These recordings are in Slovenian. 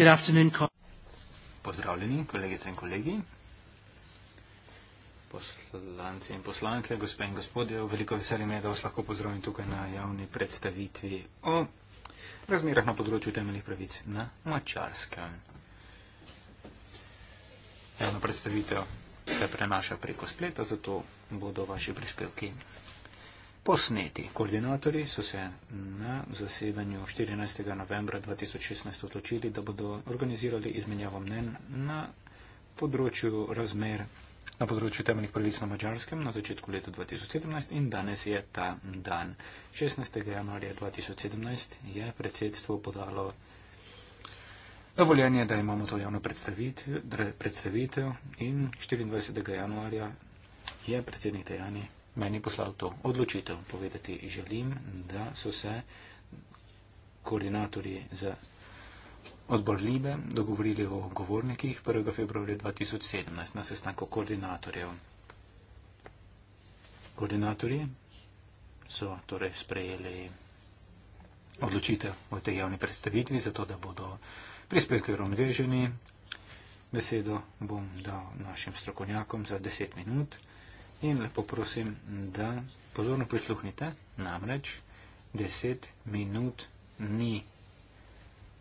Good afternoon, co- Pozdravljeni, kolegice in kolegi, poslanci in poslanke, gospe in gospodje. Veliko veselje mi je, da vas lahko pozdravim tukaj na javni predstavitvi o razmerah na področju temeljnih pravic na Mačarskem. Javna predstavitev se prenaša preko spleta, zato bodo vaši prispevki posneti. Koordinatorji so se na zasedanju 14. novembra 2016 odločili, da bodo organizirali izmenjavo mnen na področju razmer na področju temeljnih pravic na Mačarskem na začetku leta 2017 in danes je ta dan. 16. januarja 2017 je predsedstvo podalo dovoljenje, da imamo to javno predstavitev, predstavitev in 24. januarja je predsednik Tejani meni poslal to odločitev. Povedati želim, da so se koordinatorji za odbor Libe dogovorili o govornikih 1. februarja 2017 na sestanku koordinatorjev. Koordinatorji so torej sprejeli odločitev o tej javni predstavitvi, zato da bodo prispevki uravnoteženi. Besedo bom dal našim strokovnjakom za 10 minut in lepo prosim, da pozorno prisluhnite, namreč deset minut ni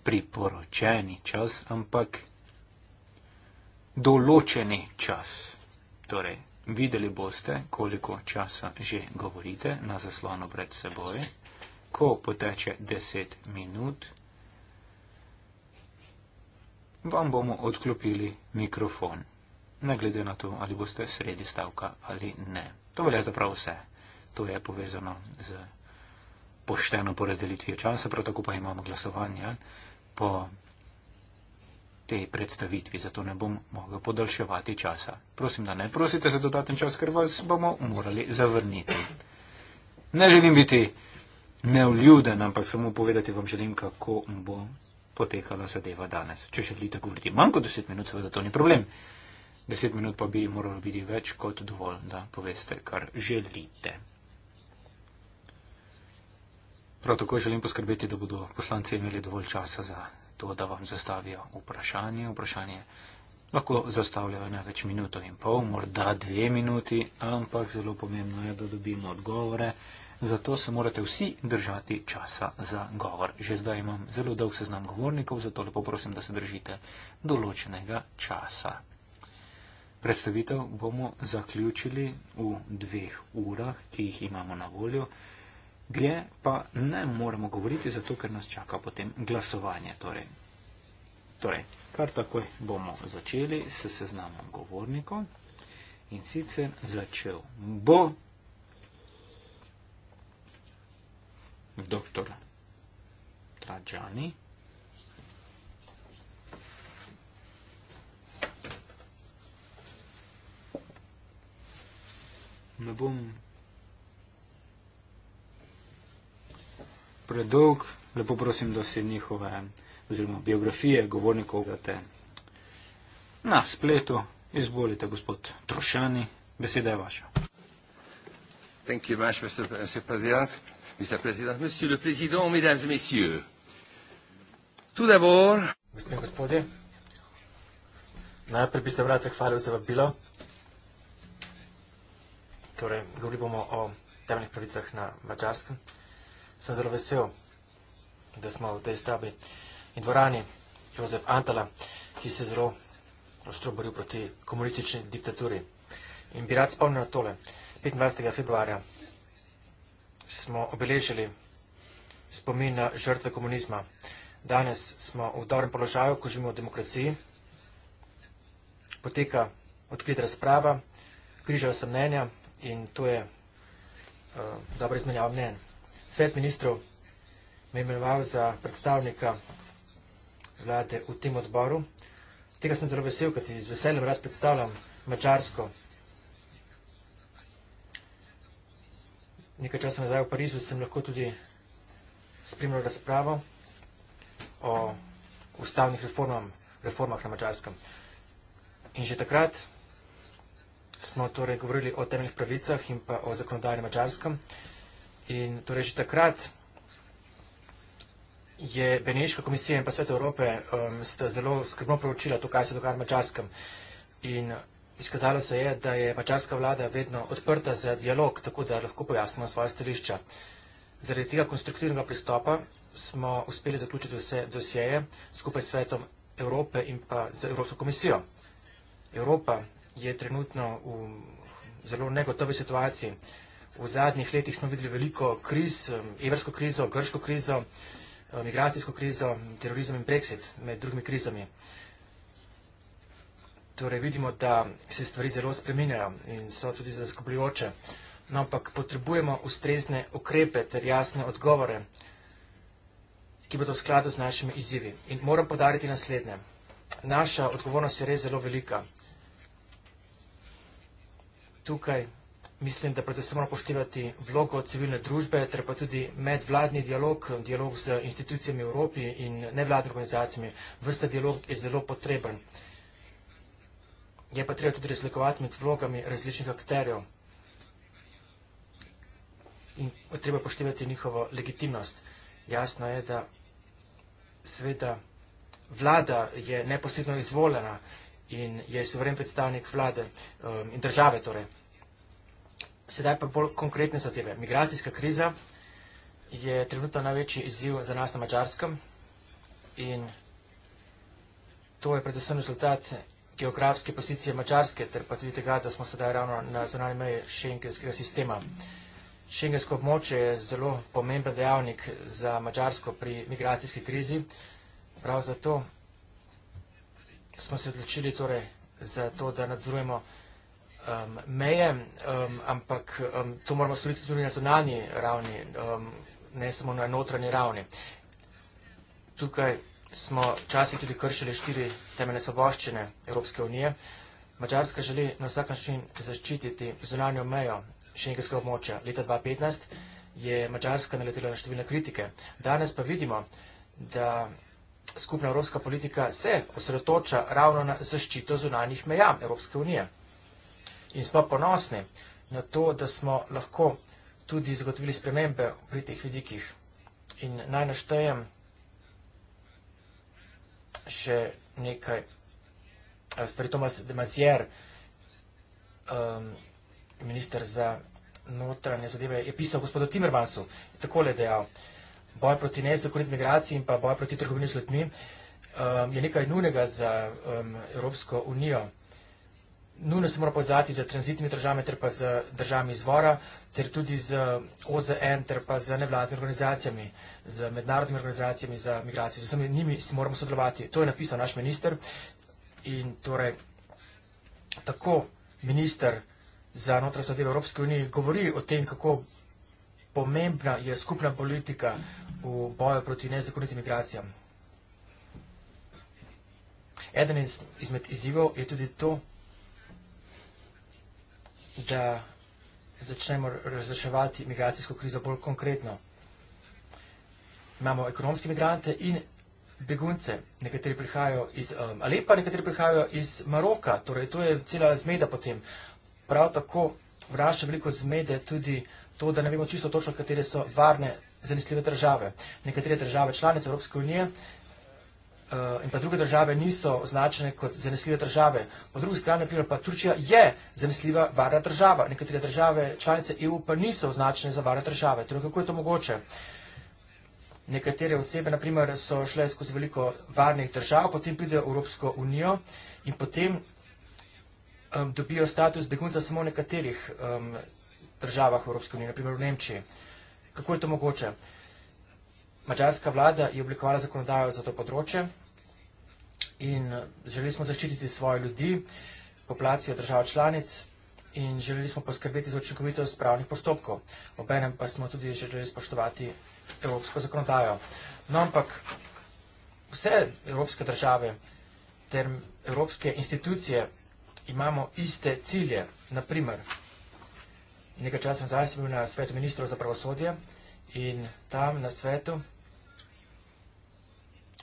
priporočeni čas, ampak določeni čas. Torej, videli boste, koliko časa že govorite na zaslonu pred seboj. Ko poteče deset minut, vam bomo odklopili mikrofon ne glede na to, ali boste sredi stavka ali ne. To velja za prav vse. To je povezano z pošteno porazdelitvijo časa, prav tako pa imamo glasovanje po tej predstavitvi, zato ne bom mogel podaljševati časa. Prosim, da ne prosite za dodaten čas, ker vas bomo morali zavrniti. Ne želim biti neuljuden, ampak samo povedati vam želim, kako bo potekala zadeva danes. Če želite govoriti manj kot 10 minut, seveda to ni problem deset minut pa bi moralo biti več kot dovolj, da poveste, kar želite. Prav tako želim poskrbeti, da bodo poslanci imeli dovolj časa za to, da vam zastavijo vprašanje. Vprašanje lahko zastavljajo največ minuto in pol, morda dve minuti, ampak zelo pomembno je, da dobimo odgovore. Zato se morate vsi držati časa za govor. Že zdaj imam zelo dolg seznam govornikov, zato lepo prosim, da se držite določenega časa. Predstavitev bomo zaključili v dveh urah, ki jih imamo na voljo, dlje pa ne moremo govoriti, zato ker nas čaka potem glasovanje. Torej, torej kar takoj bomo začeli se seznamom govornikov in sicer začel bo doktor Trajani. ne bom predolg, lepo prosim, da si njihove oziroma biografije govornikov gledate na spletu. Izvolite, gospod Trošani, beseda je vaša. Thank you much, Mr. President. Mr. President, Monsieur le Président, Mesdames et Messieurs. Tout d'abord... Gospod in gospodje, najprej bi se vrat zahvalil za vabilo. Torej, govorili bomo o temeljnih pravicah na Mačarskem. Sem zelo vesel, da smo v tej stavbi in dvorani Jozef Antala, ki se zelo ostro boril proti komunistični diktaturi. In bi rad spomnil tole. 25. februarja smo obeležili spomin na žrtve komunizma. Danes smo v dobrem položaju, ko živimo v demokraciji. Poteka odkrit razprava, križajo se mnenja, in to je uh, eh, dobro izmenjava mnen. Svet ministrov me je imenoval za predstavnika vlade v tem odboru. Tega sem zelo vesel, kaj ti z veseljem rad predstavljam Mačarsko. Nekaj časa nazaj v Parizu sem lahko tudi spremljal razpravo o ustavnih reformam, reformah na Mačarskem. In že takrat smo torej govorili o temeljih pravicah in pa o zakonodajnem mačarskem. In torej že takrat je Beneška komisija in pa Svet Evrope um, sta zelo skrbno proučila to, kaj se dogaja na mačarskem. In izkazalo se je, da je mačarska vlada vedno odprta za dialog, tako da lahko pojasnimo svoje stališča. Zaradi tega konstruktivnega pristopa smo uspeli zaključiti vse dosjeje skupaj s Svetom Evrope in pa z Evropsko komisijo. Evropa je trenutno v zelo negotovi situaciji. V zadnjih letih smo videli veliko kriz, um, evrsko krizo, grško krizo, um, migracijsko krizo, terorizem in brexit med drugimi krizami. Torej vidimo, da se stvari zelo spreminjajo in so tudi zaskrbljujoče. No, ampak potrebujemo ustrezne ukrepe ter jasne odgovore, ki bodo v skladu z našimi izzivi. In moram podariti naslednje. Naša odgovornost je res zelo velika tukaj mislim, da predvsem moramo poštevati vlogo civilne družbe, ter pa tudi medvladni dialog, dialog z institucijami Evropi in nevladnimi organizacijami. Vrsta dialog je zelo potreben. Je pa treba tudi razlikovati med vlogami različnih akterjev in treba poštevati njihovo legitimnost. Jasno je, da sveda vlada je neposredno izvoljena in je suveren predstavnik vlade um, in države torej sedaj pa bolj konkretne zadeve. Migracijska kriza je trenutno največji izziv za nas na Mačarskem in to je predvsem rezultat geografske pozicije Mačarske, ter pa tudi tega, da smo sedaj ravno na zunanji meji šengenskega sistema. Šengensko območje je zelo pomemben dejavnik za Mačarsko pri migracijski krizi. Prav zato smo se odločili torej za to, da nadzorujemo um, meje, um, ampak um, to moramo storiti tudi na zonanji ravni, um, ne samo na notranji ravni. Tukaj smo včasih tudi kršili štiri temeljne svoboščine Evropske unije. Mačarska želi na vsak način zaščititi zunanjo mejo šengenskega območja. Leta 2015 je Mačarska naletela na številne kritike. Danes pa vidimo, da skupna evropska politika se osredotoča ravno na zaščito zunanjih meja Evropske unije in smo ponosni na to, da smo lahko tudi zagotovili spremembe pri teh vidikih. In naj naštejem še nekaj eh, stvari. Tomas de Mazier, um, ehm, minister za notranje zadeve, je pisal gospodu Timmermansu, je takole dejal, boj proti nezakonit migraciji in pa boj proti trgovini z ljudmi um, je nekaj nujnega za um, Evropsko unijo. Nujno se mora povezati z tranzitnimi državami, ter pa z državami izvora, ter tudi z OZN, ter pa z nevladnimi organizacijami, z mednarodnimi organizacijami za migracijo. Z vsemi njimi se moramo sodelovati. To je napisal naš minister. In torej, tako minister za notranje zadeve Evropske unije govori o tem, kako pomembna je skupna politika v boju proti nezakonitim migracijam. Eden izmed izzivov je tudi to, da začnemo razreševati migracijsko krizo bolj konkretno. Imamo ekonomske migrante in begunce. Nekateri prihajajo iz um, Alepa, nekateri prihajajo iz Maroka. Torej, to je cela zmeda potem. Prav tako vraša veliko zmede tudi to, da ne vemo čisto točno, katere so varne, zanesljive države. Nekatere države članice Evropske unije Eh, in pa druge države niso označene kot zanesljive države. Po drugi strani, naprimer, pa Turčija je zanesljiva varna država. Nekatere države, članice EU, pa niso označene za varne države. Torej, kako je to mogoče? Nekatere osebe, naprimer, so šle skozi veliko varnih držav, potem pridejo v Evropsko unijo in potem um, dobijo status begunca samo v nekaterih um, državah Evropske unije, naprimer v Nemčiji. Kako je to mogoče? Uh, mađarska vlada je oblikovala zakonodajo za to področje in eh, želeli smo zaščititi svoje ljudi, populacijo držav članic in želeli smo poskrbeti za očinkovitost pravnih postopkov. Obenem pa smo tudi želeli spoštovati evropsko zakonodajo. No, ampak vse evropske države ter evropske institucije imamo iste cilje. Naprimer, nekaj časa sem zdaj bil na svetu ministrov za pravosodje in tam na svetu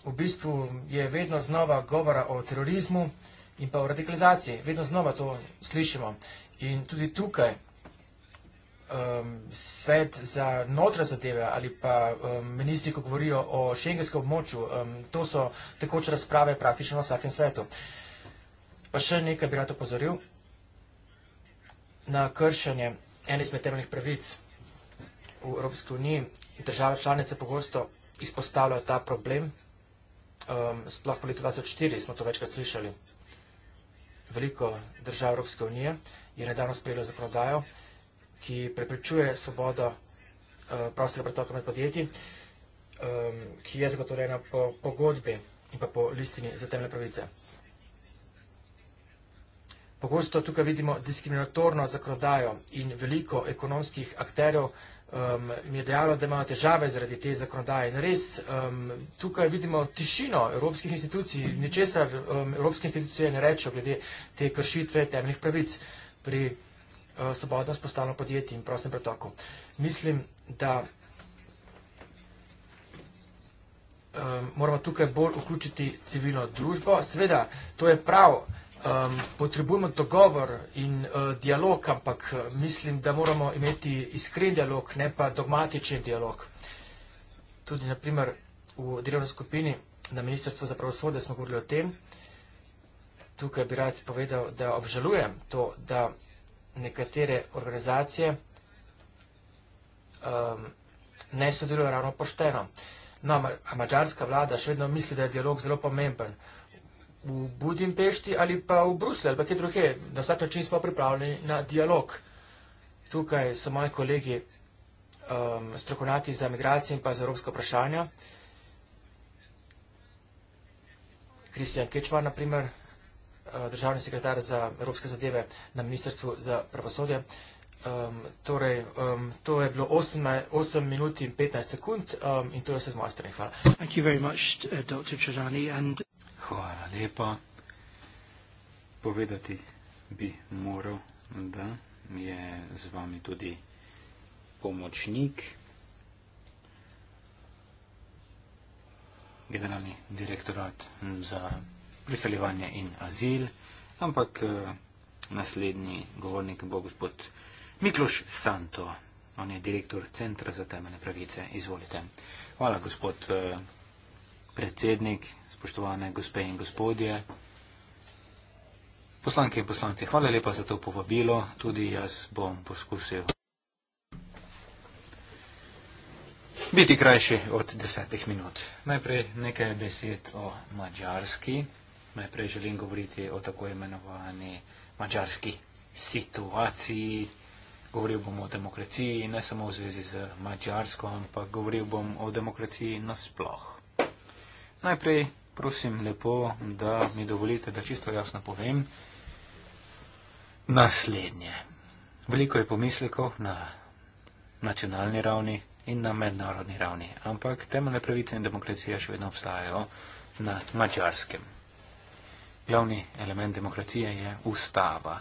v bistvu je vedno znova govora o terorizmu in pa o radikalizaciji. Vedno znova to slišimo. In tudi tukaj um, svet za notra zadeve ali pa um, ministri, ko govorijo o šengenskem območju, um, to so tekoče razprave praktično v vsakem svetu. Pa še nekaj bi rad opozoril na kršenje ene izmed temeljnih pravic v Evropski uniji. Države članice pogosto izpostavljajo ta problem um, sploh po letu 2004 smo to večkrat slišali. Veliko držav Evropske unije je nedavno sprejelo zakonodajo, ki preprečuje svobodo uh, eh, prostora pretoka med podjetji, um, ki je zagotovljena po pogodbi in pa po listini za temne pravice. Pogosto tukaj vidimo diskriminatorno zakonodajo in veliko ekonomskih akterjev, um, mi je dejalo, da imajo težave zaradi te zakonodaje. In res um, tukaj vidimo tišino evropskih institucij, ničesar um, evropske institucije ne rečejo glede te kršitve temeljnih pravic pri uh, svobodno spostavljenem podjetju in prostem pretoku. Mislim, da um, moramo tukaj bolj vključiti civilno družbo. Seveda, to je prav um, potrebujemo dogovor in uh, dialog, ampak uh, mislim, da moramo imeti iskren dialog, ne pa dogmatičen dialog. Tudi, naprimer, v delovni skupini na Ministrstvu za pravosodje smo govorili o tem. Tukaj bi rad povedal, da obžalujem to, da nekatere organizacije um, ne sodelujo ravno pošteno. No, a mađarska vlada še vedno misli, da je dialog zelo pomemben. Uh, v Budimpešti ali pa v Bruslju ali pa kje druge. Na vsak način smo pripravljeni na dialog. Tukaj so moji kolegi um, strokovnjaki za migracije in pa za evropske vprašanja. Kristjan Kečmar, naprimer, uh, državni sekretar za evropske zadeve na Ministrstvu za pravosodje. Um, torej, um, to je bilo 8, 8 minut in 15 sekund um, in to je vse z moje strani. Hvala. Thank you very much, uh, Hvala lepa. Povedati bi moral, da je z vami tudi pomočnik, generalni direktorat za priseljevanje in azil, ampak naslednji govornik bo gospod Mikloš Santo. On je direktor Centra za temeljne pravice. Izvolite. Hvala, gospod predsednik, spoštovane gospe in gospodje, poslanke in poslanci, hvala lepa za to povabilo, tudi jaz bom poskusil biti krajši od desetih minut. Najprej nekaj besed o mađarski, najprej želim govoriti o tako imenovani mađarski situaciji. Govoril bom o demokraciji ne samo v zvezi z mađarsko, ampak govoril bom o demokraciji nasploh. Najprej prosim lepo, da mi dovolite, da čisto jasno povem naslednje. Veliko je pomislekov na nacionalni ravni in na mednarodni ravni, ampak temeljne pravice in demokracija še vedno obstajajo na mačarskem. Glavni element demokracije je ustava.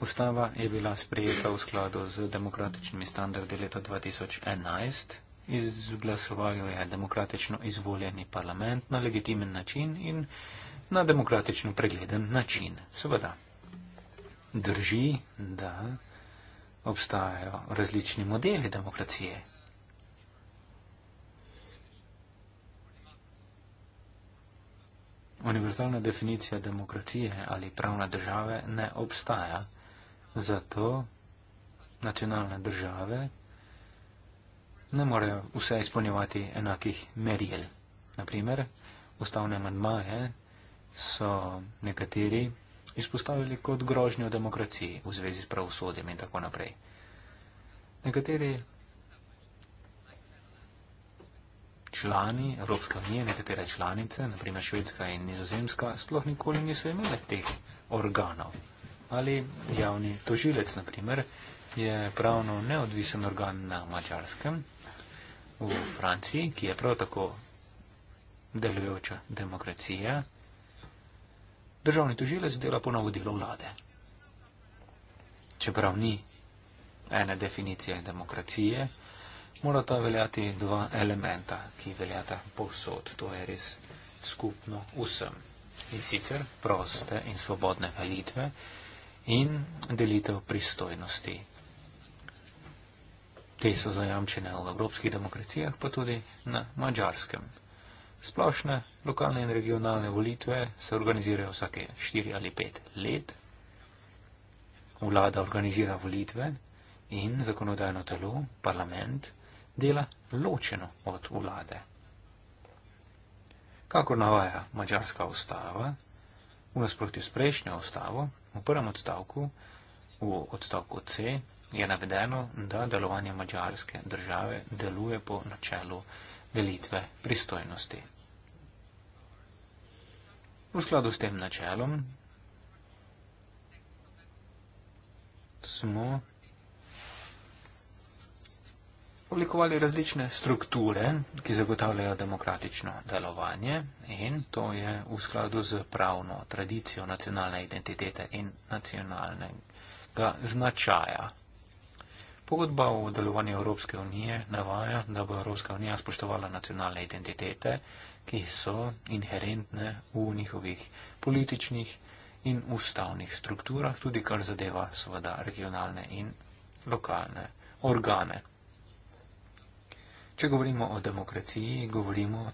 Ustava je bila sprejeta v skladu z demokratičnimi standardi leta 2011 izglasovajo je demokratično izvoljeni parlament na legitimen način in na demokratično pregleden način. Seveda, drži, da obstajajo različni modeli demokracije. Univerzalna definicija demokracije ali pravna države ne obstaja, zato nacionalne države ne morejo vse izpolnjevati enakih meril. Naprimer, ustavne manjmaje so nekateri izpostavili kot grožnjo demokraciji v zvezi s pravosodjem in tako naprej. Nekateri člani Evropske unije, nekatere članice, naprimer Švedska in Nizozemska, sploh nikoli niso imeli teh organov. Ali javni tožilec, naprimer, je pravno neodvisen organ na Mačarskem, v Franciji, ki je prav tako delujoča demokracija. Državni tožilec dela po navodilu vlade. Čeprav ni ene definicije demokracije, morata veljati dva elementa, ki veljata povsod. To je res skupno vsem. In sicer proste in svobodne velitve in delitev pristojnosti Te so zajamčene v evropskih demokracijah, pa tudi na mačarskem. Splošne lokalne in regionalne volitve se organizirajo vsake štiri ali pet let. Vlada organizira volitve in zakonodajno telo, parlament, dela ločeno od vlade. Kakor navaja mačarska ustava, v nasprotju s prejšnjo ustavo, v prvem odstavku, v odstavku C, je navedeno, da delovanje mađarske države deluje po načelu delitve pristojnosti. V skladu s tem načelom smo oblikovali različne strukture, ki zagotavljajo demokratično delovanje in to je v skladu z pravno tradicijo nacionalne identitete in nacionalnega značaja. Pogodba o delovanju Evropske unije navaja, da bo Evropska unija spoštovala nacionalne identitete, ki so inherentne v njihovih političnih in ustavnih strukturah, tudi kar zadeva seveda regionalne in lokalne organe. Če govorimo o demokraciji, govorimo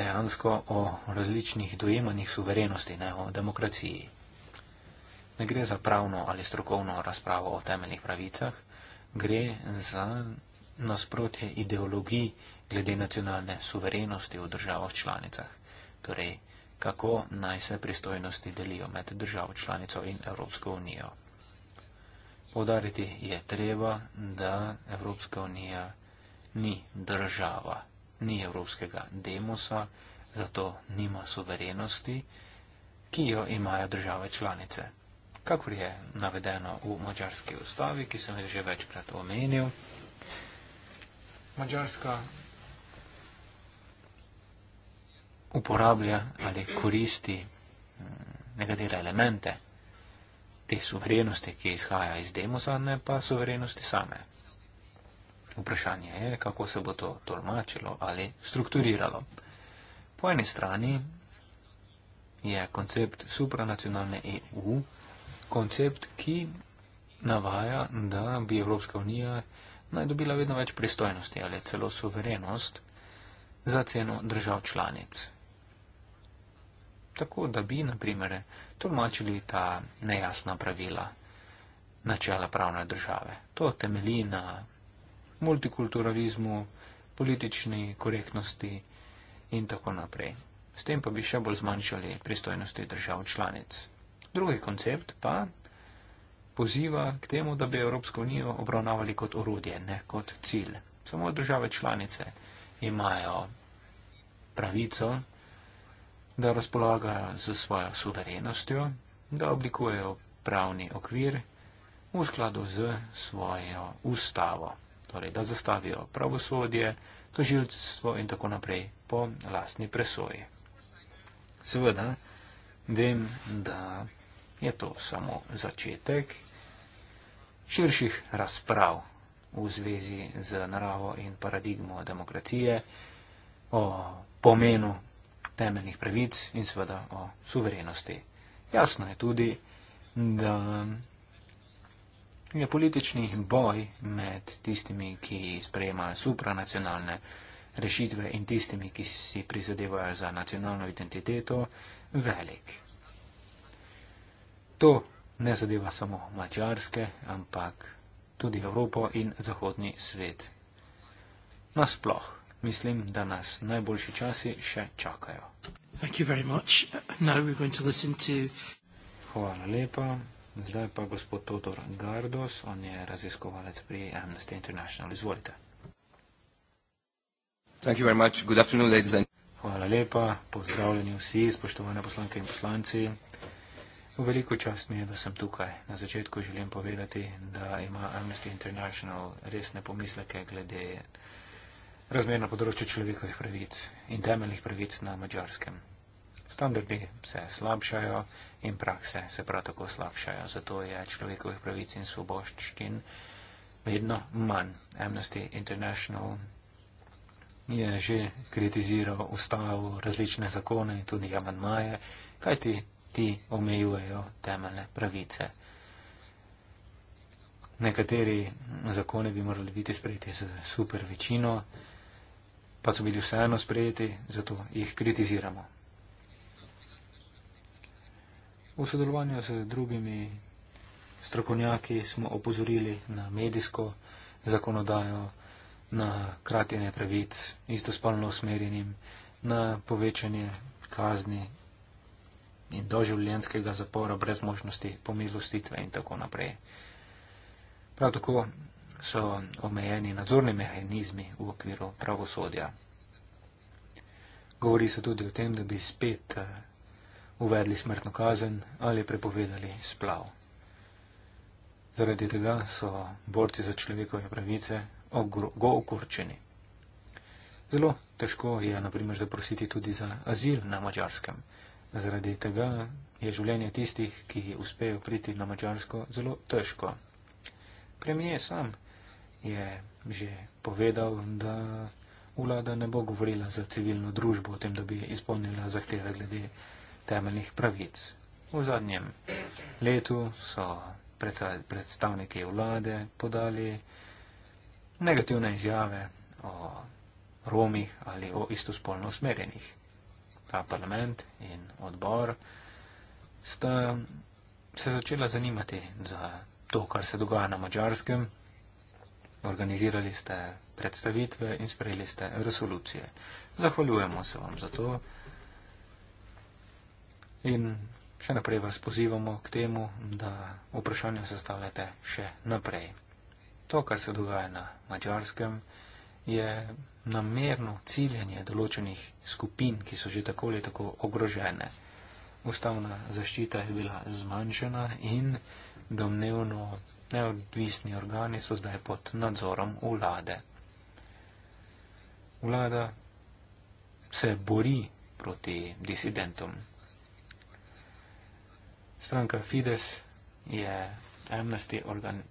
dejansko o različnih dojemanjih suverenosti, ne o demokraciji. Ne gre za pravno ali strokovno razpravo o temeljnih pravicah, gre za nasprotje ideologij glede nacionalne suverenosti v državah članicah. Torej, kako naj se pristojnosti delijo med državo članico in Evropsko unijo. Povdariti je treba, da Evropska unija ni država, ni evropskega demosa, zato nima suverenosti, ki jo imajo države članice kakor je navedeno v mačarski ustavi, ki sem jo že večkrat omenil. Mačarska uporablja ali koristi mm, nekatere elemente te suverenosti, ki izhaja iz demosa, ne pa suverenosti same. Vprašanje je, kako se bo to tolmačilo ali strukturiralo. Po eni strani je koncept supranacionalne EU koncept, ki navaja, da bi Evropska unija naj dobila vedno več pristojnosti ali celo suverenost za ceno držav članic. Tako da bi, na primer, tolmačili ta nejasna pravila načela pravne države. To temelji na multikulturalizmu, politični korektnosti in tako naprej. S tem pa bi še bolj zmanjšali pristojnosti držav članic. Drugi koncept pa poziva k temu, da bi Evropsko unijo obravnavali kot orodje, ne kot cilj. Samo države članice imajo pravico, da razpolagajo z svojo suverenostjo, da oblikujejo pravni okvir v skladu z svojo ustavo, torej da zastavijo pravosodje, tožilstvo in tako naprej po lastni presoji. Seveda, vem, da je to samo začetek širših razprav v zvezi z naravo in paradigmo demokracije, o pomenu temeljnih pravic in seveda o suverenosti. Jasno je tudi, da je politični boj med tistimi, ki sprejemajo supranacionalne rešitve in tistimi, ki si prizadevajo za nacionalno identiteto, velik to ne zadeva samo mačarske, ampak tudi Evropo in zahodni svet. Nasploh, mislim, da nas najboljši časi še čakajo. Hvala lepa. Zdaj pa gospod Todor Gardos, on je raziskovalec pri Amnesty International. Izvolite. Hvala lepa, pozdravljeni vsi, spoštovane poslanke in poslanci. V veliko čast mi je, da sem tukaj. Na začetku želim povedati, da ima Amnesty International resne pomisleke glede razmer na področju človekovih pravic in temeljnih pravic na mačarskem. Standardi se slabšajo in prakse se prav tako slabšajo, zato je človekovih pravic in svoboščin vedno manj. Amnesty International je že kritiziral ustavo, različne zakone in tudi amandmaje, kajti ti omejujejo temeljne pravice. Nekateri zakone bi morali biti sprejeti z super večino, pa so bili vseeno sprejeti, zato jih kritiziramo. V sodelovanju z drugimi strokovnjaki smo opozorili na medijsko zakonodajo, na kratjenje pravic istospolno usmerjenim, na povečanje kazni in doživljenskega zapora brez možnosti pomilostitve in tako naprej. Prav tako so omejeni nadzorni mehanizmi v okviru pravosodja. Govori se tudi o tem, da bi spet eh, uvedli smrtno kazen ali prepovedali splav. Zaradi tega so borci za človekove pravice ogorčeni. Zelo težko je, na primer, zaprositi tudi za azil na mačarskem, Zaradi tega je življenje tistih, ki uspejo priti na Mačarsko, zelo težko. Premije sam je že povedal, da vlada ne bo govorila za civilno družbo o tem, da bi izpolnila zahteve glede temeljnih pravic. V zadnjem letu so predstavniki vlade podali negativne izjave o romih ali o istospolno usmerjenih ta parlament in odbor, sta se začela zanimati za to, kar se dogaja na mačarskem. Organizirali ste predstavitve in sprejeli ste resolucije. Zahvaljujemo se vam za to in še naprej vas pozivamo k temu, da vprašanja sestavljate še naprej. To, kar se dogaja na mačarskem, je namerno ciljanje določenih skupin, ki so že tako ali tako ogrožene. Ustavna zaščita je bila zmanjšana in domnevno neodvisni organi so zdaj pod nadzorom vlade. Vlada se bori proti disidentom. Stranka Fides je Amnesty Organ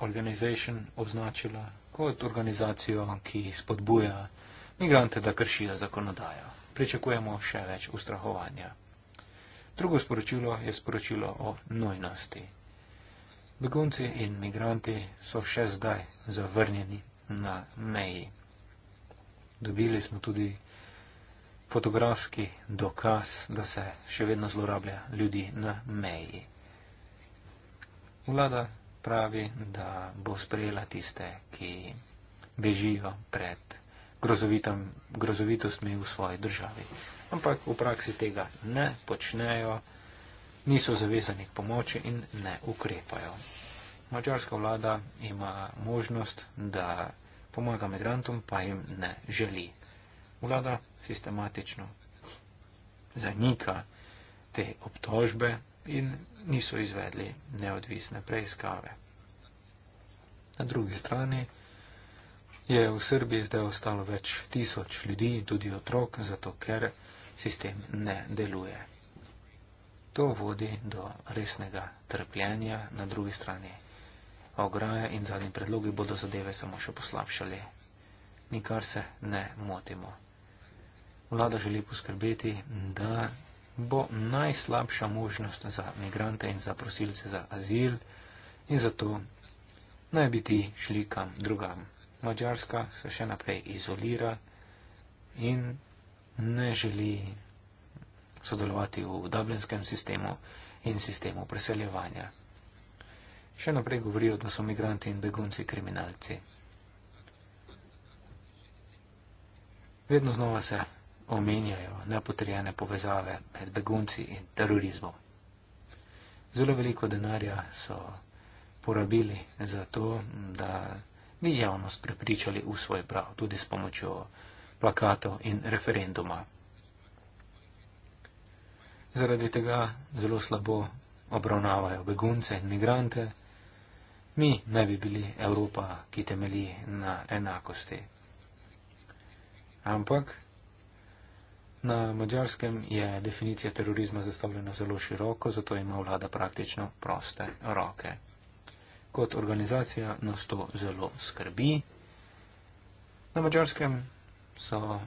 Organization označila kot organizacijo, ki spodbuja migrante, da kršijo zakonodajo. Pričakujemo še več ustrahovanja. Drugo sporočilo je sporočilo o nujnosti. Begunci in migranti so še zdaj zavrnjeni na meji. Dobili smo tudi fotografski dokaz, da se še vedno zlorablja ljudi na meji. Vlada pravi, da bo sprejela tiste, ki bežijo pred grozovitostmi v svoji državi. Ampak v praksi tega ne počnejo, niso zavezani k pomoči in ne ukrepajo. Mačarska vlada ima možnost, da pomaga migrantom, pa jim ne želi. Vlada sistematično zanika te obtožbe, in niso izvedli neodvisne preiskave. Na drugi strani je v Srbiji zdaj ostalo več tisoč ljudi in tudi otrok, zato ker sistem ne deluje. To vodi do resnega trpljenja, na drugi strani ograja in zadnji predlogi bodo zadeve samo še poslabšali. Nikar se ne motimo. Vlada želi poskrbeti, da bo najslabša možnost za migrante in za prosilce za azil in zato naj bi ti šli kam drugam. Mačarska se še naprej izolira in ne želi sodelovati v dublinskem sistemu in sistemu preseljevanja. Še naprej govorijo, da so migranti in begunci kriminalci. Vedno znova se omenjajo nepotrjene povezave med begunci in terorizmom. Zelo veliko denarja so porabili za to, da bi javnost prepričali v svoj prav, tudi s pomočjo plakatov in referenduma. Zaradi tega zelo slabo obravnavajo begunce in migrante. Mi naj bi bili Evropa, ki temelji na enakosti. Ampak Na mađarskem je definicija terorizma zastavljena zelo široko, zato ima vlada praktično proste roke. Kot organizacija nas to zelo skrbi. Na mađarskem so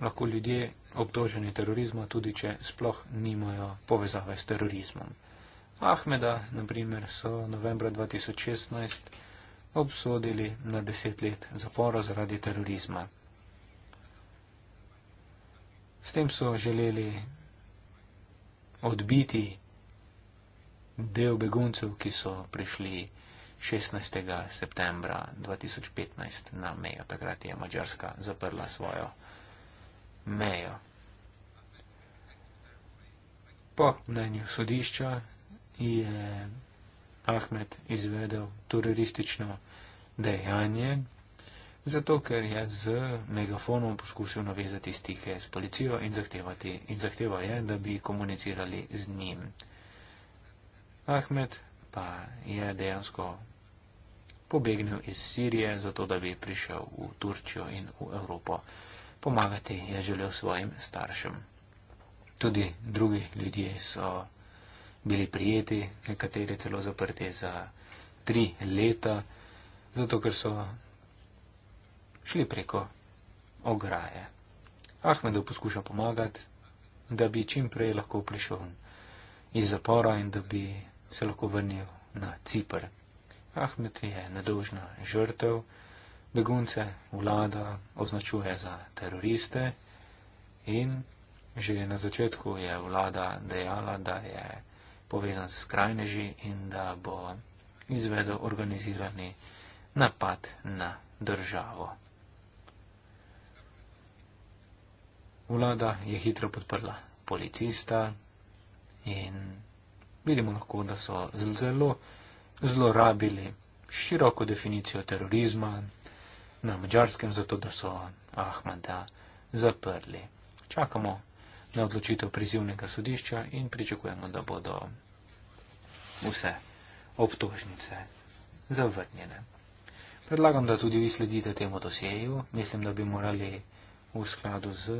lahko ljudje obtoženi terorizma, tudi če sploh nimajo povezave s terorizmom. Ahmeda, na primer, so novembra 2016 obsodili na deset let zapora zaradi terorizma. S tem so želeli odbiti del beguncev, ki so prišli 16. septembra 2015 na mejo. Takrat je Mačarska zaprla svojo mejo. Po mnenju sodišča je Ahmed izvedel turistično dejanje, Zato, ker je z megafonom poskusil navezati stike s policijo in zahtevati, in zahteva je, da bi komunicirali z njim. Ahmed pa je dejansko pobegnil iz Sirije, zato da bi prišel v Turčijo in v Evropo. Pomagati je želel svojim staršem. Tudi drugi ljudje so bili prijeti, nekateri celo zaprti za tri leta, zato ker so šli preko ograje. Ahmedov poskuša pomagati, da bi čim prej lahko prišel iz zapora in da bi se lahko vrnil na Cipr. Ahmed je nedožna žrtev, begunce vlada označuje za teroriste in že na začetku je vlada dejala, da je povezan s skrajneži in da bo izvedel organizirani napad na državo. Vlada je hitro podprla policista in vidimo lahko, da so zelo zlorabili široko definicijo terorizma na mačarskem, zato da so Ahmada zaprli. Čakamo na odločitev prizivnega sodišča in pričakujemo, da bodo vse obtožnice zavrnjene. Predlagam, da tudi vi sledite temu dosjeju. Mislim, da bi morali v skladu z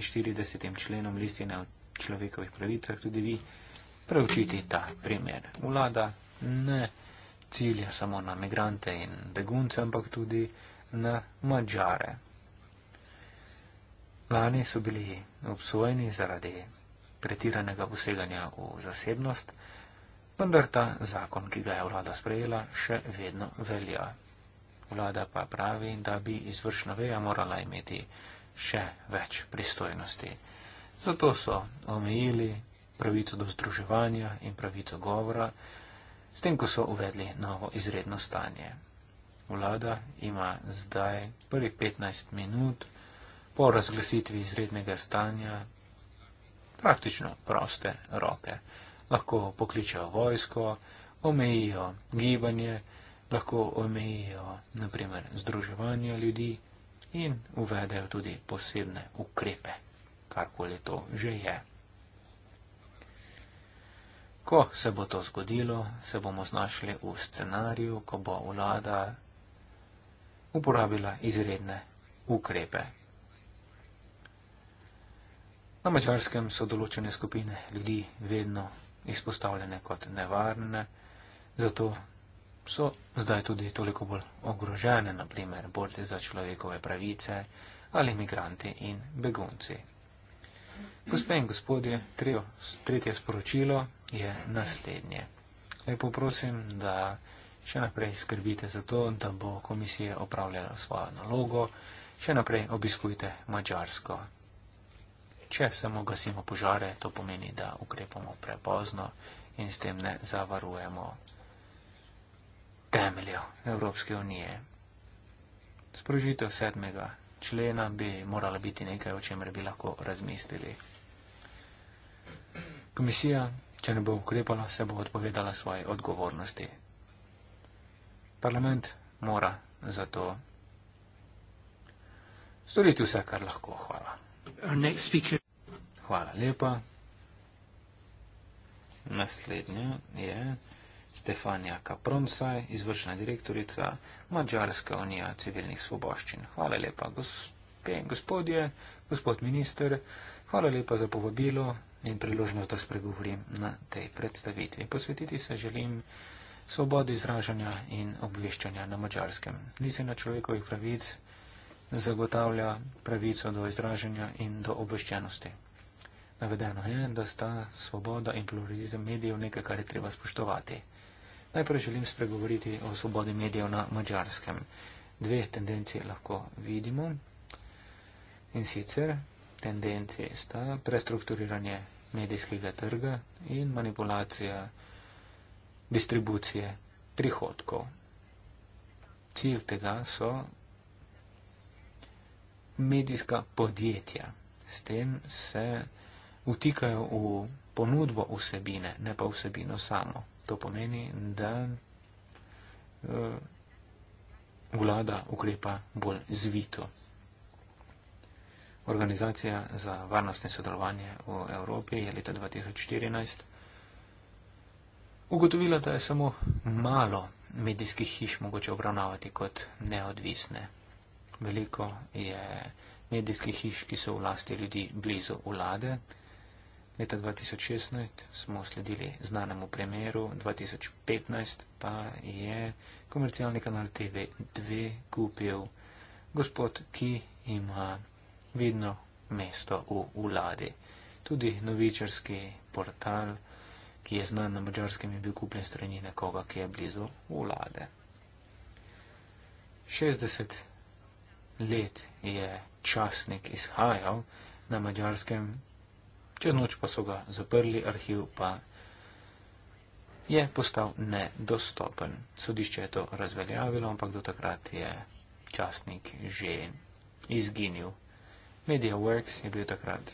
47. členom listine o človekovih pravicah tudi vi preučiti ta primer. Vlada ne cilja samo na migrante in begunce, ampak tudi na mačare. Lani so bili obsojeni zaradi pretiranega poseganja v zasebnost, vendar ta zakon, ki ga je vlada sprejela, še vedno velja. Vlada pa pravi, da bi izvršna veja morala imeti še več pristojnosti. Zato so omejili pravico do združevanja in pravico govora, s tem, ko so uvedli novo izredno stanje. Vlada ima zdaj prvih 15 minut po razglasitvi izrednega stanja praktično proste roke. Lahko pokličejo vojsko, omejijo gibanje, lahko omejijo naprimer združevanje ljudi in uvedejo tudi posebne ukrepe, karkoli to že je. Ko se bo to zgodilo, se bomo znašli v scenariju, ko bo vlada uporabila izredne ukrepe. Na mačarskem so določene skupine ljudi vedno izpostavljene kot nevarne, zato so zdaj tudi toliko bolj ogrožene, naprimer borci za človekove pravice ali imigranti in begunci. Gospe in gospodje, trio, tretje sporočilo je naslednje. Lepo prosim, da še naprej skrbite za to, da bo komisija opravljala svojo nalogo, še naprej obiskujte Mačarsko. Če samo gasimo požare, to pomeni, da ukrepamo prepozno in s tem ne zavarujemo temeljev Evropske unije. Sprožitev sedmega člena bi morala biti nekaj, o čemer bi lahko razmislili. Komisija, če ne bo ukrepala, se bo odpovedala svoje odgovornosti. Parlament mora zato storiti vse, kar lahko. Hvala. Hvala lepa. Naslednja je. Yeah. Stefania Kapronsa, izvršna direktorica Mađarska unija civilnih svoboščin. Hvala lepa, gospe in gospodje, gospod minister, hvala lepa za povabilo in priložnost, da spregovorim na tej predstavitvi. Posvetiti se želim svobodi izražanja in obveščanja na mačarskem. Listina človekovih pravic zagotavlja pravico do izražanja in do obveščenosti. Navedeno je, da sta svoboda in pluralizem medijev nekaj, kar je treba spoštovati. Najprej želim spregovoriti o svobodi medijev na mačarskem. Dve tendencije lahko vidimo. In sicer tendencije sta prestrukturiranje medijskega trga in manipulacija distribucije prihodkov. Cilj tega so medijska podjetja. S tem se vtikajo v ponudbo vsebine, ne pa vsebino samo. To pomeni, da eh, vlada ukrepa bolj zvito. Organizacija za varnostne sodelovanje v Evropi je leta 2014 ugotovila, da je samo malo medijskih hiš mogoče obravnavati kot neodvisne. Veliko je medijskih hiš, ki so v lasti ljudi blizu vlade, Leta 2016 smo sledili znanemu premjeru, 2015 pa je komercialni kanal TV2 kupil gospod, ki ima vidno mesto v vladi. Tudi novičarski portal, ki je znan na mačarskem, je bil kupljen strani nekoga, ki je blizu vlade. 60 let je časnik izhajal na mačarskem, Čez noč pa so ga zaprli, arhiv pa je postal nedostopen. Sodišče je to razveljavilo, ampak do takrat je časnik že izginil. MediaWorks je bil takrat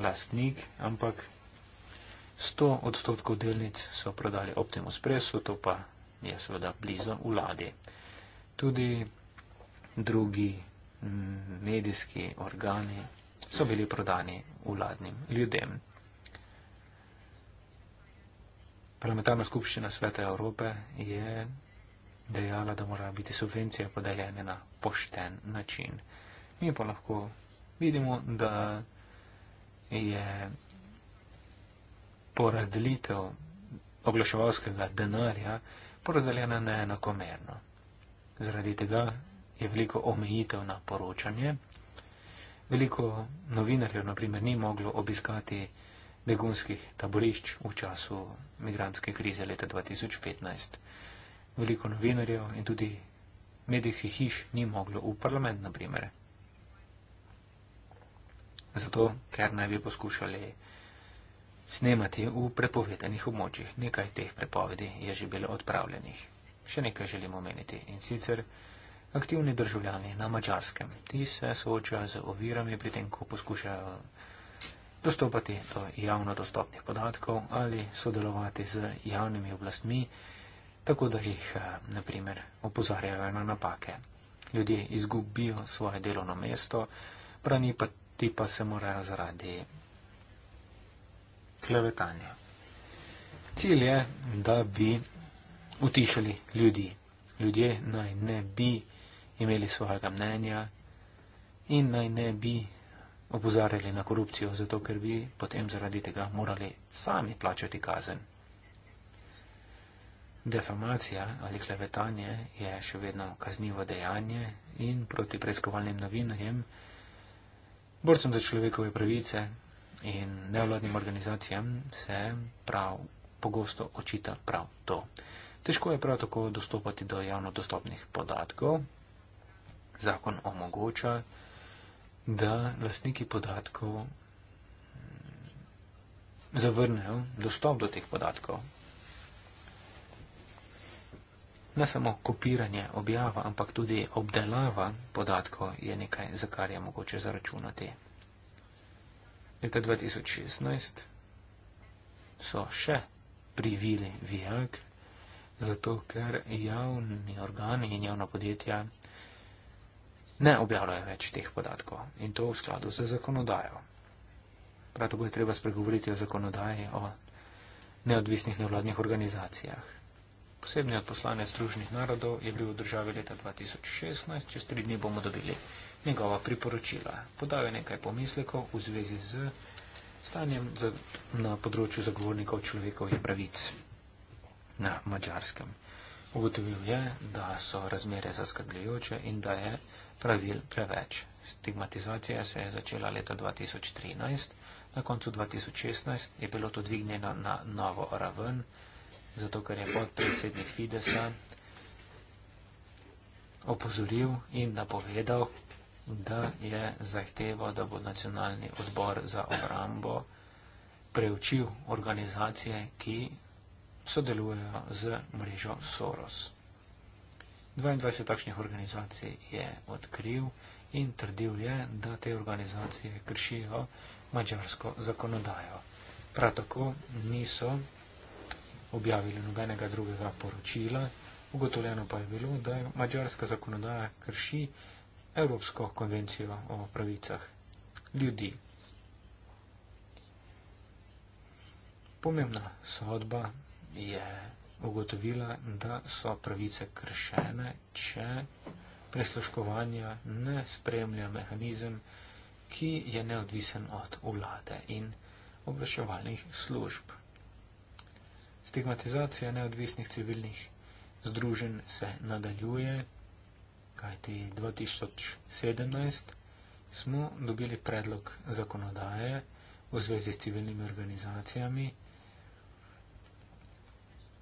lastnik, ampak 100 odstotkov delnic so prodali Optimus Pressu, to pa je seveda blizu vladi. Tudi drugi medijski organi so bili prodani vladnim ljudem. Parlamentarna skupščina Sveta Evrope je dejala, da mora biti subvencija podeljena na pošten način. Mi pa lahko vidimo, da je porazdelitev oglaševalskega denarja porazdeljena neenakomerno. Zaradi tega je veliko omejitev na poročanje. Veliko novinarjev, naprimer, ni moglo obiskati begunskih taborišč v času migranske krize leta 2015. Veliko novinarjev in tudi medijskih hiš ni moglo v parlament, naprimer. Zato, ker naj bi poskušali snemati v prepovedanih območjih. Nekaj teh prepovedi je že bilo odpravljenih. Še nekaj želimo omeniti in sicer aktivni državljani na mačarskem. Ti se soočajo z ovirami pri tem, ko poskušajo dostopati do javno dostopnih podatkov ali sodelovati z javnimi oblastmi, tako da jih, eh, naprimer, opozarjajo na napake. Ljudje izgubijo svoje delovno mesto, prani pa ti pa se morajo zaradi klevetanja. Cilj je, da bi utišali ljudi. Ljudje naj ne bi imeli svojega mnenja in naj ne bi obuzarjali na korupcijo, zato ker bi potem zaradi tega morali sami plačati kazen. Defamacija ali klevetanje je še vedno kaznivo dejanje in proti preiskovalnim novinarjem, borcem za človekove pravice in nevladnim organizacijam se prav pogosto očita prav to. Težko je prav tako dostopati do javno dostopnih podatkov, zakon omogoča, da lastniki podatkov zavrnejo dostop do teh podatkov. Ne samo kopiranje objava, ampak tudi obdelava podatkov je nekaj, za kar je mogoče zaračunati. Leta 2016 so še privili VIAG, zato ker javni organi in javna podjetja ne objavljajo več teh podatkov in to v skladu z zakonodajo. Prav tako je treba spregovoriti o zakonodaji o neodvisnih nevladnih organizacijah. Posebni odposlanec Združenih narodov je bil v državi leta 2016, čez tri dni bomo dobili njegova priporočila. Podal je nekaj pomislekov v zvezi z stanjem za, na področju zagovornikov človekovih pravic na mačarskem. Ugotovil je, da so razmere zaskrbljujoče in da je pravil preveč. Stigmatizacija se je začela leta 2013, na koncu 2016 je bilo to dvignjeno na novo raven, zato ker je podpredsednik Fidesa opozoril in napovedal, da je zahteval, da bo nacionalni odbor za obrambo preučil organizacije, ki sodelujejo z mrežo Soros. 22 takšnih organizacij je odkril in trdil je, da te organizacije kršijo mačarsko zakonodajo. Prav tako niso objavili nobenega drugega poročila, ugotovljeno pa je bilo, da je mačarska zakonodaja krši Evropsko konvencijo o pravicah ljudi. Pomembna sodba je ugotovila, da so pravice kršene, če prisluškovanja ne spremlja mehanizem, ki je neodvisen od vlade in obveščevalnih služb. Stigmatizacija neodvisnih civilnih združenj se nadaljuje, kajti 2017 smo dobili predlog zakonodaje v zvezi s civilnimi organizacijami,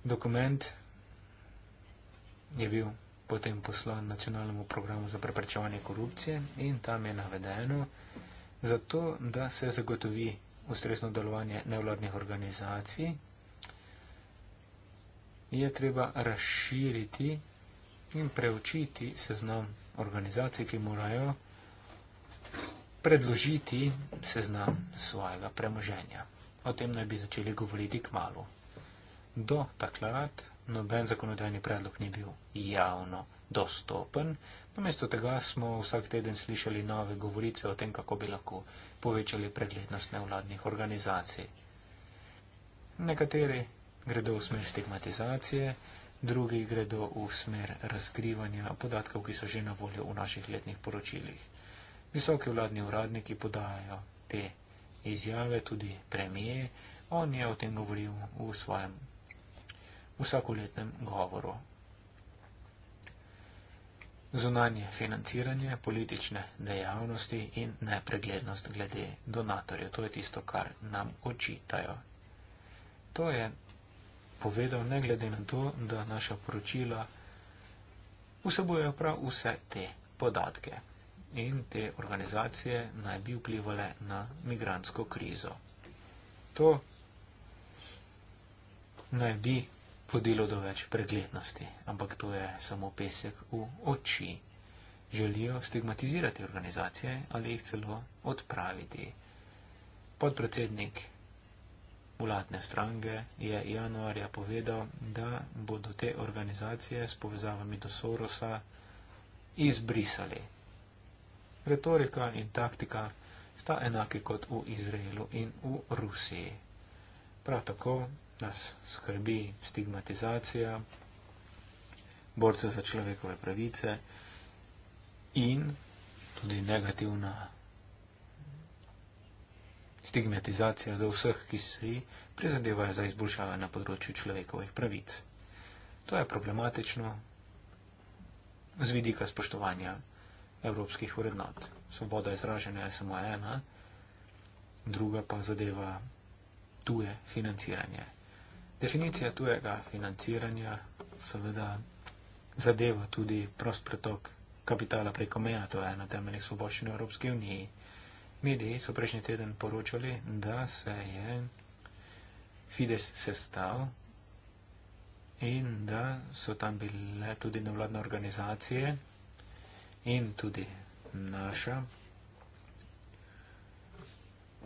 dokument je bil potem poslan nacionalnemu programu za preprečevanje korupcije in tam je navedeno, zato da se zagotovi ustrezno delovanje nevladnih organizacij, je treba razširiti in preučiti seznam organizacij, ki morajo predložiti seznam svojega premoženja. O tem naj bi začeli govoriti k malu do takrat noben zakonodajni predlog ni bil javno dostopen. Namesto tega smo vsak teden slišali nove govorice o tem, kako bi lahko povečali preglednost nevladnih organizacij. Nekateri gredo v smer stigmatizacije, drugi gredo v smer razkrivanja podatkov, ki so že na voljo v naših letnih poročilih. Visoki vladni uradniki podajajo te izjave, tudi premije. On je o tem govoril v svojem vsakoletnem govoru. Zunanje financiranje, politične dejavnosti in nepreglednost glede donatorjev. To je tisto, kar nam očitajo. To je povedal ne glede na to, da naša poročila vsebojo prav vse te podatke. In te organizacije naj bi vplivale na migransko krizo. To naj bi vodilo do več preglednosti, ampak to je samo pesek v oči. Želijo stigmatizirati organizacije ali jih celo odpraviti. Podpredsednik vladne stranke je januarja povedal, da bodo te organizacije s povezavami do Sorosa izbrisali. Retorika in taktika sta enake kot v Izraelu in v Rusiji. Prav tako nas skrbi stigmatizacija borcev za človekove pravice in tudi negativna stigmatizacija do vseh, ki si prizadevajo za izboljšave na področju človekovih pravic. To je problematično z vidika spoštovanja evropskih vrednot. Svoboda izražanja je samo ena, druga pa zadeva tuje financiranje. Definicija tujega financiranja seveda zadeva tudi prost pretok kapitala preko meja, to je ena temeljnih svoboščin v Evropski uniji. Mediji so prejšnji teden poročali, da se je Fides sestav in da so tam bile tudi nevladne organizacije in tudi naša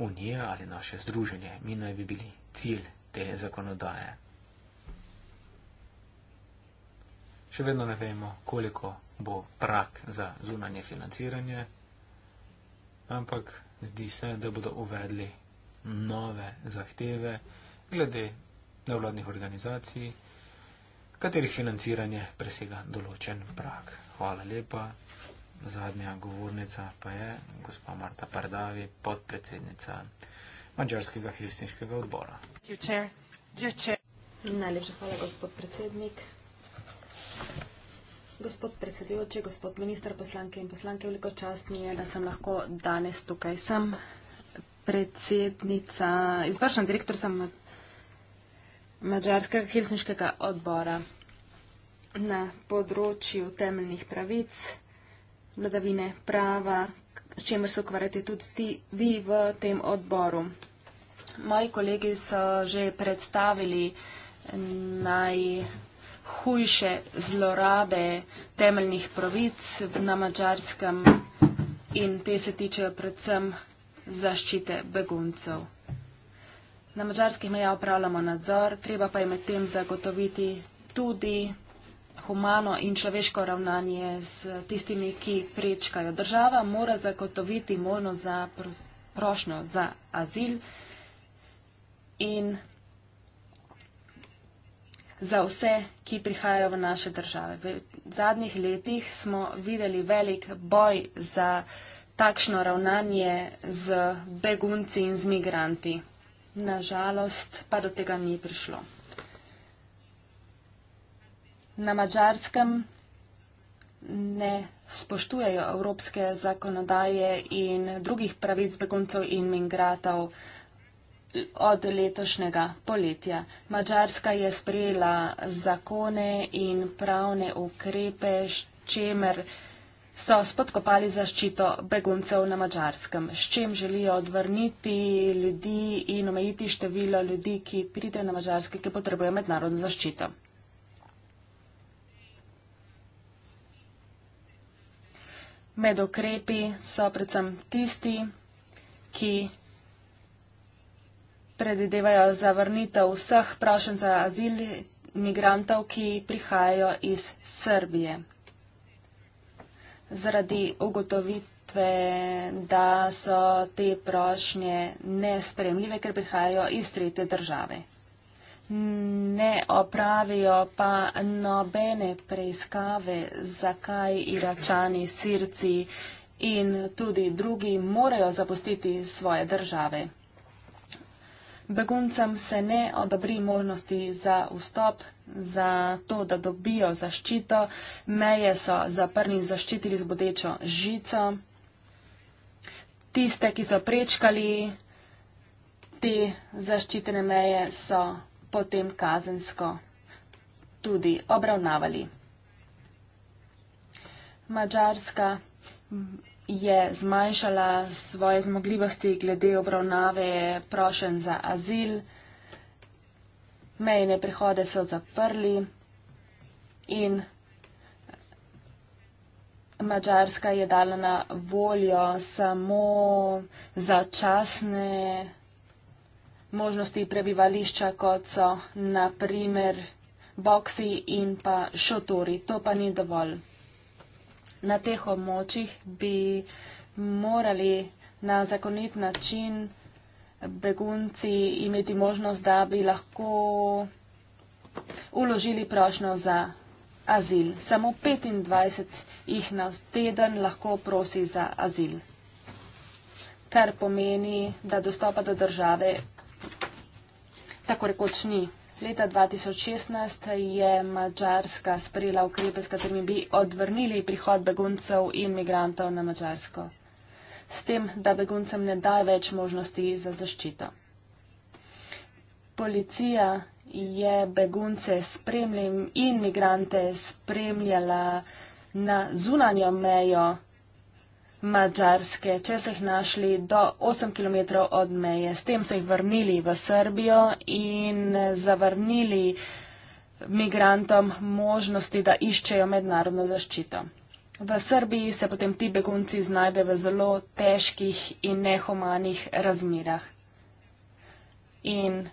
unija ali naše združenje. Mi naj bi bili cilj te zakonodaje. Še vedno ne vemo, koliko bo prak za zunanje financiranje, ampak zdi se, da bodo uvedli nove zahteve glede nevladnih organizacij, katerih financiranje presega določen prak. Hvala lepa. Zadnja govornica pa je gospa Marta Pardavi, podpredsednica mađarskega filistinskega odbora. Najlepša hvala, gospod predsednik. Gospod predsedujoči, gospod minister, poslanke in poslanke, veliko čast mi je, da sem lahko danes tukaj. Sem predsednica, izvršna direktor sem mađarskega helsinškega odbora na področju temeljnih pravic, vladavine prava, s čimer se ukvarjate tudi ti, vi v tem odboru. Moji kolegi so že predstavili najhujše zlorabe temeljnih pravic na mačarskem in te se tičejo predvsem zaščite beguncev. Na mačarskih meja upravljamo nadzor, treba pa je med tem zagotoviti tudi humano in človeško ravnanje s tistimi, ki prečkajo. Država mora zagotoviti mono za prošnjo za azil in za vse, ki prihajajo v naše države. V zadnjih letih smo videli velik boj za takšno ravnanje z begunci in z migranti. Nažalost pa do tega ni prišlo na Mačarskem ne spoštujejo evropske zakonodaje in drugih pravic beguncev in migratov od letošnjega poletja. Mačarska je sprejela zakone in pravne ukrepe, s čemer so spodkopali zaščito beguncev na Mačarskem, s čim želijo odvrniti ljudi in omejiti število ljudi, ki pride na Mačarske, ki potrebujejo mednarodno zaščito. med okrepi so predvsem tisti, ki predidevajo zavrnitev vseh prošen za azil migrantov, ki prihajajo iz Srbije. Zaradi ugotovitve, da so te prošnje nespremljive, ker prihajajo iz trete države ne opravijo pa nobene preiskave, zakaj iračani, sirci in tudi drugi morajo zapustiti svoje države. Beguncem se ne odobri možnosti za vstop, za to, da dobijo zaščito. Meje so zaprni in zaščitili z bodečo žico. Tiste, ki so prečkali te zaščitene meje, so potem kazensko tudi obravnavali. Mačarska je zmanjšala svoje zmogljivosti glede obravnave prošen za azil, mejne prihode so zaprli in Mačarska je dala na voljo samo začasne možnosti prebivališča, kot so naprimer boksi in pa šotori. To pa ni dovolj. Na teh območjih bi morali na zakonit način begunci imeti možnost, da bi lahko uložili prošno za azil. Samo 25 jih na teden lahko prosi za azil, kar pomeni, da dostopa do države tako rekoč ni. Leta 2016 je Mačarska sprejela ukrepe, s katerimi bi odvrnili prihod beguncev in migrantov na Mačarsko, s tem, da beguncem ne da več možnosti za zaščito. Policija je begunce spremljala in migrante spremljala na zunanjo mejo Mačarske, če so jih našli do 8 km od meje. S tem so jih vrnili v Srbijo in zavrnili migrantom možnosti, da iščejo mednarodno zaščito. V Srbiji se potem ti begunci znajde v zelo težkih in nehumanih razmirah. In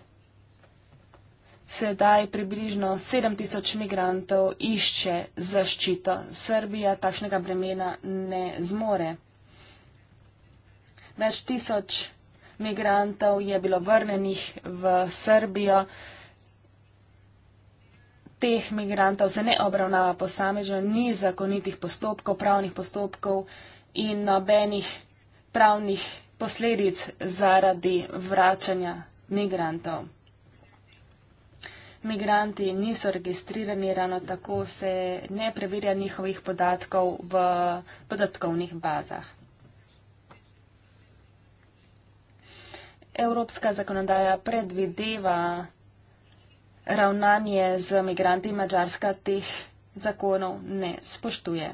sedaj približno 7000 migrantov išče zaščito. Srbija takšnega bremena ne zmore. Več tisoč migrantov je bilo vrnenih v Srbijo. Teh migrantov se ne obravnava posamežno, ni zakonitih postopkov, pravnih postopkov in nobenih pravnih posledic zaradi vračanja migrantov. Migranti niso registrirani, ravno tako se ne preverja njihovih podatkov v podatkovnih bazah. Evropska zakonodaja predvideva ravnanje z migranti, Mačarska teh zakonov ne spoštuje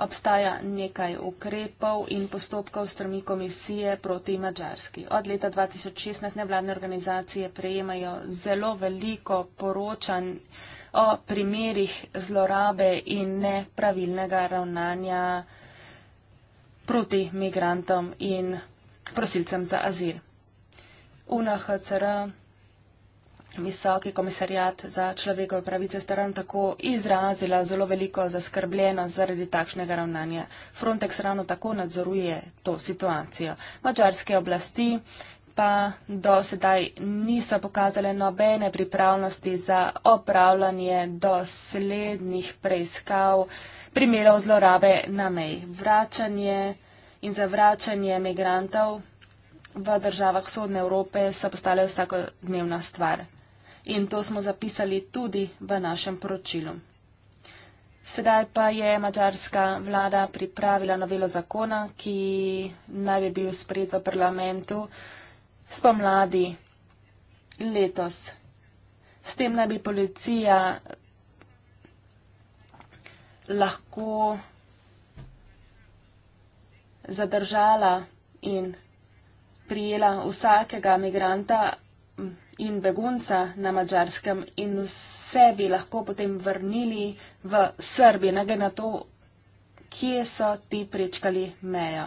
obstaja nekaj ukrepov in postopkov strani komisije proti Mačarski. Od leta 2016 nevladne organizacije prejemajo zelo veliko poročanj o primerih zlorabe in nepravilnega ravnanja proti migrantom in prosilcem za azil. UNHCR visoki komisarjat za človekove pravice ste ravno tako izrazila zelo veliko zaskrbljenost zaradi takšnega ravnanja. Frontex ravno tako nadzoruje to situacijo. Mačarske oblasti pa do sedaj niso pokazale nobene pripravnosti za opravljanje doslednih preiskav primerov zlorabe na mej. Vračanje in zavračanje migrantov v državah vzhodne Evrope so postale vsakodnevna stvar in to smo zapisali tudi v našem poročilu. Sedaj pa je mađarska vlada pripravila novelo zakona, ki naj bi bil sprejet v parlamentu spomladi letos. S tem naj bi policija lahko zadržala in prijela vsakega migranta in begunca na Mačarskem in vse bi lahko potem vrnili v Srbijo, ne glede na to, kje so ti prečkali mejo.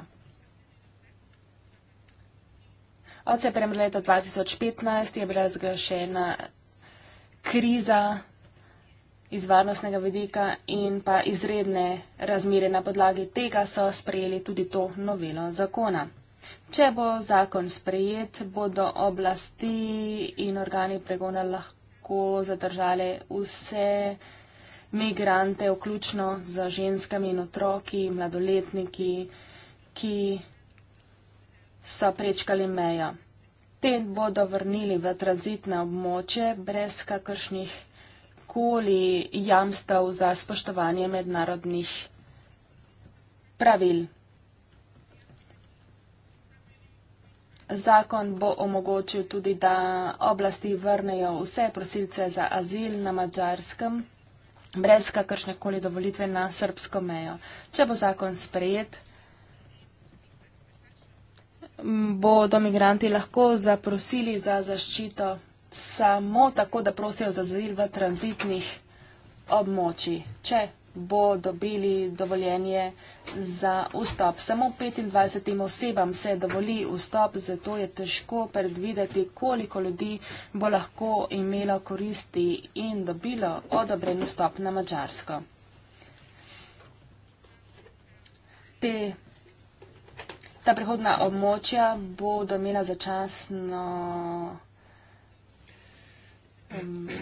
Od septembra leta 2015 je bila zgašena kriza iz varnostnega vidika in pa izredne razmire. Na podlagi tega so sprejeli tudi to novelo zakona. Če bo zakon sprejet, bodo oblasti in organi pregona lahko zadržali vse migrante, vključno z ženskami in otroki, mladoletniki, ki so prečkali mejo. Te bodo vrnili v tranzitne območje brez kakršnih koli jamstav za spoštovanje mednarodnih pravil. Zakon bo omogočil tudi, da oblasti vrnejo vse prosilce za azil na Mačarskem brez kakršne koli dovolitve na srbsko mejo. Če bo zakon sprejet, bodo migranti lahko zaprosili za zaščito samo tako, da prosijo za azil v tranzitnih območjih. Če bo dobili dovoljenje za vstop. Samo 25 osebam se dovoli vstop, zato je težko predvideti, koliko ljudi bo lahko imelo koristi in dobilo odobren vstop na Mačarsko. Te, ta prihodna območja bo domena začasno.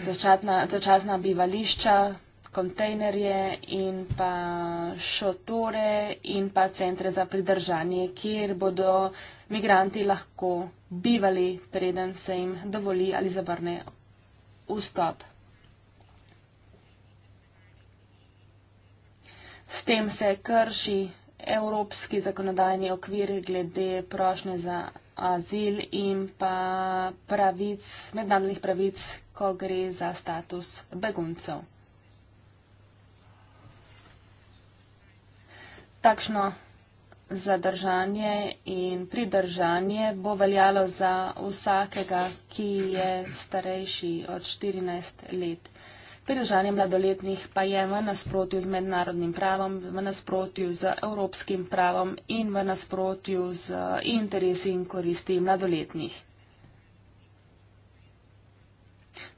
Začatna, začasna bivališča, kontejnerje in pa šotore in pa centre za pridržanje, kjer bodo migranti lahko bivali, preden se jim dovoli ali zavrne vstop. S tem se krši evropski zakonodajni okvir glede prošnje za azil in pa pravic, mednarodnih pravic, ko gre za status beguncev. Takšno zadržanje in pridržanje bo veljalo za vsakega, ki je starejši od 14 let. Pridržanje mladoletnih pa je v nasprotju z mednarodnim pravom, v nasprotju z evropskim pravom in v nasprotju z interesi in koristi mladoletnih.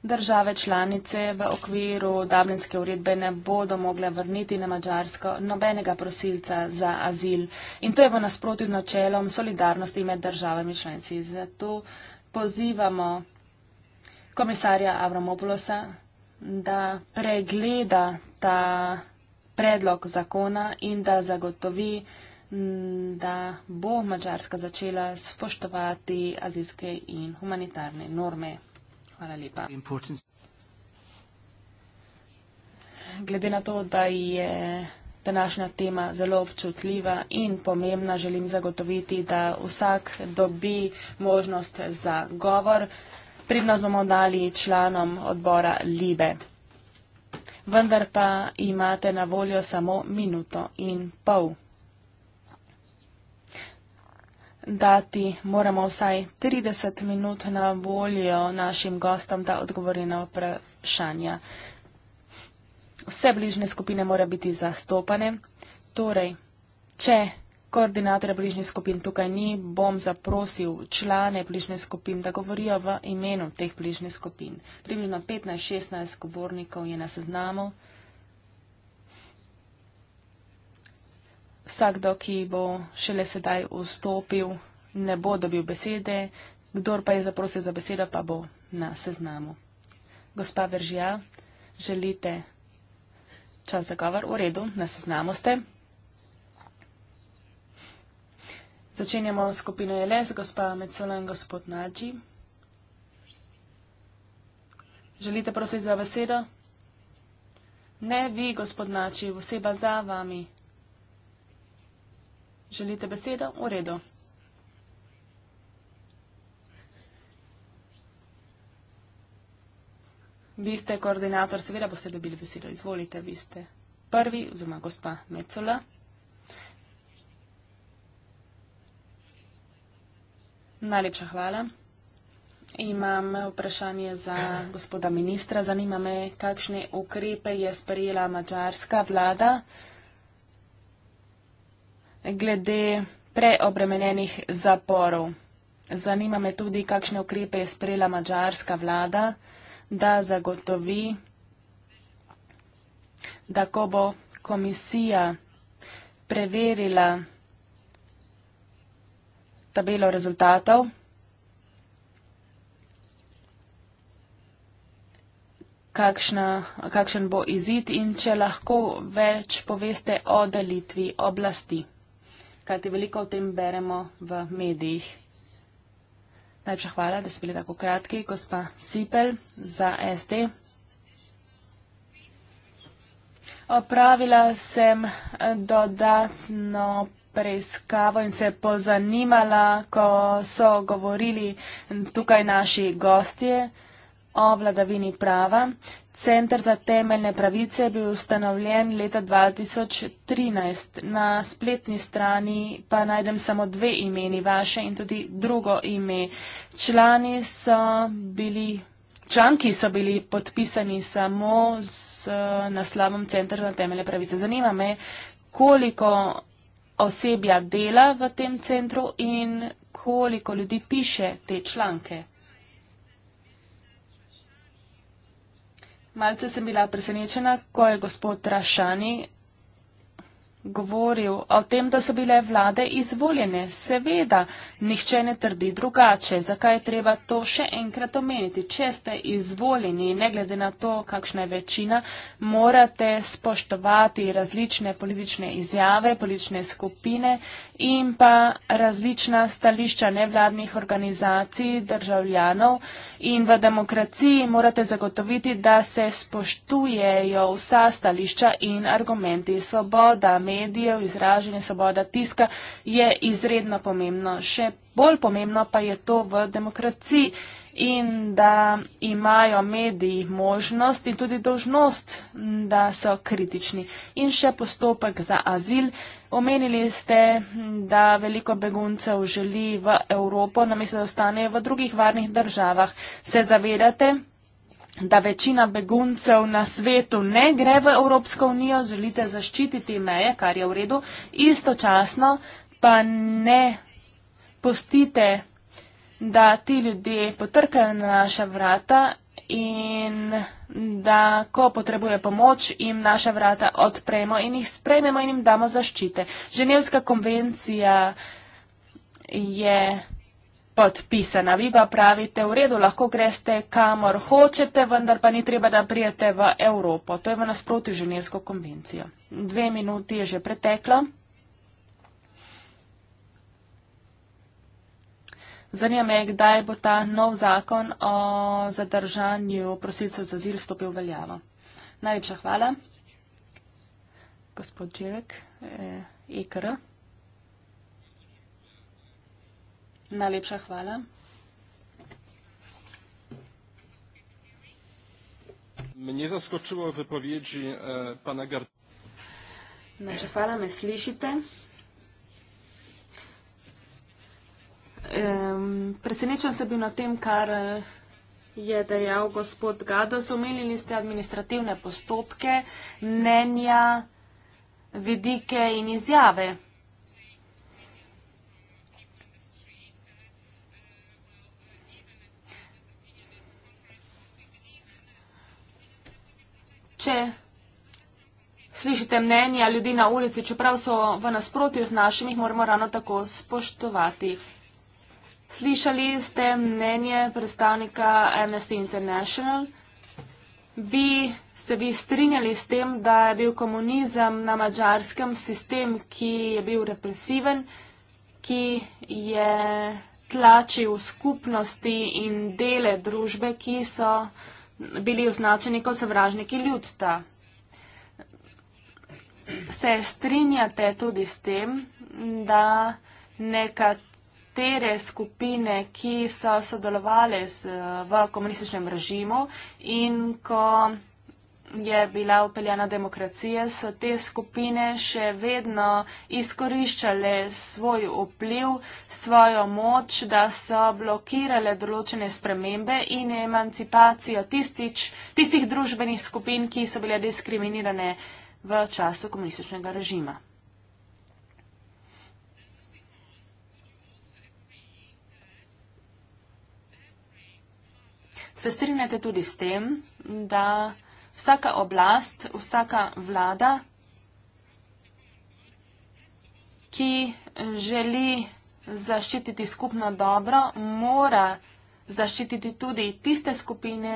Države članice v okviru Dablinske uredbe ne bodo mogle vrniti na Mačarsko nobenega prosilca za azil. In to je v nasprotju z načelom solidarnosti med državami članici. Zato pozivamo komisarja Avramopulosa, da pregleda ta predlog zakona in da zagotovi, mm, da bo Mačarska začela spoštovati azijske in humanitarne norme. Hvala lepa. Glede na to, da je današnja tema zelo občutljiva in pomembna, želim zagotoviti, da vsak dobi možnost za govor. Prednost bomo dali članom odbora Libe. Vendar pa imate na voljo samo minuto in pol dati moramo vsaj 30 minut na voljo našim gostom, da odgovori na vprašanja. Vse bližnje skupine mora biti zastopane. Torej, če koordinatora bližnjih skupin tukaj ni, bom zaprosil člane bližnjih skupin, da govorijo v imenu teh bližnjih skupin. Približno 15-16 govornikov je na seznamu. vsakdo, ki bo šele sedaj vstopil, ne bo dobil besede, kdor pa je zaprosil za besedo, pa bo na seznamu. Gospa Veržija, želite čas za govor? V redu, na seznamu ste. Začenjamo skupino LS, gospa Mecola in gospod Nađi. Želite prositi za besedo? Ne vi, gospod Nači, oseba za vami. Želite besedo? V redu. Vi ste koordinator, seveda boste dobili besedo. Izvolite, vi ste prvi, oziroma gospa Mecola. Najlepša hvala. Imam vprašanje za gospoda ministra. Zanima me, kakšne ukrepe je sprejela mačarska vlada glede preobremenjenih zaporov. Zanima me tudi, kakšne ukrepe je sprejela mađarska vlada, da zagotovi, da ko bo komisija preverila tabelo rezultatov, kakšna, kakšen bo izid in če lahko več poveste o delitvi oblasti kajti veliko o tem beremo v medijih. Najprej hvala, da ste bili tako kratki, gospa Sipel za SD. Opravila sem eh, dodatno preiskavo in se pozanimala, ko so govorili eh, tukaj naši gostje o vladavini prava. Center za temeljne pravice je bil ustanovljen leta 2013. Na spletni strani pa najdem samo dve imeni, vaše in tudi drugo ime. Člani so bili. Članki so bili podpisani samo z eh, naslovom Center za temeljne pravice. Zanima me, koliko osebja dela v tem centru in koliko ljudi piše te članke. Malce sem bila presenečena, ko je gospod Rašani govoril o tem, da so bile vlade izvoljene. Seveda, nihče ne trdi drugače. Zakaj je treba to še enkrat omeniti? Če ste izvoljeni, ne glede na to, kakšna je večina, morate spoštovati različne politične izjave, politične skupine in pa različna stališča nevladnih organizacij, državljanov in v demokraciji morate zagotoviti, da se spoštujejo vsa stališča in argumenti svoboda. Med medijev, izražanje svoboda tiska je izredno pomembno. Še bolj pomembno pa je to v demokraciji in da imajo mediji možnost in tudi dožnost, da so kritični. In še postopek za azil. Omenili ste, da veliko beguncev želi v Evropo, namesto da ostane v drugih varnih državah. Se zavedate, da večina beguncev na svetu ne gre v Evropsko unijo, želite zaščititi meje, kar je v redu, istočasno pa ne pustite, da ti ljudje potrkajo na naša vrata in da, ko potrebuje pomoč, jim naša vrata odpremo in jih sprejmemo in jim damo zaščite. Ženevska konvencija je podpisana. Vi pa pravite, v redu, lahko greste kamor hočete, vendar pa ni treba, da prijete v Evropo. To je v nasprotju ženevsko konvencijo. Dve minuti je že preteklo. Zanima me, kdaj bo ta nov zakon o zadržanju prosilcev za zil stopil v veljavo. Najlepša hvala. Gospod Čevek, eh, EKR. Najlepša hvala. Mne zaskočilo vypovedi eh, pana Gard... Najlepša hvala, me slišite. Ehm, presenečen sem bil na tem, kar je dejal gospod Gados. Omenili ste administrativne postopke, mnenja, vidike in izjave. če slišite mnenja ljudi na ulici, čeprav so v nasprotju z našimi, jih moramo ravno tako spoštovati. Slišali ste mnenje predstavnika Amnesty International. Bi se vi strinjali s tem, da je bil komunizem na mačarskem sistem, ki je bil represiven, ki je tlačil skupnosti in dele družbe, ki so bili označeni kot sovražniki ljudstva. Se strinjate tudi s tem, da nekatere skupine, ki so sodelovali v komunističnem režimu in ko je bila upeljena demokracija, so te skupine še vedno izkoriščale svoj vpliv, svojo moč, da so blokirale določene spremembe in emancipacijo tistič, tistih družbenih skupin, ki so bile diskriminirane v času komunističnega režima. Se strinjate tudi s tem, da vsaka oblast, vsaka vlada, ki želi zaščititi skupno dobro, mora zaščititi tudi tiste skupine,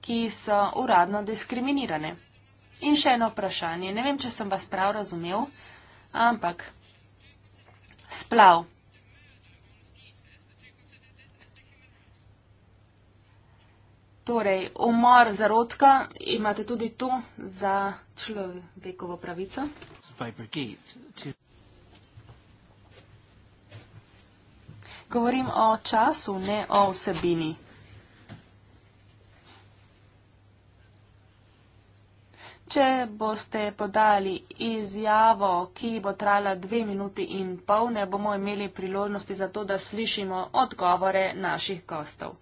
ki so uradno diskriminirane. In še eno vprašanje, ne vem, če sem vas prav razumel, ampak splav. Torej, umor zarodka imate tudi to za človekovo pravico. Govorim o času, ne o vsebini. Če boste podali izjavo, ki bo trajala dve minuti in pol, ne bomo imeli priložnosti za to, da slišimo odgovore naših gostov.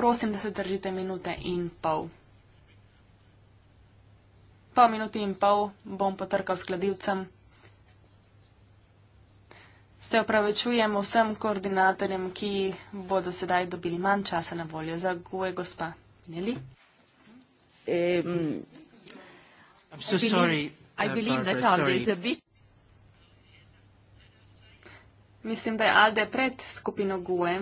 prosim, da se držite minute in pol. Po minuti in pol bom potrkal skladilcem. Se opravičujem vsem koordinatorjem, ki bodo sedaj dobili manj časa na voljo. Za goje, gospa. Neli? Um, so I sorry, I uh, believe that Alde is a bit... Mislim, da je Alde pred skupino Gue.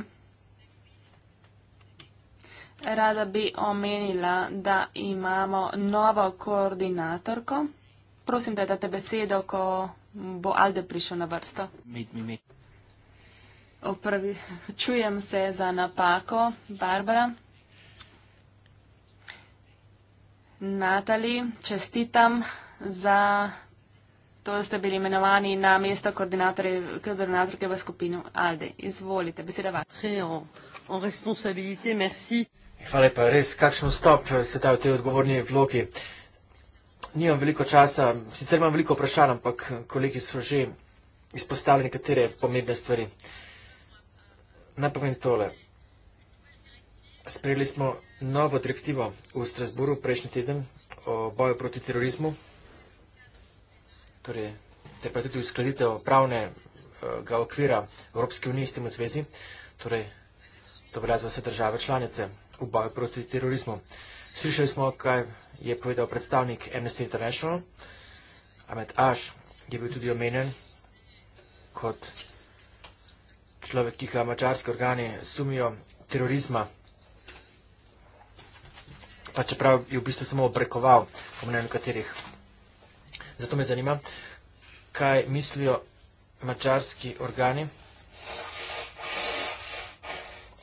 Rada bi omenila, da imamo novo koordinatorko. Prosim, da date besedo, ko bo Alde prišel na vrsto. Med, med, med. Opravi, čujem se za napako, Barbara. Natali, čestitam za to, da ste bili imenovani na mesto koordinatorke v skupinu Alde. Izvolite, beseda vam. Hvala lepa. Res, kakšen vstop se ta v tej odgovorni vlogi. Nimam veliko časa, sicer imam veliko vprašanj, ampak kolegi so že izpostavili nekatere pomembne stvari. Naj povem tole. Sprejeli smo novo direktivo v Strasburu prejšnji teden o boju proti terorizmu. Torej, te pa tudi uskladitev pravne ga okvira Evropske unije s tem v zvezi. Torej, to velja za vse države članice v boju proti terorizmu. Slišali smo, kaj je povedal predstavnik Amnesty International. Ahmed Aš je bil tudi omenjen kot človek, ki ga mačarske organi sumijo terorizma, pa čeprav je v bistvu samo obrekoval po mnenju katerih. Zato me zanima, kaj mislijo mačarski organi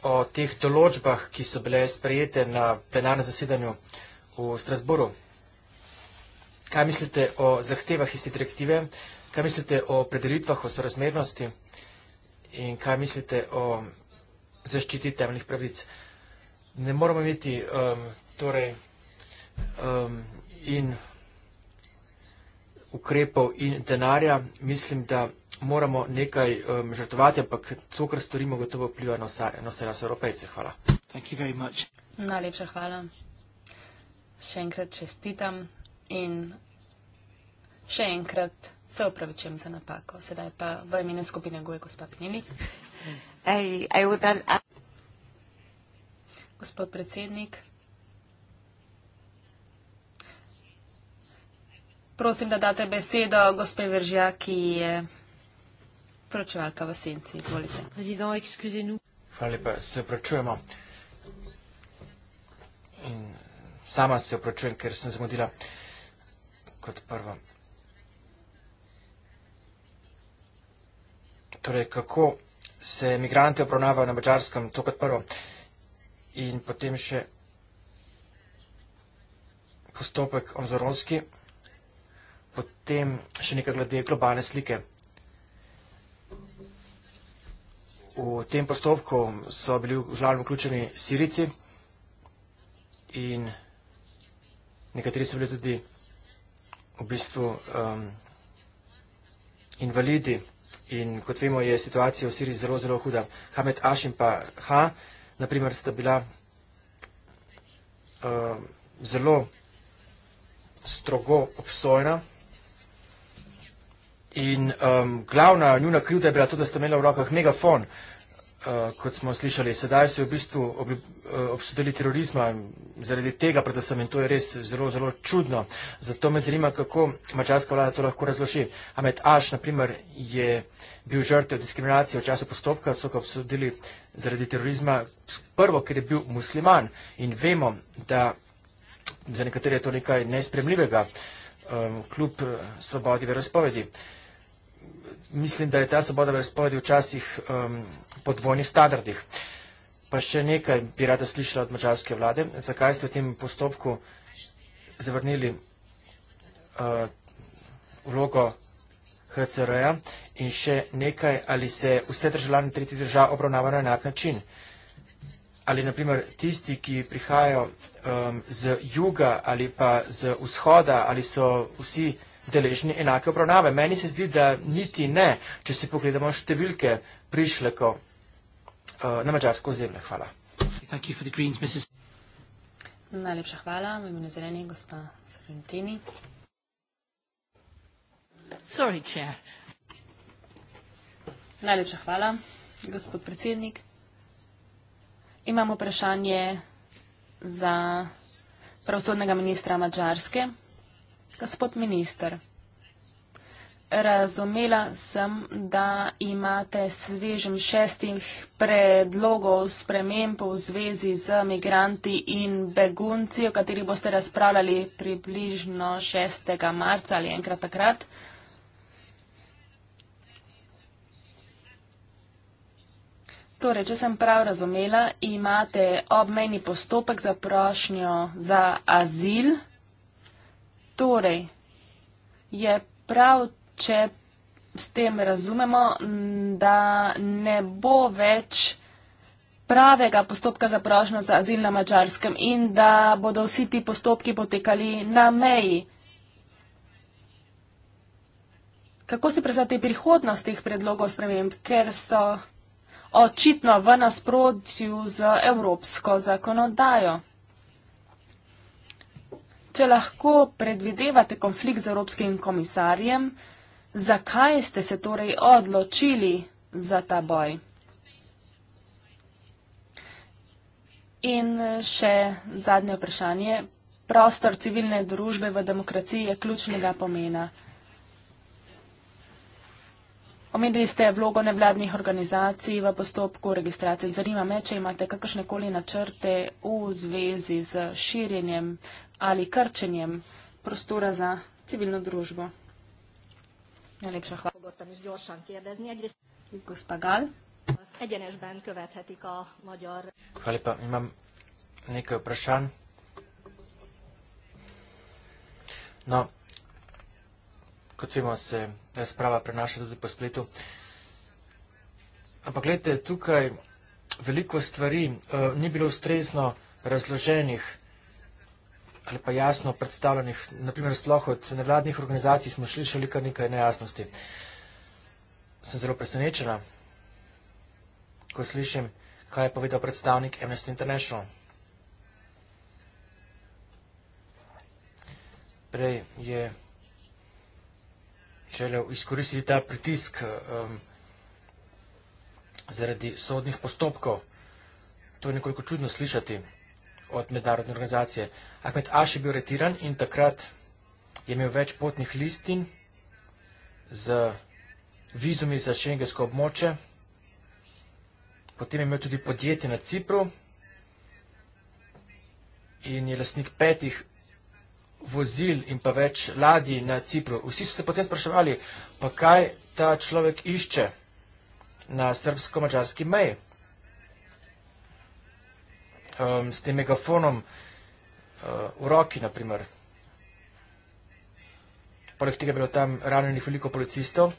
o teh določbah, ki so bile sprejete na plenarnem zasedanju v Strasburu. Kaj mislite o zahtevah iz te direktive? Kaj mislite o predelitvah, o sorazmernosti? In kaj mislite o zaščiti temeljnih pravic? Ne moramo imeti um, torej, um, in ukrepov in denarja. Mislim, da moramo nekaj um, žrtovati, ampak to, kar storimo, gotovo pliva na vse, na vse nas evropejce. Hvala. Najlepša hvala. Še enkrat čestitam in še enkrat se upravičujem za napako. Sedaj pa v imenu skupine Goje, gospa Pnili. Gospod predsednik. Prosim, da date besedo gospe Veržja, ki je pročevalka v senci. Izvolite. Hvala lepa, se opravičujemo. In sama se opravičujem, ker sem zamudila kot prva. Torej, kako se migrante obravnava na Mačarskem, to kot prvo. In potem še postopek obzoronski. Potem še nekaj glede globalne slike. V tem postopku so bili v glavnem vključeni sirici in nekateri so bili tudi v bistvu um, invalidi. In kot vemo, je situacija v Siriji zelo, zelo huda. Hamed Aš in pa Ha, naprimer, sta bila um, zelo strogo obsojena. In um, glavna njuna krivda je bila to, da ste imeli v rokah megafon, uh, kot smo slišali. Sedaj so v bistvu ob, uh, obsodili terorizma zaradi tega predvsem in to je res zelo, zelo čudno. Zato me zanima, kako mačarska vlada to lahko razloši. Ahmed Aš, na primer, je bil žrtev diskriminacije v času postopka, so ga obsodili zaradi terorizma prvo, ker je bil musliman in vemo, da za nekatere je to nekaj nespremljivega, um, kljub uh, svobodi verospovedi mislim, da je ta svoboda verspovedi včasih um, po dvojnih standardih. Pa še nekaj bi rada slišala od mačarske vlade. Zakaj ste v tem postopku zavrnili uh, vlogo HCR-ja? In še nekaj, ali se vse državljane tretjih držav obravnavajo na enak način? Ali naprimer tisti, ki prihajajo um, z juga ali pa z vzhoda, ali so vsi deležni enake obravnave. Meni se zdi, da niti ne, če si pogledamo številke prišleko uh, eh, na mačarsko zemlje. Hvala. Najlepša hvala, v imenu zeleni, gospa Sarantini. Sorry, chair. Najlepša hvala, gospod predsednik. Imamo vprašanje za pravosodnega ministra Mačarske. Gospod minister, razumela sem, da imate svežem šestih predlogov sprememb v zvezi z migranti in begunci, o katerih boste razpravljali približno 6. marca ali enkrat takrat. Torej, če sem prav razumela, imate obmejni postopek za prošnjo za azil. Torej, je prav, če s tem razumemo, da ne bo več pravega postopka za prošnjo za azil na Mačarskem in da bodo vsi ti postopki potekali na meji. Kako si predstavljate prihodnost teh predlogov sprememb, ker so očitno v nasprotju z evropsko zakonodajo? Če lahko predvidevate konflikt z evropskim komisarjem, zakaj ste se torej odločili za ta boj? In še zadnje vprašanje. Prostor civilne družbe v demokraciji je ključnega pomena. Omenili ste vlogo nevladnih organizacij v postopku registracije. Zanima me, če imate kakršne koli načrte v zvezi z širjenjem ali krčenjem prostora za civilno družbo. Najlepša hvala. Gospa Gal. Hvala lepa. Imam nekaj vprašanj. No, kot vemo, se razprava prenaša tudi po spletu. Ampak gledajte, tukaj veliko stvari uh, ni bilo ustrezno razloženih ali pa jasno predstavljenih, naprimer sploh od nevladnih organizacij smo šli še kar nekaj nejasnosti. Sem zelo presenečena, ko slišim, kaj je povedal predstavnik Amnesty International. Prej je želel izkoristiti ta pritisk um, zaradi sodnih postopkov. To je nekoliko čudno slišati od mednarodne organizacije. Ahmed Aš je bil retiran in takrat je imel več potnih listin z vizumi za šengensko območje. Potem je imel tudi podjetje na Cipru in je lasnik petih vozil in pa več ladij na Cipru. Vsi so se potem spraševali, pa kaj ta človek išče na srbsko-mačarski meji um, s tem megafonom uh, v roki, naprimer. Poleg tega je bilo tam ranjenih veliko policistov,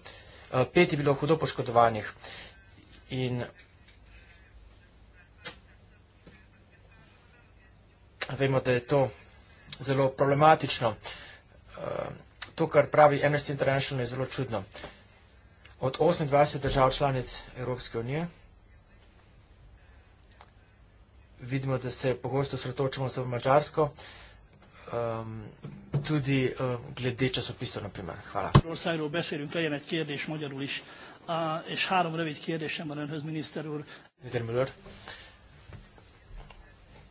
eh, pet je bilo hudo poškodovanih. In vemo, da je to zelo problematično. Eh, to, kar pravi Amnesty International, je zelo čudno. Od 28 držav članic Evropske unije vidimo, da se pogosto sretočamo z Mačarsko, um, ehm, tudi um, glede časopisa, na primer. Hvala.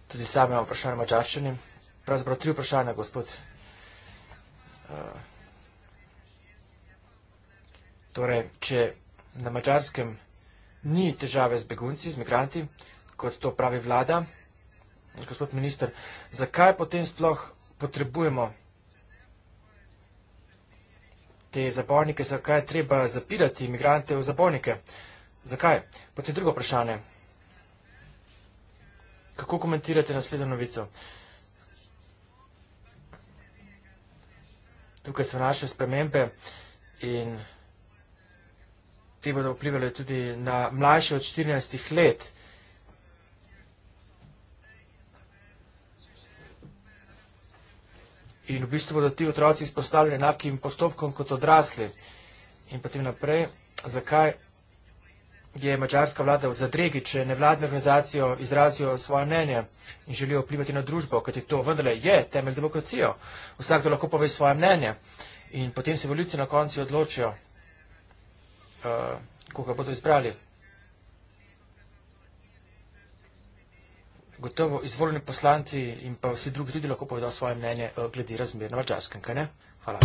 Tudi sam imam vprašanje mačarščini pravzaprav tri vprašanja, gospod. Eh, torej, če na Mačarskem ni težave z begunci, z migranti, kot to pravi vlada, gospod minister, zakaj potem sploh potrebujemo te zabornike, zakaj je treba zapirati imigrante v zabornike? Zakaj? Potem drugo vprašanje. Kako komentirate naslednjo novico? tukaj so naše spremembe in te bodo vplivali tudi na mlajše od 14 let. In v bistvu bodo ti otroci izpostavljeni enakim postopkom kot odrasli. In potem naprej, zakaj? je mačarska vlada v zadregi, če nevladno organizacijo izrazijo svoje mnenje in želijo vplivati na družbo, kajti to vendarle je temelj demokracijo. Vsak to lahko pove svoje mnenje in potem se voljivci na konci odločijo, uh, koga bodo izbrali. Gotovo izvoljeni poslanci in pa vsi drugi tudi lahko povedo svoje mnenje uh, glede razmer na mačarskem, kaj ne? Hvala.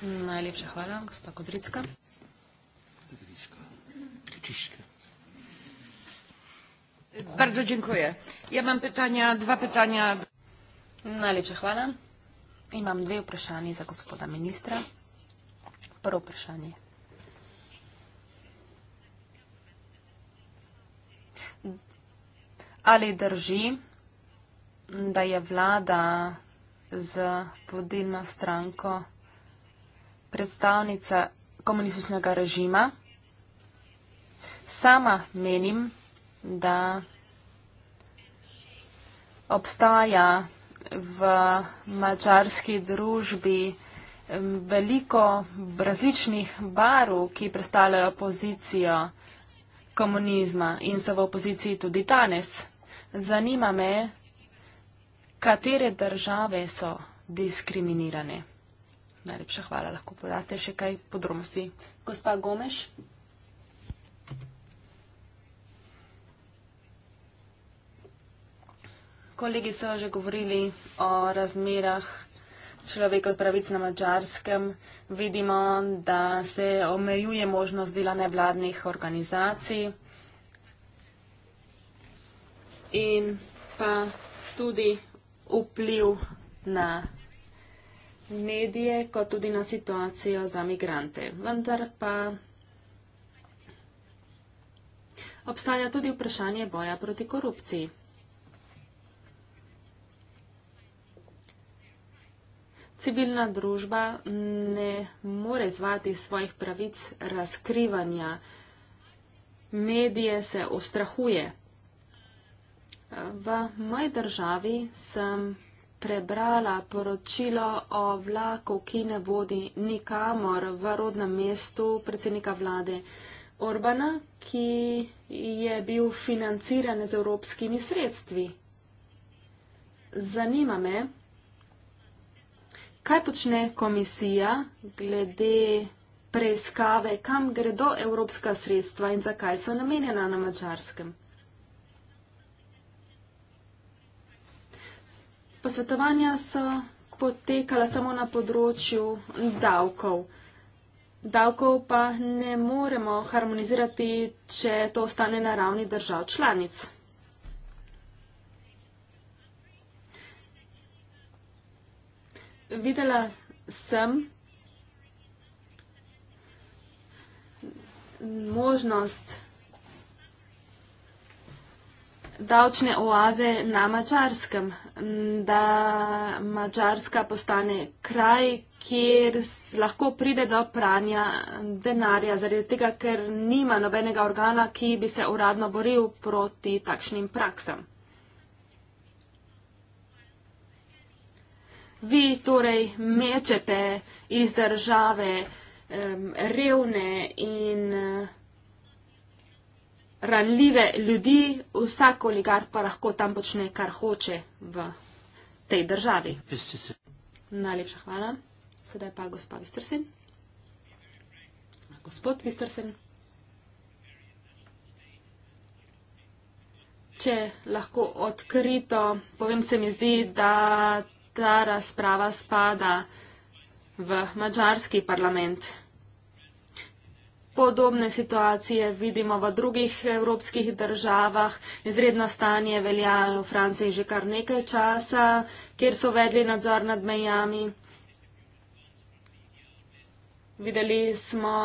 Najlepša hvala, gospa Kodricka kiszkę. Bardzo dziękuję. Ja mam pytania, dwa pytania. Najlepsze chwale. I mam dwie opraszanie za gospoda ministra. Poroproszanie. Ale drży, daje wlada z podinną stranką predstavnica komunističnega režima, Sama menim, da obstaja v mačarski družbi veliko različnih barv, ki predstavljajo pozicijo komunizma in so v opoziciji tudi danes. Zanima me, katere države so diskriminirane. Najlepša hvala, lahko podate še kaj podrobnosti. Gospa Gomeš. Kolegi so že govorili o razmerah človekov pravic na mačarskem. Vidimo, da se omejuje možnost dela nevladnih organizacij in pa tudi vpliv na medije, kot tudi na situacijo za migrante. Vendar pa obstaja tudi vprašanje boja proti korupciji. civilna družba ne more zvati svojih pravic razkrivanja. Medije se ostrahuje. V moji državi sem prebrala poročilo o vlaku, ki ne vodi nikamor v rodnem mestu predsednika vlade Orbana, ki je bil financiran z evropskimi sredstvi. Zanima me, kaj počne komisija glede preiskave, kam gredo evropska sredstva in zakaj so namenjena na mačarskem. Posvetovanja so potekala samo na področju davkov. Davkov pa ne moremo harmonizirati, če to ostane na ravni držav članic. videla sem možnost davčne oaze na Mačarskem, da Mačarska postane kraj, kjer lahko pride do pranja denarja, zaradi tega, ker nima nobenega organa, ki bi se uradno boril proti takšnim praksam. Vi torej mečete iz države um, revne in uh, ranljive ljudi, vsak oligar pa lahko tam počne, kar hoče v tej državi. Najlepša hvala. Sedaj pa gospa Vistrsen. Gospod Vistrsen. Če lahko odkrito povem, se mi zdi, da ta razprava spada v mačarski parlament. Podobne situacije vidimo v drugih evropskih državah. Izredno stanje velja v Franciji že kar nekaj časa, kjer so vedli nadzor nad mejami. Videli smo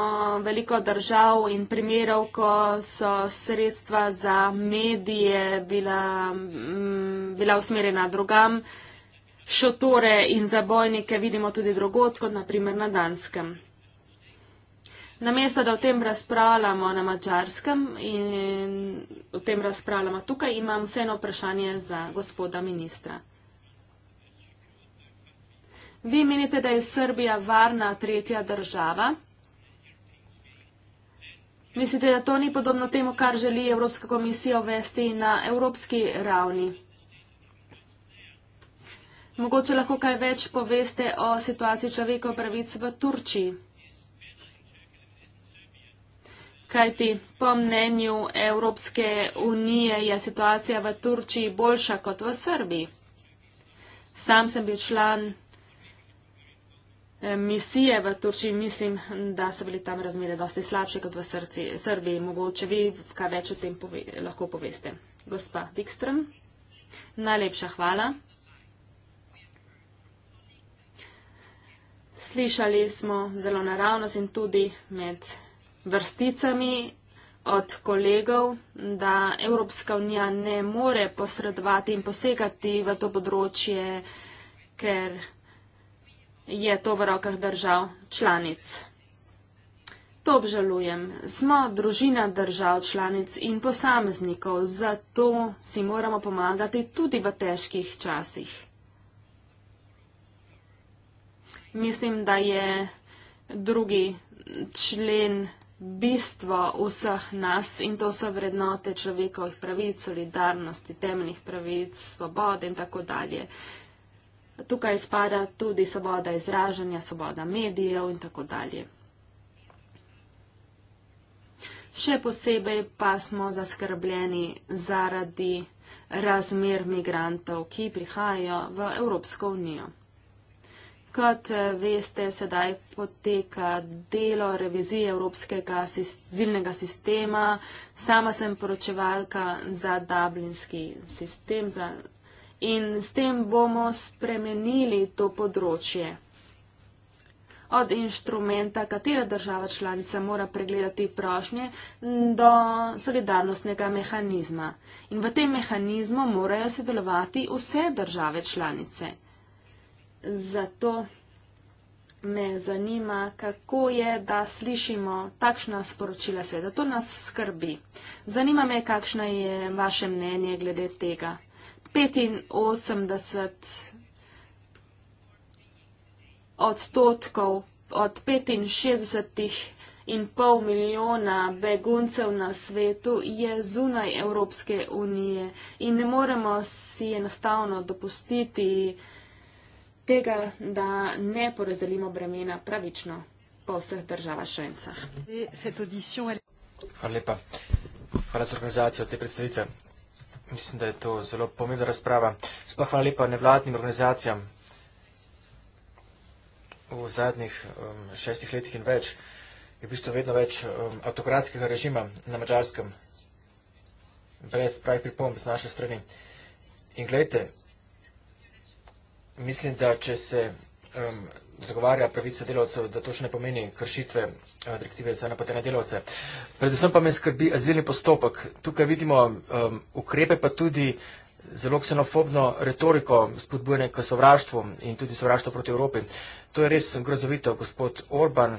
veliko držav in primerov, ko so sredstva za medije bila, mm, bila usmerjena drugam šotore in zabojnike vidimo tudi drugot, kot naprimer na Danskem. Namesto, da o tem razpravljamo na Mačarskem in o tem razpravljamo tukaj, imam vseeno vprašanje za gospoda ministra. Vi menite, da je Srbija varna tretja država? Mislite, da to ni podobno temu, kar želi Evropska komisija uvesti na evropski ravni? Mogoče lahko kaj več poveste o situaciji človekov pravic v Turčiji. Kajti po mnenju Evropske unije je situacija v Turčiji boljša kot v Srbiji. Sam sem bil član eh, misije v Turčiji, mislim, da so bili tam razmere dosti slabše kot v srci, Srbiji. Mogoče vi kaj več o tem pove, lahko poveste. Gospa Vikström, najlepša hvala. slišali smo zelo naravno in tudi med vrsticami od kolegov, da Evropska unija ne more posredovati in posegati v to področje, ker je to v rokah držav članic. To obžalujem. Smo družina držav članic in posameznikov, zato si moramo pomagati tudi v težkih časih mislim, da je drugi člen bistvo vseh nas in to so vrednote človekovih pravic, solidarnosti, temeljnih pravic, svobode in tako dalje. Tukaj spada tudi svoboda izražanja, svoboda medijev in tako dalje. Še posebej pa smo zaskrbljeni zaradi razmer migrantov, ki prihajajo v Evropsko unijo. Kot eh, veste, sedaj poteka delo revizije Evropskega zilnega sistema. Sama sem poročevalka za dublinski sistem za... in s tem bomo spremenili to področje. Od inštrumenta, katera država članica mora pregledati prošnje, do solidarnostnega mehanizma. In v tem mehanizmu morajo sodelovati vse države članice zato me zanima, kako je, da slišimo takšna sporočila sveta. To nas skrbi. Zanima me, kakšno je vaše mnenje glede tega. 85 odstotkov od 65 in pol milijona beguncev na svetu je zunaj Evropske unije in ne moremo si enostavno dopustiti, tega, da ne porazdelimo bremena pravično po vseh državah švencah. Hvala lepa. Hvala za organizacijo te predstavitve. Mislim, da je to zelo pomembna razprava. Sploh hvala lepa nevladnim organizacijam v zadnjih um, šestih letih in več je v bistvu vedno več um, avtokratskega režima na mačarskem, brez pravih pripomb z naše strani. In gledajte, mislim, da če se um, zagovarja pravica delavcev, da to še ne pomeni kršitve uh, direktive za napotene delavce. Predvsem pa me skrbi azilni postopek. Tukaj vidimo um, ukrepe, pa tudi zelo ksenofobno retoriko, spodbujene k sovraštvu in tudi sovraštvo proti Evropi. To je res grozovito. Gospod Orban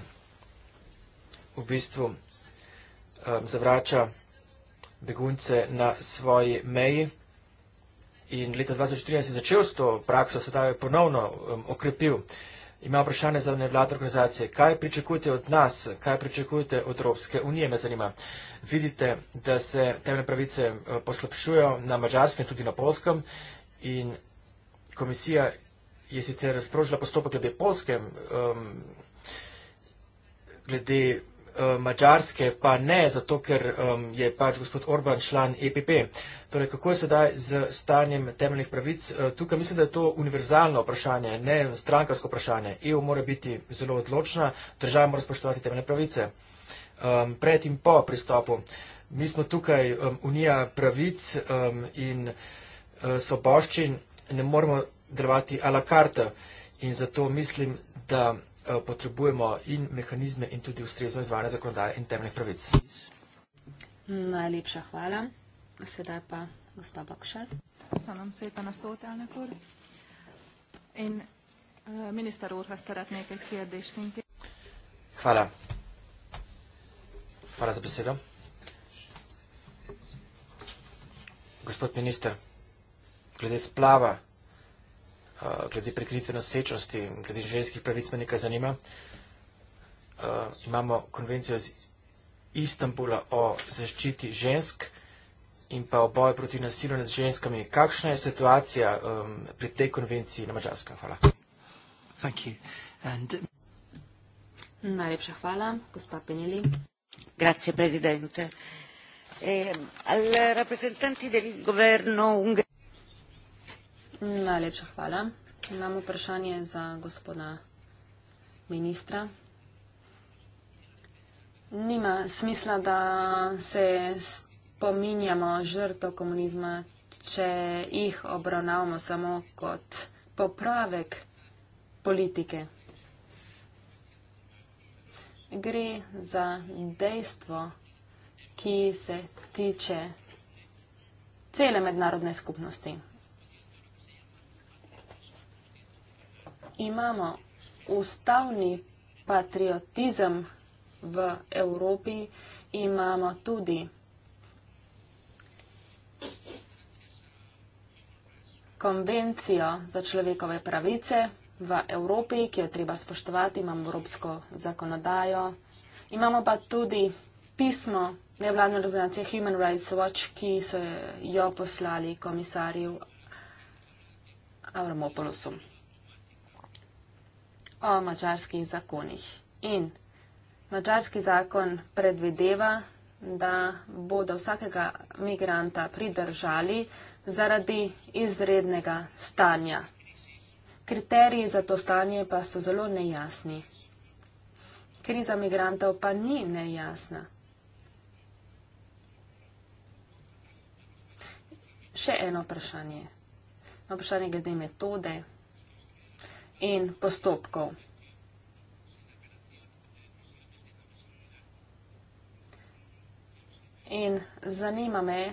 v bistvu um, zavrača begunce na svoji meji in leta 2013 je začel s to prakso, sedaj je ponovno um, okrepil. Ima vprašanje za nevladne organizacije. Kaj pričakujete od nas, kaj pričakujete od Evropske unije, me zanima. Vidite, da se temne pravice uh, poslabšujo na mačarskem, tudi na polskem in komisija je sicer sprožila postopek glede polskem, um, glede Eh, Mačarske, pa ne zato, ker um, je pač gospod Orban član EPP. Torej, kako je sedaj z stanjem temeljnih pravic? Eh, tukaj mislim, da je to univerzalno vprašanje, ne strankarsko vprašanje. EU mora biti zelo odločna, država mora spoštovati temeljne pravice. Um, pred in po pristopu. Mi smo tukaj um, unija pravic um, in uh, svoboščin, ne moremo delovati a la carte. In zato mislim, da Eh, potrebujemo in mehanizme in tudi ustrezno izvajanje zakonodaje in temeljnih pravic. Najlepša hvala. Sedaj pa gospa Bakšar. So nam se pa nasote ali nekor? In minister Urha starat nekaj, ki je deštinti. Hvala. Hvala za besedo. Gospod minister, glede splava, Eh, glede prekritve nosečnosti, glede ženskih pravic me nekaj zanima. Eh, imamo konvencijo iz Istanbula o zaščiti žensk in pa o boju proti nasilju nad ženskami. Kakšna je situacija pri tej konvenciji na Mačarskem? Hvala. Najlepša hvala, gospa Penili. Grazie, predsednik. Eh, al rappresentanti del governo Ungherije. Najlepša hvala. Imamo vprašanje za gospoda ministra. Nima smisla, da se spominjamo žrtev komunizma, če jih obravnavamo samo kot popravek politike. Gre za dejstvo, ki se tiče cele mednarodne skupnosti. imamo ustavni patriotizem v Evropi, imamo tudi konvencijo za človekove pravice v Evropi, ki jo treba spoštovati, imamo evropsko zakonodajo, imamo pa tudi pismo nevladne organizacije Human Rights Watch, ki so jo poslali komisarju Avramopolosu o mačarskih zakonih. In mačarski zakon predvideva, da bodo vsakega migranta pridržali zaradi izrednega stanja. Kriteriji za to stanje pa so zelo nejasni. Kriza migrantov pa ni nejasna. Še eno vprašanje. Vprašanje glede metode in postopkov. In zanima me,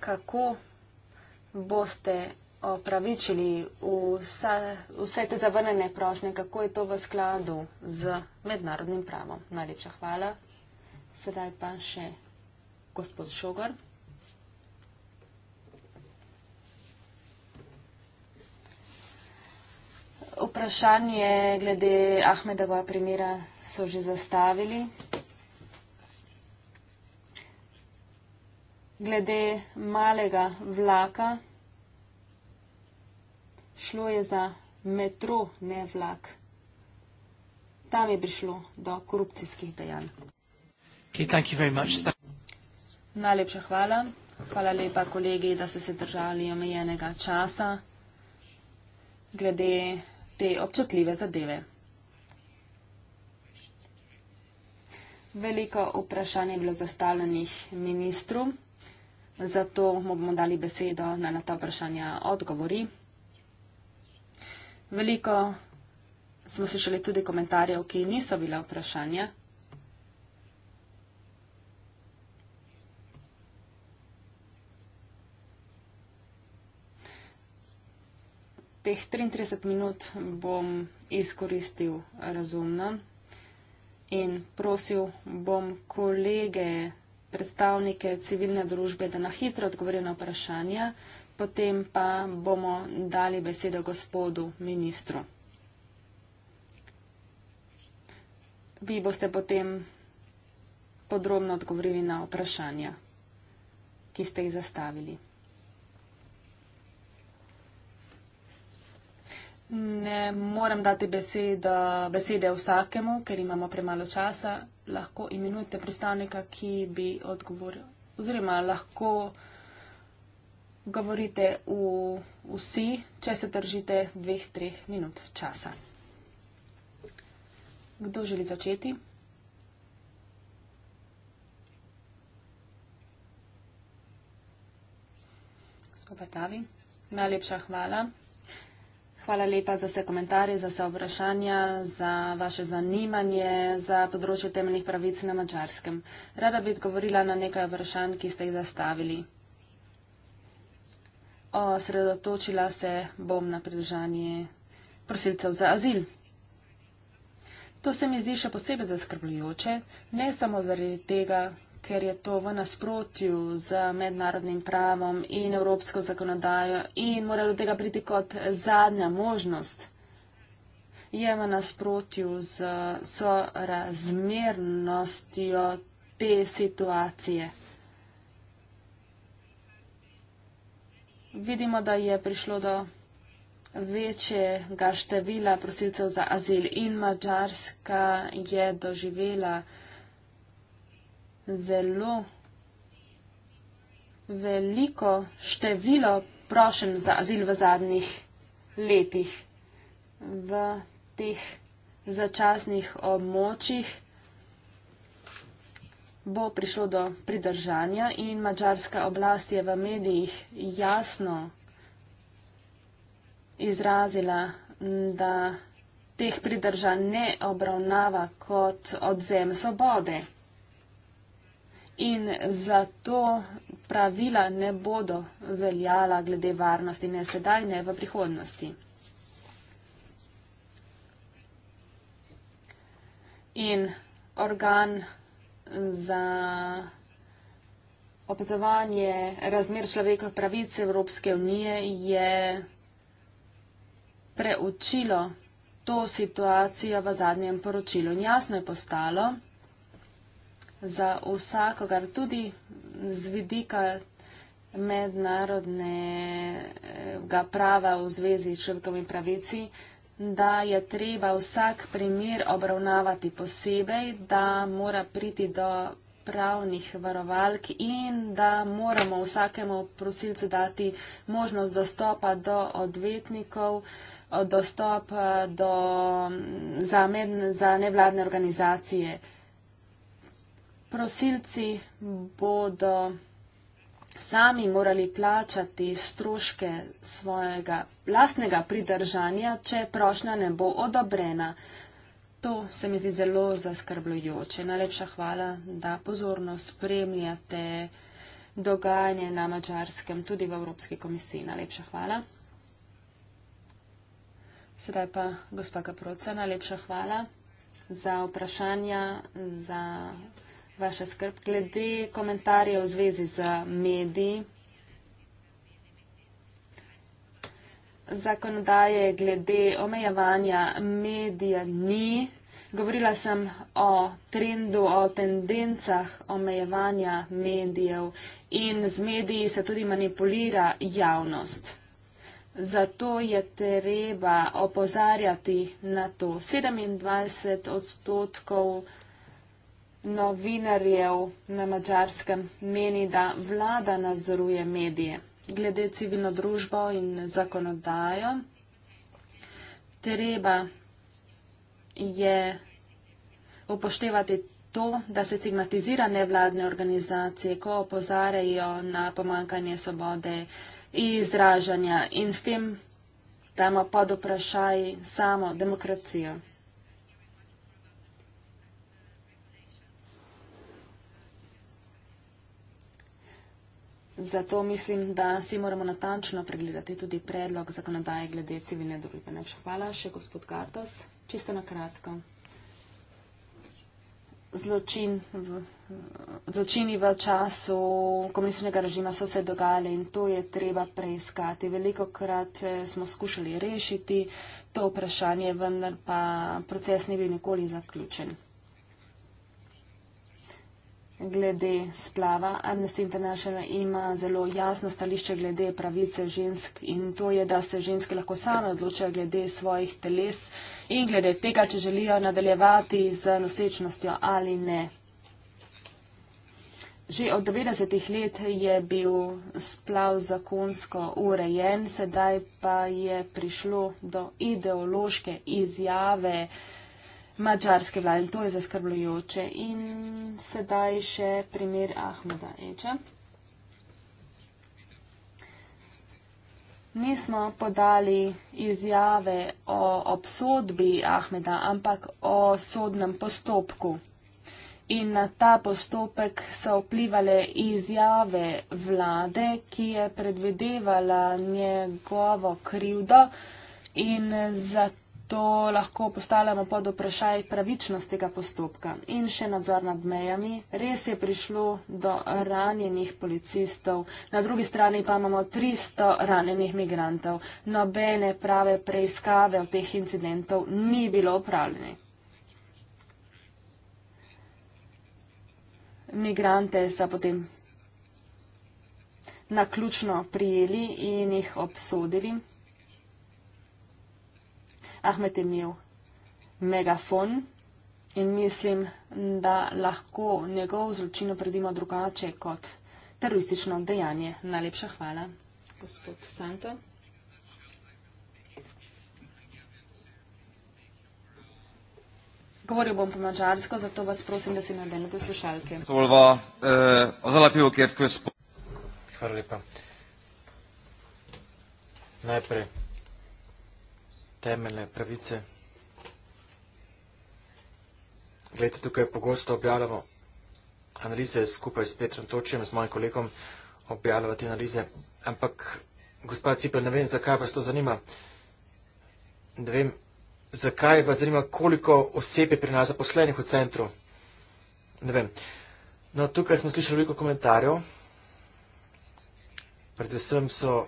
kako boste opravičili vsa, vse te zavrnene prošnje, kako je to v skladu z mednarodnim pravom. Najlepša hvala. Sedaj pa še gospod Šogar. vprašanje glede Ahmedova primera so že zastavili. Glede malega vlaka, šlo je za metro, ne vlak. Tam je prišlo do korupcijskih dejanj. Okay, Najlepša hvala. Hvala lepa kolegi, da ste se držali omejenega časa. Glede te občutljive zadeve. Veliko vprašanj je bilo zastavljenih ministru, zato mu bomo dali besedo na, na ta vprašanja odgovori. Veliko smo slišali tudi komentarjev, ki niso bila vprašanja. teh 33 minut bom izkoristil razumno in prosil bom kolege, predstavnike civilne družbe, da na hitro odgovorijo na vprašanja, potem pa bomo dali besedo gospodu ministru. Vi boste potem podrobno odgovorili na vprašanja, ki ste jih zastavili. Ne morem dati beseda, besede vsakemu, ker imamo premalo časa. Lahko imenujte predstavnika, ki bi odgovoril. Oziroma lahko govorite v, vsi, če se držite dveh, treh minut časa. Kdo želi začeti? Svobodavi. Najlepša hvala. Hvala lepa za vse komentarje, za vse vprašanja, za vaše zanimanje za področje temeljnih pravic na mačarskem. Rada bi odgovorila na nekaj vprašanj, ki ste jih zastavili. Osredotočila se bom na pridržanje prosilcev za azil. To se mi zdi še posebej zaskrbljujoče, ne samo zaradi tega, ker je to v nasprotju z mednarodnim pravom in evropsko zakonodajo in mora do tega priti kot zadnja možnost, je v nasprotju z sorazmernostjo te situacije. Vidimo, da je prišlo do večjega števila prosilcev za azil in Mačarska je doživela zelo veliko število prošen za azil v zadnjih letih. V teh začasnih območjih bo prišlo do pridržanja in mačarska oblast je v medijih jasno izrazila, da teh pridržanj ne obravnava kot odzem svobode in zato pravila ne bodo veljala glede varnosti ne sedaj, ne v prihodnosti. In organ za opazovanje razmer človekovih pravic Evropske unije je preučilo to situacijo v zadnjem poročilu. In jasno je postalo, za vsakogar, tudi z vidika mednarodnega prava v zvezi s človekovimi pravici, da je treba vsak primer obravnavati posebej, da mora priti do pravnih varovalk in da moramo vsakemu prosilcu dati možnost dostopa do odvetnikov, dostop do, za, med, za nevladne organizacije. Prosilci bodo sami morali plačati stroške svojega lastnega pridržanja, če prošnja ne bo odobrena. To se mi zdi zelo zaskrbljujoče. Najlepša hvala, da pozorno spremljate dogajanje na Mačarskem, tudi v Evropski komisiji. Najlepša hvala. Sedaj pa, gospa Kaproca, najlepša hvala za vprašanja, za. Ja vaša skrb glede komentarjev v zvezi z mediji. Zakonodaje glede omejevanja medija ni. Govorila sem o trendu, o tendencah omejevanja medijev in z mediji se tudi manipulira javnost. Zato je treba opozarjati na to. 27 odstotkov novinarjev na mačarskem meni, da vlada nadzoruje medije glede civilno družbo in zakonodajo. Treba je upoštevati to, da se stigmatizira nevladne organizacije, ko opozarjajo na pomankanje svobode izražanja in s tem damo pod vprašaj samo demokracijo. Zato mislim, da si moramo natančno pregledati tudi predlog zakonodaje glede civilne družbe. Najprej hvala še gospod Gatos. Čisto na kratko. Zločin v, zločini v času komunističnega režima so se dogajali in to je treba preiskati. Veliko krat eh, smo skušali rešiti to vprašanje, vendar pa proces ni bil nikoli zaključen glede splava. Amnesty International ima zelo jasno stališče glede pravice žensk in to je, da se ženske lahko same odločajo glede svojih teles in glede tega, če želijo nadaljevati z nosečnostjo ali ne. Že od 90-ih let je bil splav zakonsko urejen, sedaj pa je prišlo do ideološke izjave. Mačarske vlade. To je zaskrbljujoče. In sedaj še primer Ahmeda Eča. Nismo podali izjave o obsodbi Ahmeda, ampak o sodnem postopku. In na ta postopek so vplivali izjave vlade, ki je predvidevala njegovo krivdo in zato to lahko postavljamo pod vprašaj pravičnost tega postopka in še nadzor nad mejami. Res je prišlo do ranjenih policistov, na drugi strani pa imamo 300 ranjenih migrantov. Nobene prave preiskave v teh incidentov ni bilo upravljene. Migrante so potem naključno prijeli in jih obsodili. Ahmed je imel megafon in mislim, da lahko njegov zločin opredimo drugače kot teroristično dejanje. Najlepša hvala, gospod Santo. Govoril bom po mačarsko, zato vas prosim, da si nadenete slušalke. Eh, hvala lepa. Najprej temeljne pravice. Glede, tukaj pogosto objavljamo analize skupaj s Petrom Točjem, s mojim kolegom objavljati analize. Ampak, gospod Cipel, ne vem, zakaj vas to zanima. Ne vem, zakaj vas zanima, koliko osebe pri nas zaposlenih v centru. Ne vem. No, tukaj smo slišali veliko komentarjev. Predvsem so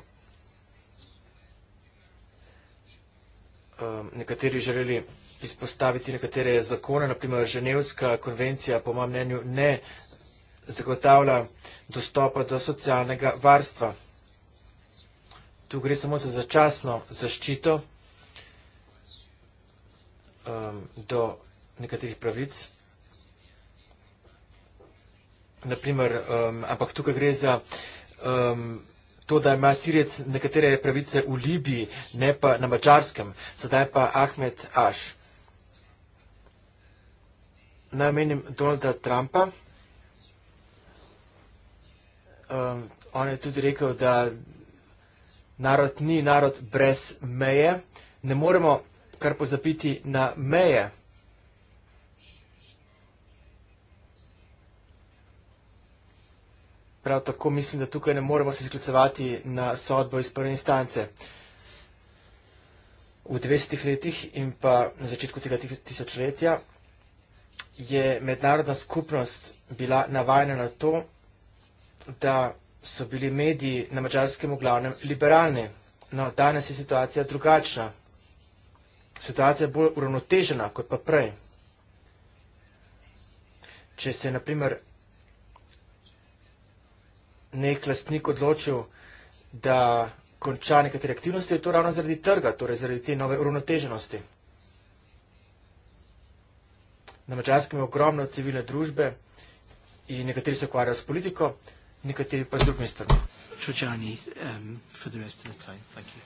um, nekateri želeli izpostaviti nekatere zakone, naprimer Ženevska konvencija, po mojem mnenju, ne zagotavlja dostopa do socialnega varstva. Tu gre samo za začasno zaščito um, do nekaterih pravic. Naprimer, um, ampak tukaj gre za um, to, da ima Sirijec nekatere pravice v Libiji, ne pa na Mačarskem. Sedaj pa Ahmed Aš. Naj menim Donalda Trumpa. Um, on je tudi rekel, da narod ni narod brez meje. Ne moremo kar pozapiti na meje. Prav tako mislim, da tukaj ne moremo se sklicevati na sodbo iz prve instance. V 20 letih in pa na začetku tega tisočletja je mednarodna skupnost bila navajena na to, da so bili mediji na mačarskem v glavnem liberalni. No, danes je situacija drugačna. Situacija je bolj uravnotežena kot pa prej. Če se, naprimer, nek lastnik odločil, da konča nekatere aktivnosti, je to ravno zaradi trga, torej zaradi te nove uravnoteženosti. Na mačarskem je ogromno civilne družbe in nekateri se ukvarjajo s politiko, nekateri pa z drugimi stvarmi. Šočani, um, for the rest of the time, thank you.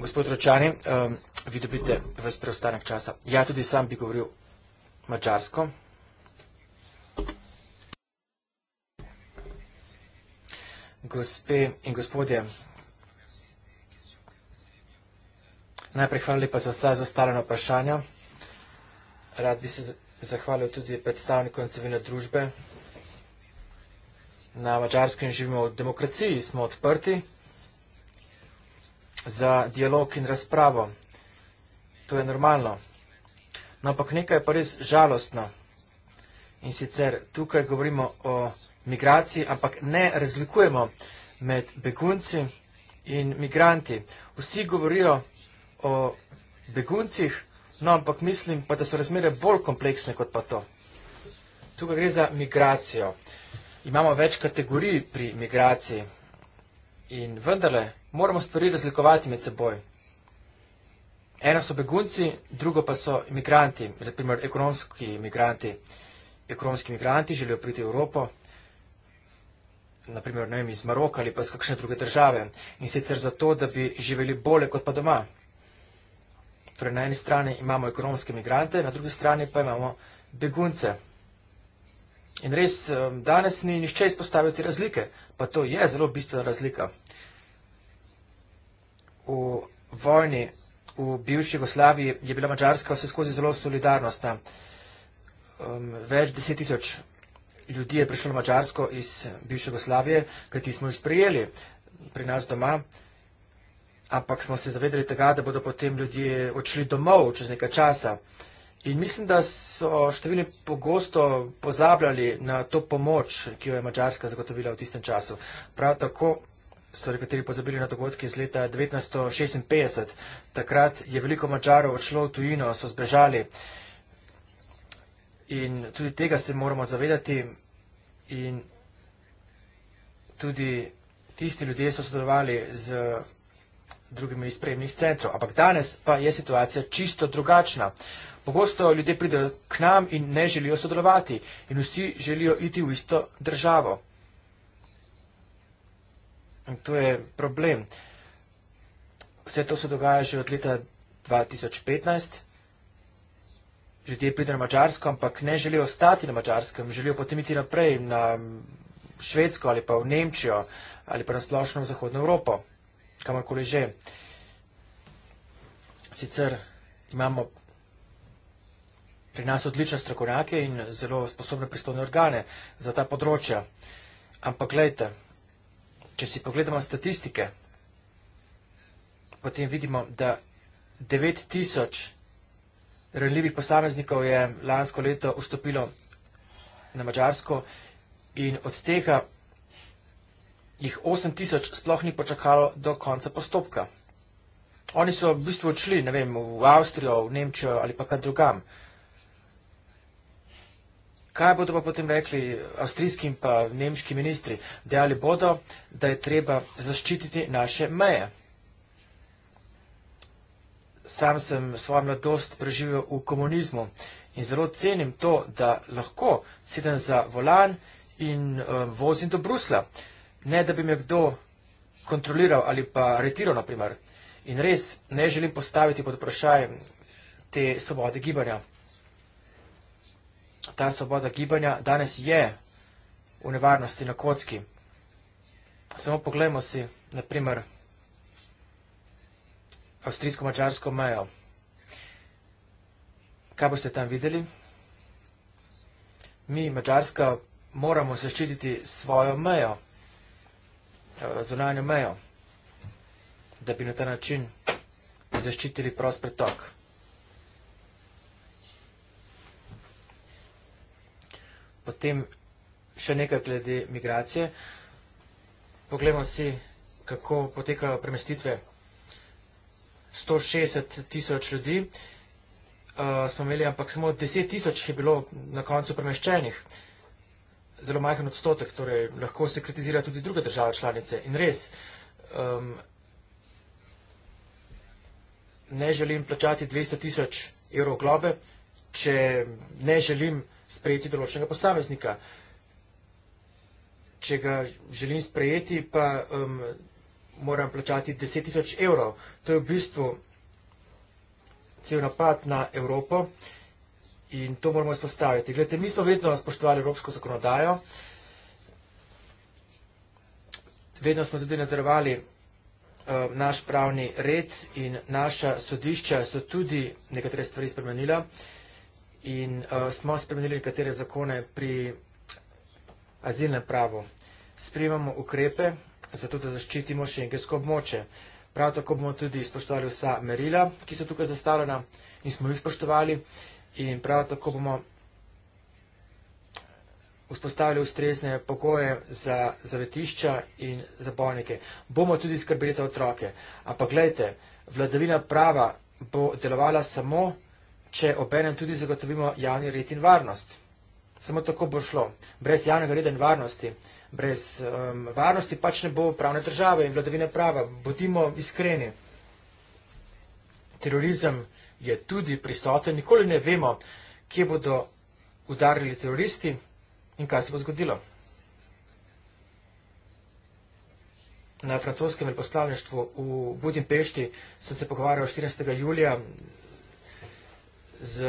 Gospod Ročani, um, vi dobite vas preostanek časa. Ja, tudi sam bi govoril mačarsko. gospe in gospodje. Najprej hvala lepa za vsa zastavljena vprašanja. Rad bi se zahvalil tudi predstavnikom civilne družbe. Na Mačarskem živimo v demokraciji, smo odprti za dialog in razpravo. To je normalno. No, ampak nekaj je pa res žalostno. In sicer tukaj govorimo o migraciji, ampak ne razlikujemo med begunci in migranti. Vsi govorijo o beguncih, no ampak mislim pa, da so razmere bolj kompleksne kot pa to. Tukaj gre za migracijo. Imamo več kategorij pri migraciji in vendarle moramo stvari razlikovati med seboj. Eno so begunci, drugo pa so imigranti, naprimer ekonomski imigranti. Ekonomski imigranti želijo priti v Evropo, naprimer vem, iz Maroka ali pa iz kakšne druge države in sicer zato, da bi živeli bolje kot pa doma. Torej, na eni strani imamo ekonomske migrante, na drugi strani pa imamo begunce. In res danes ni nišče izpostavil te razlike, pa to je zelo bistvena razlika. V vojni v bivši Jugoslaviji je bila Mačarska vse skozi zelo solidarnostna. Več deset tisoč ljudi je prišlo na Mačarsko iz bivše Jugoslavije, kaj ti smo jih sprejeli pri nas doma, ampak smo se zavedali tega, da bodo potem ljudje odšli domov čez nekaj časa. In mislim, da so številni pogosto pozabljali na to pomoč, ki jo je Mačarska zagotovila v tistem času. Prav tako so nekateri pozabili na dogodke iz leta 1956. Takrat je veliko Mačarov odšlo v tujino, so zbežali. In tudi tega se moramo zavedati, in tudi tisti ljudje so sodelovali z drugimi iz prejemnih centrov. Ampak danes pa je situacija čisto drugačna. Pogosto ljudje pridejo k nam in ne želijo sodelovati in vsi želijo iti v isto državo. In to je problem. Vse to se dogaja že od leta 2015 ljudje pridejo na Mačarsko, ampak ne želijo ostati na Mačarskem, želijo potem iti naprej na Švedsko ali pa v Nemčijo ali pa na splošno v Zahodno Evropo, kamorkoli že. Sicer imamo pri nas odlične strokovnjake in zelo sposobne pristojne organe za ta področja. Ampak gledajte, če si pogledamo statistike, potem vidimo, da 9000 ljudi ranljivih posameznikov je lansko leto vstopilo na Mačarsko in od tega jih 8 tisoč sploh ni počakalo do konca postopka. Oni so v bistvu odšli, ne vem, v Avstrijo, v Nemčijo ali pa kaj drugam. Kaj bodo pa potem rekli avstrijski in pa nemški ministri? Dejali bodo, da je treba zaščititi naše meje. Sam sem svojo mladost preživel v komunizmu in zelo cenim to, da lahko sedem za volan in uh, vozim do Brusla, ne da bi me kdo kontroliral ali pa retiral, naprimer. In res ne želim postaviti pod vprašaj te svobode gibanja. Ta svoboda gibanja danes je v nevarnosti na kocki. Samo pogledajmo si, naprimer, avstrijsko-mačarsko mejo. Kaj boste tam videli? Mi, Mačarska, moramo zaščititi svojo mejo, eh, zunanjo mejo, da bi na ta način zaščitili prost pretok. Potem še nekaj glede migracije. Poglejmo si, kako potekajo premestitve. 160 tisoč ljudi uh, smo imeli, ampak samo 10 tisoč je bilo na koncu premeščenih. Zelo majhen odstotek, torej lahko se kritizira tudi druge države članice. In res, um, ne želim plačati 200 tisoč evrov globe, če ne želim sprejeti določenega posameznika. Če ga želim sprejeti, pa um, moram plačati 10 tisoč evrov. To je v bistvu cel napad na Evropo in to moramo izpostaviti. Gledajte, mi smo vedno spoštovali evropsko zakonodajo, vedno smo tudi nadzorovali eh, naš pravni red in naša sodišča so tudi nekatere stvari spremenila in eh, smo spremenili nekatere zakone pri azilnem pravu. Sprejemamo ukrepe, zato da zaščitimo šengensko območje. Prav tako bomo tudi spoštovali vsa merila, ki so tukaj zastavljena in smo jih spoštovali in prav tako bomo vzpostavili ustrezne pogoje za zavetišča in za bolnike. Bomo tudi skrbeli za otroke. Ampak gledajte, vladavina prava bo delovala samo, če obenem tudi zagotovimo javni red in varnost. Samo tako bo šlo. Brez javnega reda in varnosti brez um, varnosti pač ne bo pravne države in vladavine prava. Bodimo iskreni. Terorizem je tudi prisoten, nikoli ne vemo, kje bodo udarili teroristi in kaj se bo zgodilo. Na francoskem veleposlaništvu v Budimpešti sem se pogovarjal 14. julija z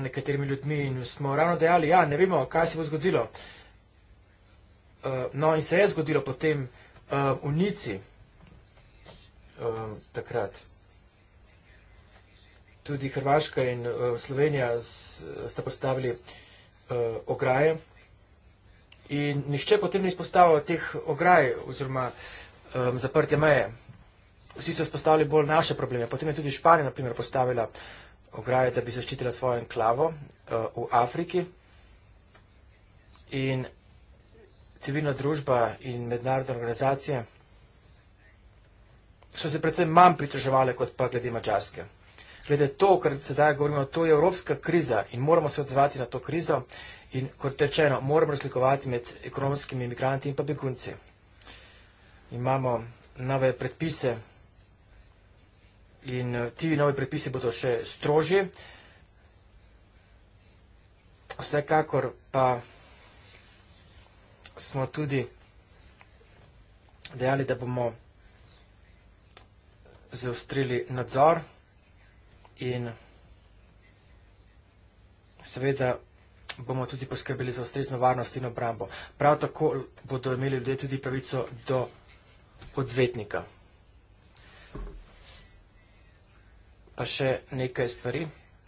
nekaterimi ljudmi in smo ravno dejali, ja, ne vemo, kaj se bo zgodilo. Uh, Eh, no, in se je zgodilo potem uh, v Nici um, takrat. Tudi Hrvaška in uh, Slovenija sta postavili uh, ograje in nišče potem ni izpostavil teh ograj oziroma um, zaprte meje. Vsi so izpostavili bolj naše probleme. Potem je tudi Španija, na primer, postavila ograje, da bi zaščitila svojo enklavo uh, v Afriki. In civilna družba in mednarodne organizacije so se predvsem manj pritoževali kot pa glede Mačarske. Glede to, kar sedaj govorimo, to je evropska kriza in moramo se odzvati na to krizo in kot rečeno, moramo razlikovati med ekonomskimi imigranti in pa begunci. Imamo nove predpise in eh, ti nove predpise bodo še strožji. Vsekakor pa smo tudi dejali, da bomo zaustrili nadzor in seveda bomo tudi poskrbeli za ustrezno varnost in obrambo. Prav tako bodo imeli ljudje tudi pravico do odvetnika. Pa še nekaj stvari.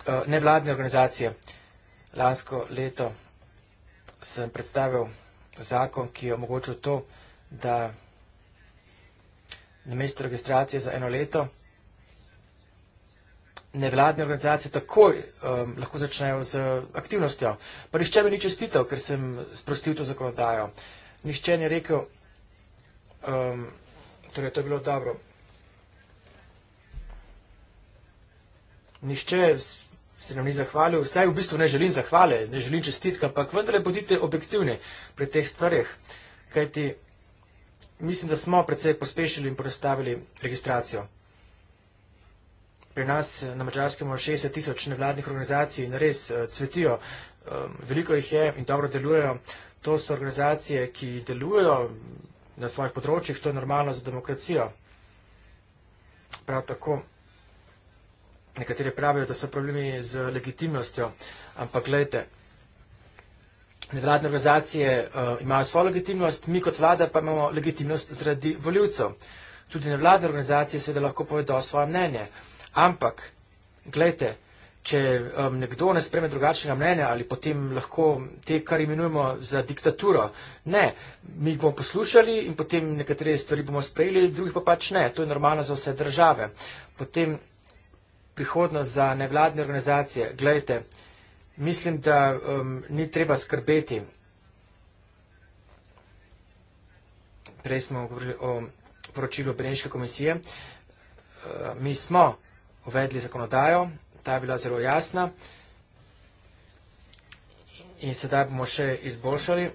Eh, nevladne organizacije. Lansko leto sem predstavil zakon, ki je omogočil to, da namesto registracije za eno leto nevladne organizacije takoj um, lahko začnejo z aktivnostjo. Pa nišče mi ni čestitev, ker sem sprostil to zakonodajo. Nišče ni rekel, um, torej to je bilo dobro. Nišče se nam ni zahvalil, vsaj v bistvu ne želim zahvale, ne želim čestitka, ampak vendarle bodite objektivni pri teh stvarih, kajti mislim, da smo predvsej pospešili in predstavili registracijo. Pri nas eh, na Mačarskem imamo 60 tisoč nevladnih organizacij in res eh, cvetijo, ehm, veliko jih je in dobro delujejo. To so organizacije, ki delujejo mm, na svojih področjih, to je normalno za demokracijo. Prav tako nekateri pravijo, da so problemi z legitimnostjo, ampak gledajte, nevladne organizacije uh, imajo svojo legitimnost, mi kot vlada pa imamo legitimnost zaradi voljivcev. Tudi nevladne organizacije seveda lahko povedo svoje mnenje, ampak gledajte, Če um, nekdo ne spreme drugačnega mnenja ali potem lahko te, kar imenujemo za diktaturo, ne, mi jih bomo poslušali in potem nekatere stvari bomo sprejeli, drugih pa pač ne, to je normalno za vse države. Potem prihodnost za nevladne organizacije, gledajte, mislim, da um, ni treba skrbeti. Prej smo govorili o poročilu Beneške komisije. Uh, mi smo uvedli zakonodajo, ta je bila zelo jasna in sedaj bomo še izboljšali.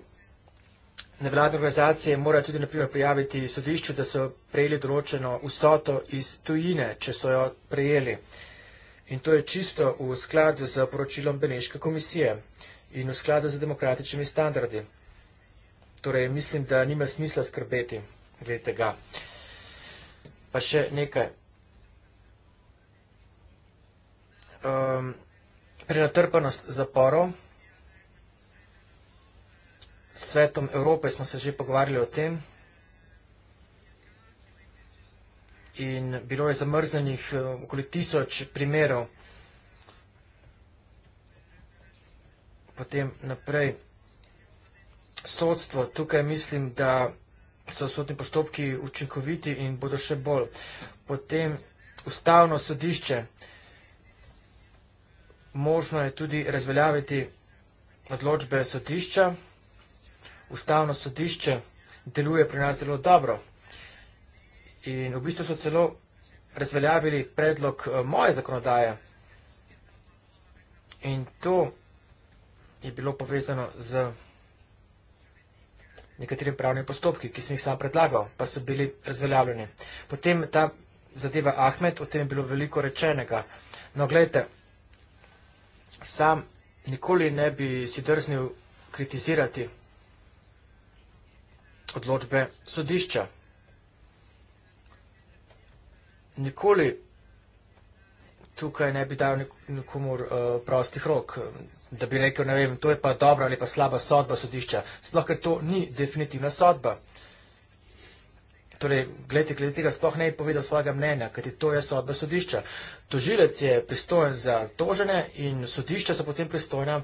Nevladne organizacije morajo tudi naprimer prijaviti sodišču, da so prejeli določeno vsoto iz tujine, če so jo prejeli. In to je čisto v skladu z poročilom Beneške komisije in v skladu z demokratičnimi standardi. Torej, mislim, da nima smisla skrbeti glede tega. Pa še nekaj. Um, prenatrpanost zaporov. Svetom Evrope smo se že pogovarjali o tem. in bilo je zamrznenih eh, okoli tisoč primerov. Potem naprej sodstvo. Tukaj mislim, da so sodni postopki učinkoviti in bodo še bolj. Potem ustavno sodišče. Možno je tudi razveljaviti odločbe sodišča. Ustavno sodišče deluje pri nas zelo dobro in v bistvu so celo razveljavili predlog eh, moje zakonodaje. In to je bilo povezano z nekaterim pravnim postopki, ki sem jih sam predlagal, pa so bili razveljavljeni. Potem ta zadeva Ahmed, o tem je bilo veliko rečenega. No, gledajte, sam nikoli ne bi si drznil kritizirati odločbe sodišča nikoli tukaj ne bi dal nikomor uh, eh, prostih rok, da bi rekel, ne vem, to je pa dobra ali pa slaba sodba sodišča. Sploh, ker to ni definitivna sodba. Torej, gledajte, glede tega sploh ne bi povedal svojega mnenja, kajti to je sodba sodišča. Tožilec je pristojen za tožene in sodišča so potem pristojna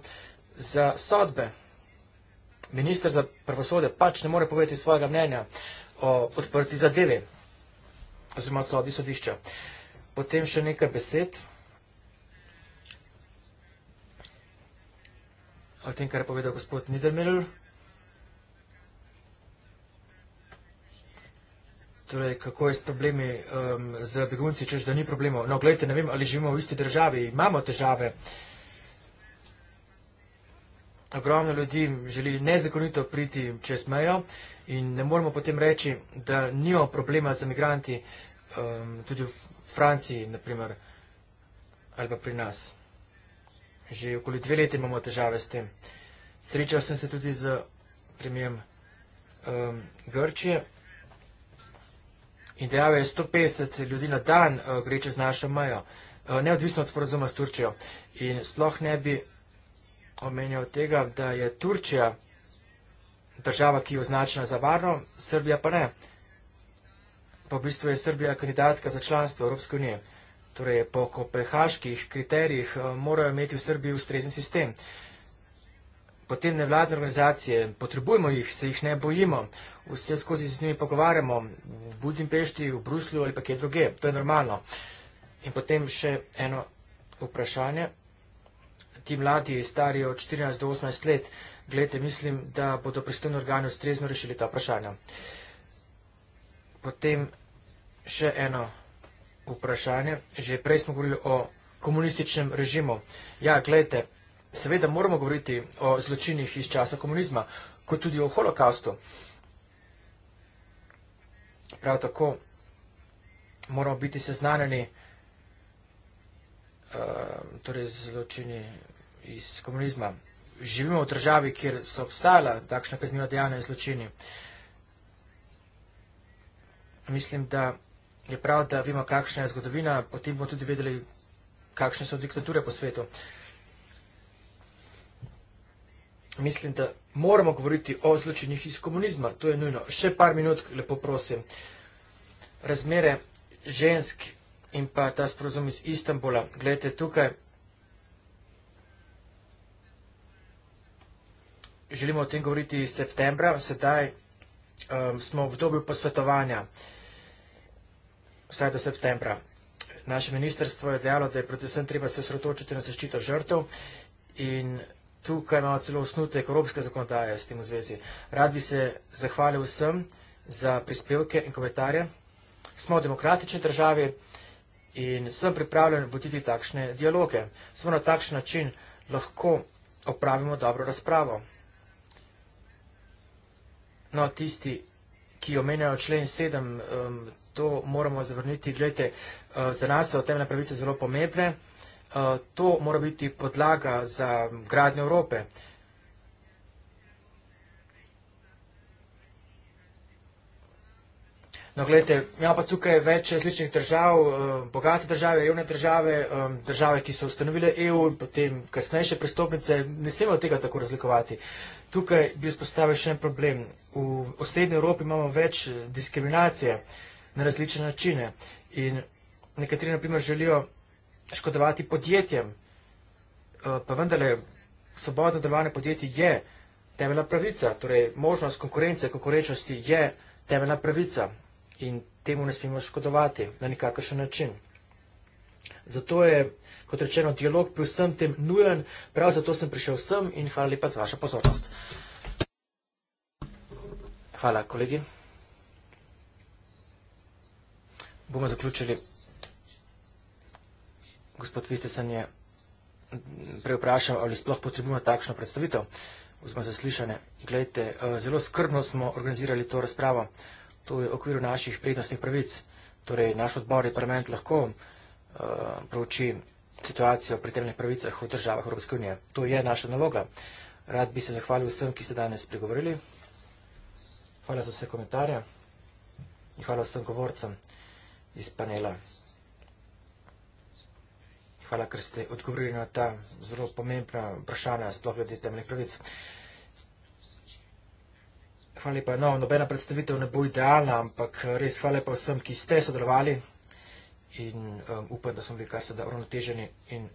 za sodbe. Minister za pravosodje pač ne more povedati svojega mnenja o odprti zadevi oziroma sodi sodišča. Potem še nekaj besed o tem, kar je povedal gospod Niedermiller. Torej, kako je s problemi um, z begunci, češ, da ni problemov. No, gledajte, ne vem, ali živimo v isti državi, imamo težave. Ogromno ljudi želi nezakonito priti čez mejo In ne moremo potem reči, da nimamo problema z emigranti um, tudi v Franciji, naprimer, ali pa pri nas. Že okoli dve leti imamo težave s tem. Srečal sem se tudi z premijem um, Grčije in dejave je 150 ljudi na dan uh, gre čez našo mejo, uh, neodvisno od sporozuma s Turčijo. In sploh ne bi omenjal tega, da je Turčija država, ki je označena za varno, Srbija pa ne. Pa v bistvu je Srbija kandidatka za članstvo Evropske unije. Torej, po kopehaških kriterijih eh, morajo imeti v Srbiji ustrezen sistem. Potem nevladne organizacije, potrebujemo jih, se jih ne bojimo, vse skozi se z njimi pogovarjamo, v Budimpešti, v Bruslju ali pa kje druge, to je normalno. In potem še eno vprašanje. Ti mladi, stari od 14 do 18 let, Glede, mislim, da bodo pristojni organi ustrezno rešili ta vprašanja. Potem še eno vprašanje. Že prej smo govorili o komunističnem režimu. Ja, gledajte, seveda moramo govoriti o zločinih iz časa komunizma, kot tudi o holokaustu. Prav tako moramo biti seznanjeni uh, torej zločini iz komunizma živimo v državi, kjer so obstajala takšna kazniva dejanja in zločini. Mislim, da je prav, da vemo, kakšna je zgodovina, potem bomo tudi vedeli, kakšne so diktature po svetu. Mislim, da moramo govoriti o zločinih iz komunizma. To je nujno. Še par minut, lepo prosim. Razmere žensk in pa ta sporozum iz Istanbula. Gledajte tukaj. želimo o tem govoriti iz septembra, sedaj um, smo v obdobju posvetovanja, vsaj do septembra. Naše ministrstvo je dejalo, da je predvsem treba se osredotočiti na zaščito žrtev in tukaj imamo celo osnutek evropske zakonodaje s tem v zvezi. Rad bi se zahvalil vsem za prispevke in komentarje. Smo v demokratični državi in sem pripravljen voditi takšne dialoge. Samo na takšen način lahko opravimo dobro razpravo. No, tisti, ki omenjajo člen 7, um, to moramo zavrniti. Gledajte, uh, za nas so temeljne pravice zelo pomembne. Uh, to mora biti podlaga za gradnjo Evrope. Uh, No, gledajte, ima pa tukaj več različnih držav, eh, bogate države, revne države, eh, države, ki so ustanovile EU in potem kasnejše pristopnice. Ne smemo tega tako razlikovati. Tukaj bi izpostavil še en problem. V osrednji Evropi imamo več eh, diskriminacije na različne načine in nekateri, na primer, želijo škodovati podjetjem, pa vendarle svobodno delovanje podjetij je temeljna pravica, torej možnost konkurence, konkurenčnosti je temeljna pravica in temu ne smemo škodovati na nikakršen način. Zato je, kot rečeno, dialog pri vsem tem nujen, prav zato sem prišel sem in hvala lepa za vašo pozornost. Hvala, kolegi. Bomo zaključili. Gospod Vistesen je preoprašal, ali sploh potrebujemo takšno predstavitev. Vzme zaslišanje. Glejte, eh, zelo skrbno smo organizirali to razpravo. To je v okviru naših prednostnih pravic. Torej, naš odbor in parlament lahko uh, prouči situacijo pri temeljnih pravicah v državah Evropske unije. To je naša naloga. Rad bi se zahvalil vsem, ki ste danes pregovorili. Hvala za vse komentarje in hvala vsem govorcem iz panela. Hvala, ker ste odgovorili na ta zelo pomembna vprašanja, sploh glede temeljnih pravic. Uh, Hvala lepa. No, nobena predstavitev ne bo idealna, ampak eh, res hvala lepa vsem, ki ste sodelovali in um, upam, da smo bili kar sedaj uravnoteženi in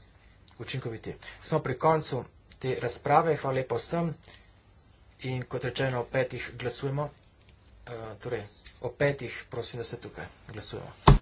učinkoviti. Smo pri koncu te razprave. Hvala lepa vsem in kot rečeno, o petih glasujemo. Uh, torej, o petih prosim, da se tukaj glasujemo.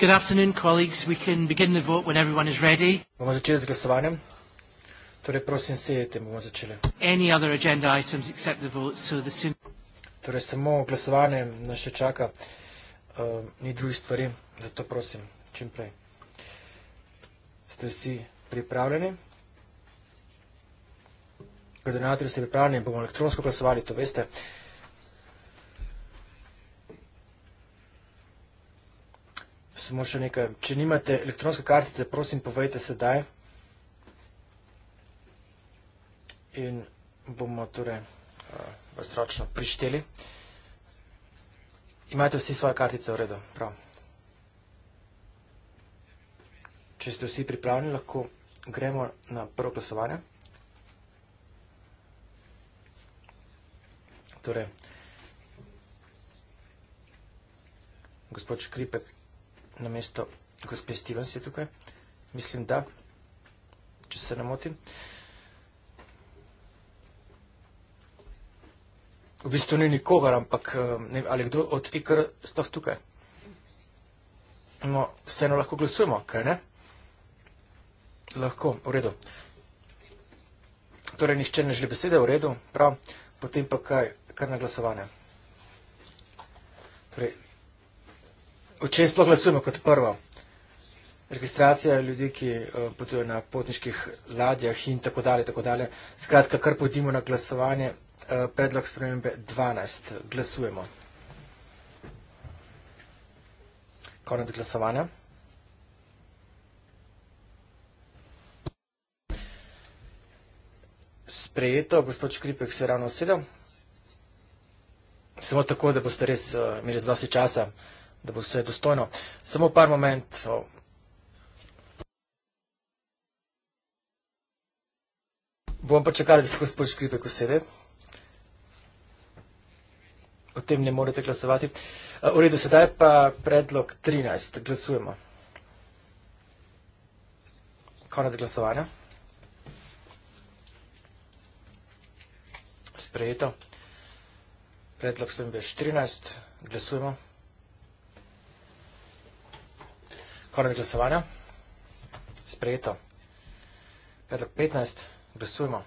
Good afternoon, colleagues. We can begin the vote when everyone is ready. Bomo začeli z glasovanjem. Torej, prosim, sedite, bomo začeli. Any other agenda items except the votes, so the sooner... Torej, samo glasovanje nas še čaka, uh, ni drugih stvari, zato prosim, čim prej. Ste vsi pripravljeni? Koordinatorji ste pripravljeni, bomo elektronsko glasovali, to veste. Uh, samo še nekaj. Če nimate elektronske kartice, prosim, povejte sedaj. In bomo torej eh, vzročno prišteli. Imate vsi svoje kartice v redu, prav. Če ste vsi pripravljeni, lahko gremo na prvo glasovanje. Torej, gospod Škripe, prosim na mesto gospe Stevens je tukaj. Mislim, da, če se ne motim. V bistvu ni nikogar, ampak eh, ne, ali kdo od IKR sploh tukaj. No, vseeno lahko glasujemo, kaj ne? Lahko, v redu. Torej, nišče ne želi besede, v redu, prav, potem pa kaj, kar na glasovanje. Torej, O čem sploh glasujemo kot prvo? Registracija ljudi, ki eh, potujejo na potniških ladjah in tako dalje, tako dalje. Skratka, kar pojdimo na glasovanje, eh, predlog spremembe 12. Glasujemo. Konec glasovanja. Sprejeto, gospod Škripek se ravno sedel. Samo tako, da boste res eh, imeli z vasi časa da bo vse dostojno. Samo par momentov. Bom pa čakal, da se gospod Škripek vsede. O tem ne morete glasovati. V redu, sedaj pa predlog 13. Glasujemo. Konec glasovanja. Sprejeto. Predlog spremembe 14. Glasujemo. Konec glasovanja. Sprejeto. Predlog 15. Glasujmo.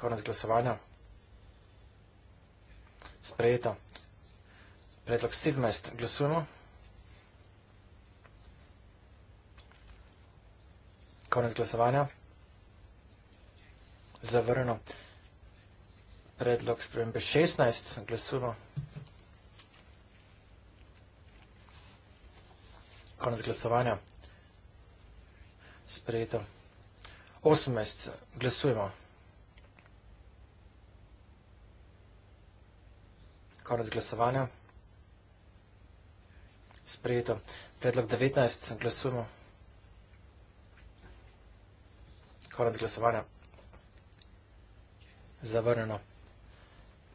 Konec glasovanja. Sprejeto. Predlog 17. Glasujmo. Konec glasovanja. Zavrno. Predlog spremembe 16. Glasujmo. Glasujmo. konec glasovanja. Sprejeto. 18. Glasujemo. Konec glasovanja. Sprejeto. Predlog 19. Glasujemo. Konec glasovanja. Zavrneno.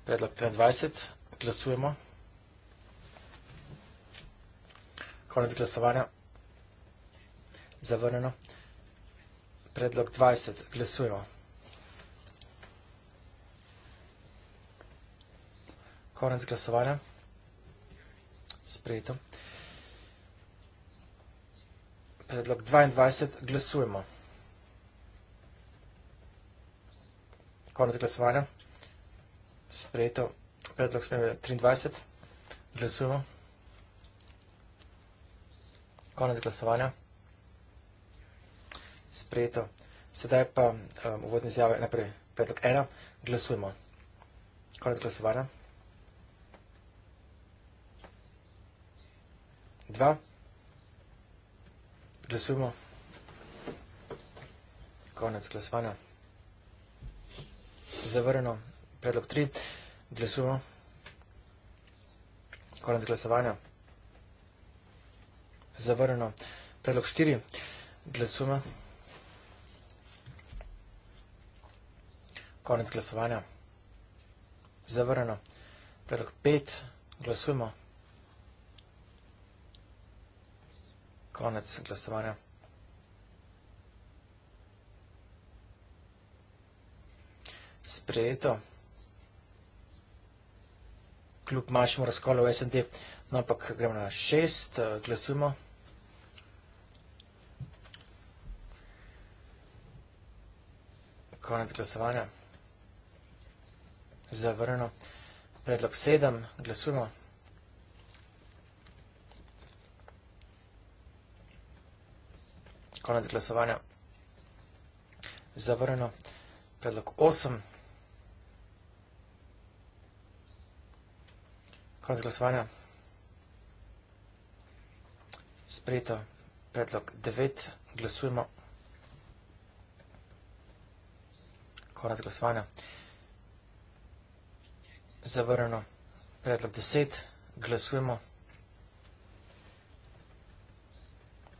Predlog 21. Glasujemo. Glasujemo. Konec glasovanja. Zavrneno. Predlog 20. Glasujemo. Konec glasovanja. Sprejeto. Predlog 22. Glasujemo. Konec glasovanja. Sprejeto. Predlog 23. Glasujemo. Glasujemo. Konec glasovanja. Sprejeto. Sedaj pa um, uvodne izjave naprej. Predlog ena. Glasujmo. Konec glasovanja. Dva. Glasujmo. Konec glasovanja. Zavrno. Predlog tri. Glasujmo. Konec glasovanja zavrnjeno. Predlog štiri, glasujemo. Konec glasovanja. Zavrnjeno. Predlog pet, glasujemo. Konec glasovanja. Sprejeto. Kljub manjšemu razkolu v SND, no ampak gremo na šest, glasujemo. konec glasovanja. Zavrnjeno. Predlog sedem, glasujemo. Konec glasovanja. Zavrnjeno. Predlog osem. Konec glasovanja. Sprejeto. Predlog devet, glasujemo. lahko razglasovana. Zavrnjeno predlog 10, glasujemo.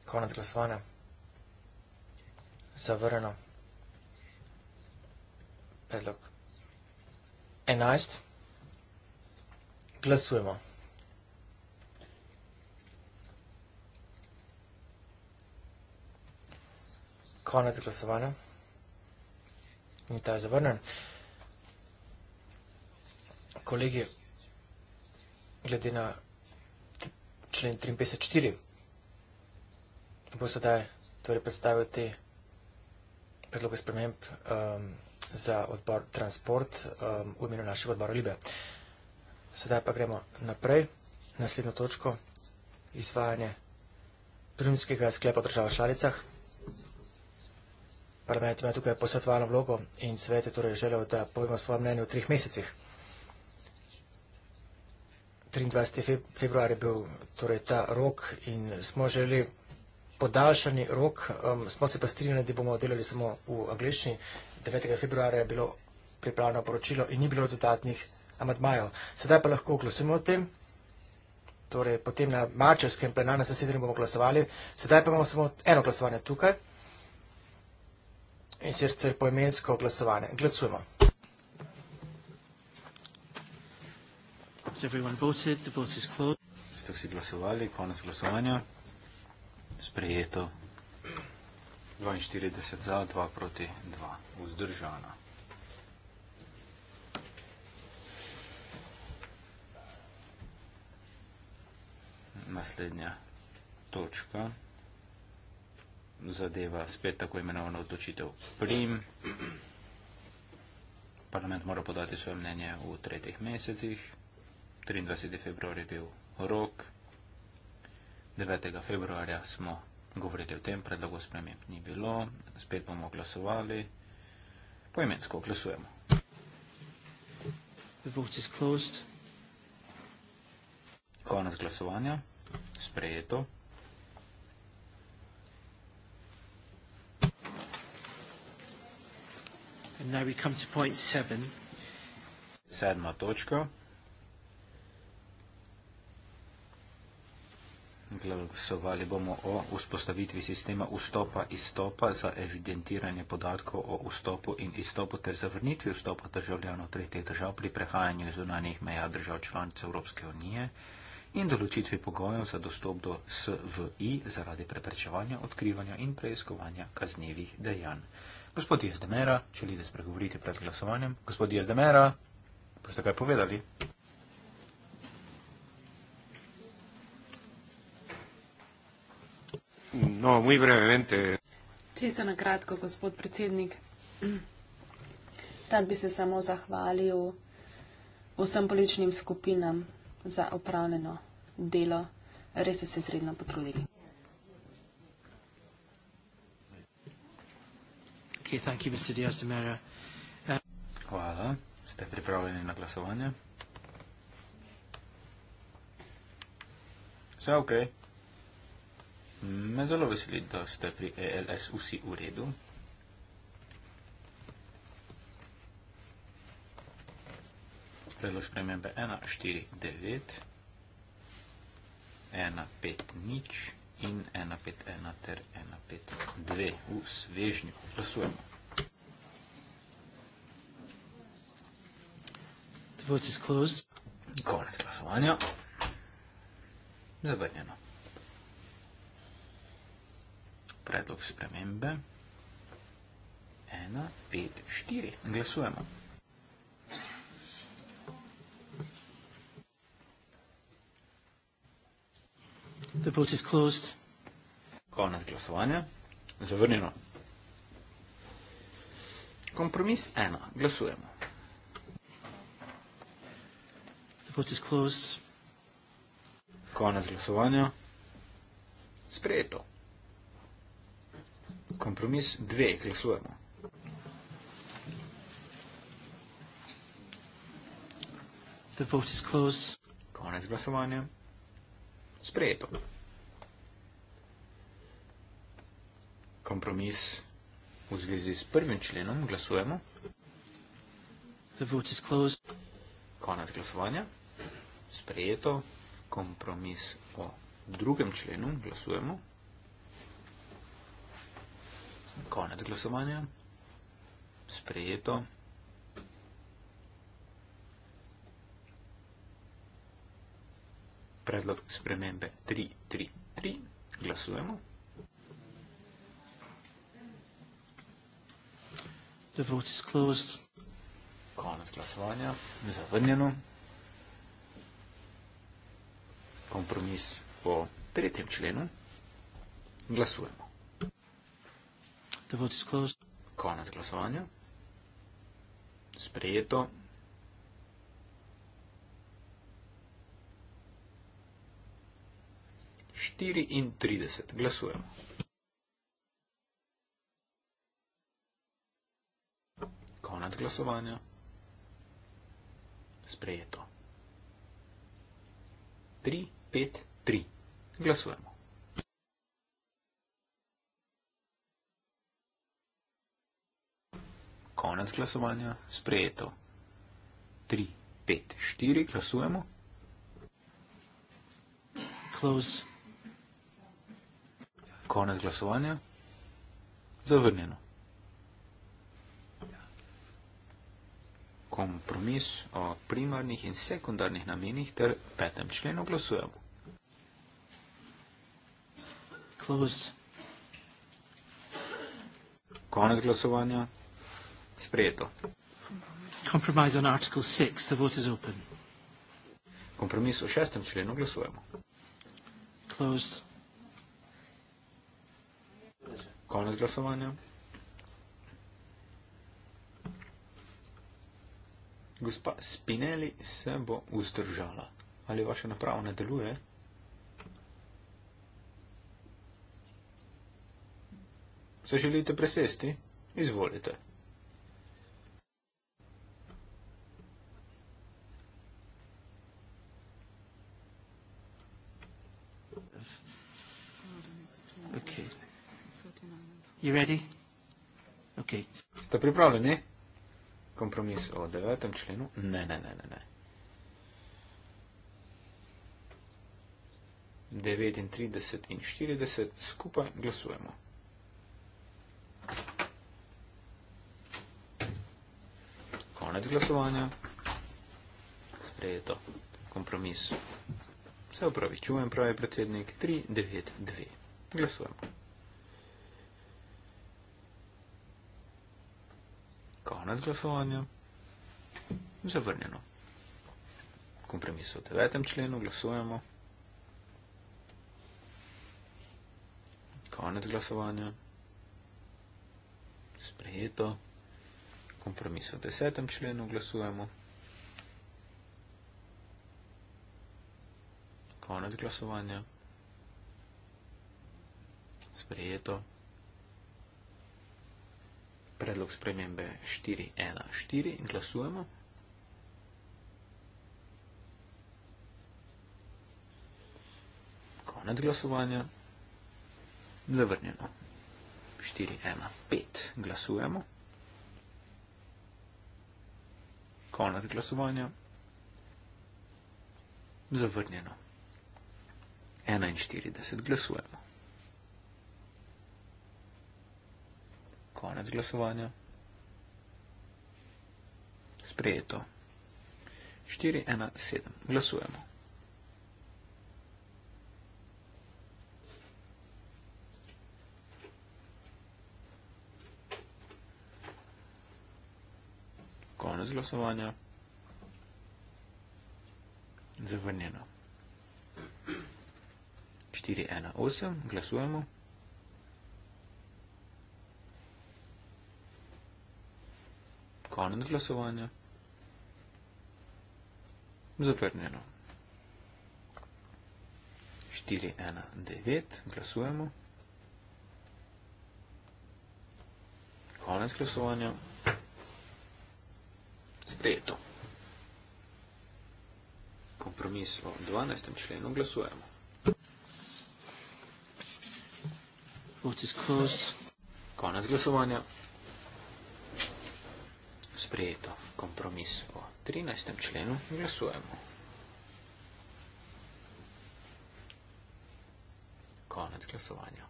Konec glasovanja. Zavrnjeno predlog 11, glasujemo. Konec glasovanja in ta je zavrnen. Kolegi, glede na člen 53.4, bo sedaj torej predstavil te predloge sprememb um, za odbor transport um, v imenu našega odbora Libe. Sedaj pa gremo naprej, naslednjo točko, izvajanje prvinskega sklepa o državah šalicah parlament ima tukaj posvetovalno vlogo in svet je torej želel, da povemo svoje mnenje v trih mesecih. 23. februar je bil torej ta rok in smo želeli podaljšani rok, um, smo se pa strinjali, da bomo delali samo v angliščini. 9. februarja je bilo pripravljeno poročilo in ni bilo dodatnih amadmajev. Sedaj pa lahko glasujemo o tem. Torej, potem na marčevskem plenarnem zasedanju bomo glasovali. Sedaj pa imamo samo eno glasovanje tukaj in sicer poimensko glasovanje. Glasujemo. Ste vsi glasovali, konec glasovanja. Sprejeto. 42 za, 2 proti 2. Vzdržana. Naslednja točka zadeva spet tako imenovano odločitev plim. Parlament mora podati svoje mnenje v tretjih mesecih. 23. februar je bil rok. 9. februarja smo govorili o tem, predlogo sprememb ni bilo. Spet bomo glasovali. Poimensko glasujemo. Konec glasovanja. Sprejeto. And now we come to point seven. Sedma točka. Glasovali bomo o vzpostavitvi sistema vstopa in izstopa za evidentiranje podatkov o vstopu in izstopu ter zavrnitvi vstopa državljanov tretjih držav pri prehajanju iz zunanjih meja držav članic Evropske unije in določitvi pogojev za dostop do SVI zaradi preprečevanja, odkrivanja in preiskovanja kaznjevih dejanj. Gospod Jezdemera, želite spregovoriti pred glasovanjem? Gospod Jezdemera, boste kaj povedali? No, muy brevemente. Čisto na kratko, gospod predsednik. Rad bi se samo zahvalil vsem političnim skupinam za opravljeno delo. Res so se izredno potrudili. točki. Thank you, Mr. Diaz de Mera. Hvala. Ste pripravljeni na glasovanje? Vse ok. Me zelo veseli, da ste pri ELS vsi v redu. Predlog spremembe 149, 15 in 151 ter 152 v svežnju. Glasujemo. Konec glasovanja. Zavrnjeno. Predlog spremembe. 1, 5, 4. Glasujemo. Glasujemo. The vote is closed. Konec glasovanja. Zavrnjeno. Kompromis ena. Glasujemo. The vote is closed. Konec glasovanja. Sprejeto. Kompromis dve. Glasujemo. The vote is closed. Konec glasovanja sprejeto. Kompromis v zvezi s prvim členom glasujemo. Konec glasovanja. Sprejeto. Kompromis o drugem členu glasujemo. Konec glasovanja. Sprejeto. predlog spremembe 333. Glasujemo. The vote is closed. Konec glasovanja. Zavrnjeno. Kompromis po tretjem členu. Glasujemo. The vote is closed. Konec glasovanja. Sprejeto. 34. Glasujemo. Konec glasovanja. Sprejeto. 3, 5, 3. Glasujemo. Konec glasovanja. Sprejeto. 3, 5, 4. Glasujemo. Close konec glasovanja. Zavrnjeno. Kompromis o primarnih in sekundarnih namenih ter petem členu glasujemo. Close. Konec glasovanja. Sprejeto. Compromise on Article 6. The vote is open. Kompromis o šestem členu glasujemo. Closed. Konec glasovanja. Gospa Spinelli se bo vzdržala. Ali vaša naprava ne deluje? Se želite presesti? Izvolite. Okay. You ready? Okay. Ste pripravljeni? Kompromis o devetem členu? Ne, ne, ne, ne. 39 in 40 skupaj glasujemo. Konec glasovanja. Sprejeto. Kompromis. Se upravičujem, pravi predsednik. 3, 9, 2. Glasujemo. konec glasovanja, zavrnjeno. Kompromis v devetem členu glasujemo. Konec glasovanja, sprejeto. Kompromis v desetem členu glasujemo. Konec glasovanja, sprejeto predlog spremembe 4.1.4 in glasujemo. Konec glasovanja. Zavrnjeno. 4.1.5 glasujemo. Konec glasovanja. Zavrnjeno. 41 glasujemo. Konec glasovanja. Sprejeto. 4, 1, 7. Glasujemo. Konec glasovanja. Zavrnjeno. 4, 1, 8. Glasujemo. Konec glasovanja. Zavrnjeno. 4, 1, 9. Glasujemo. Konec glasovanja. Sprejeto. Kompromis o 12. členu glasujemo. Konec glasovanja sprejeto kompromis po 13. členu, glasujemo. Konec glasovanja.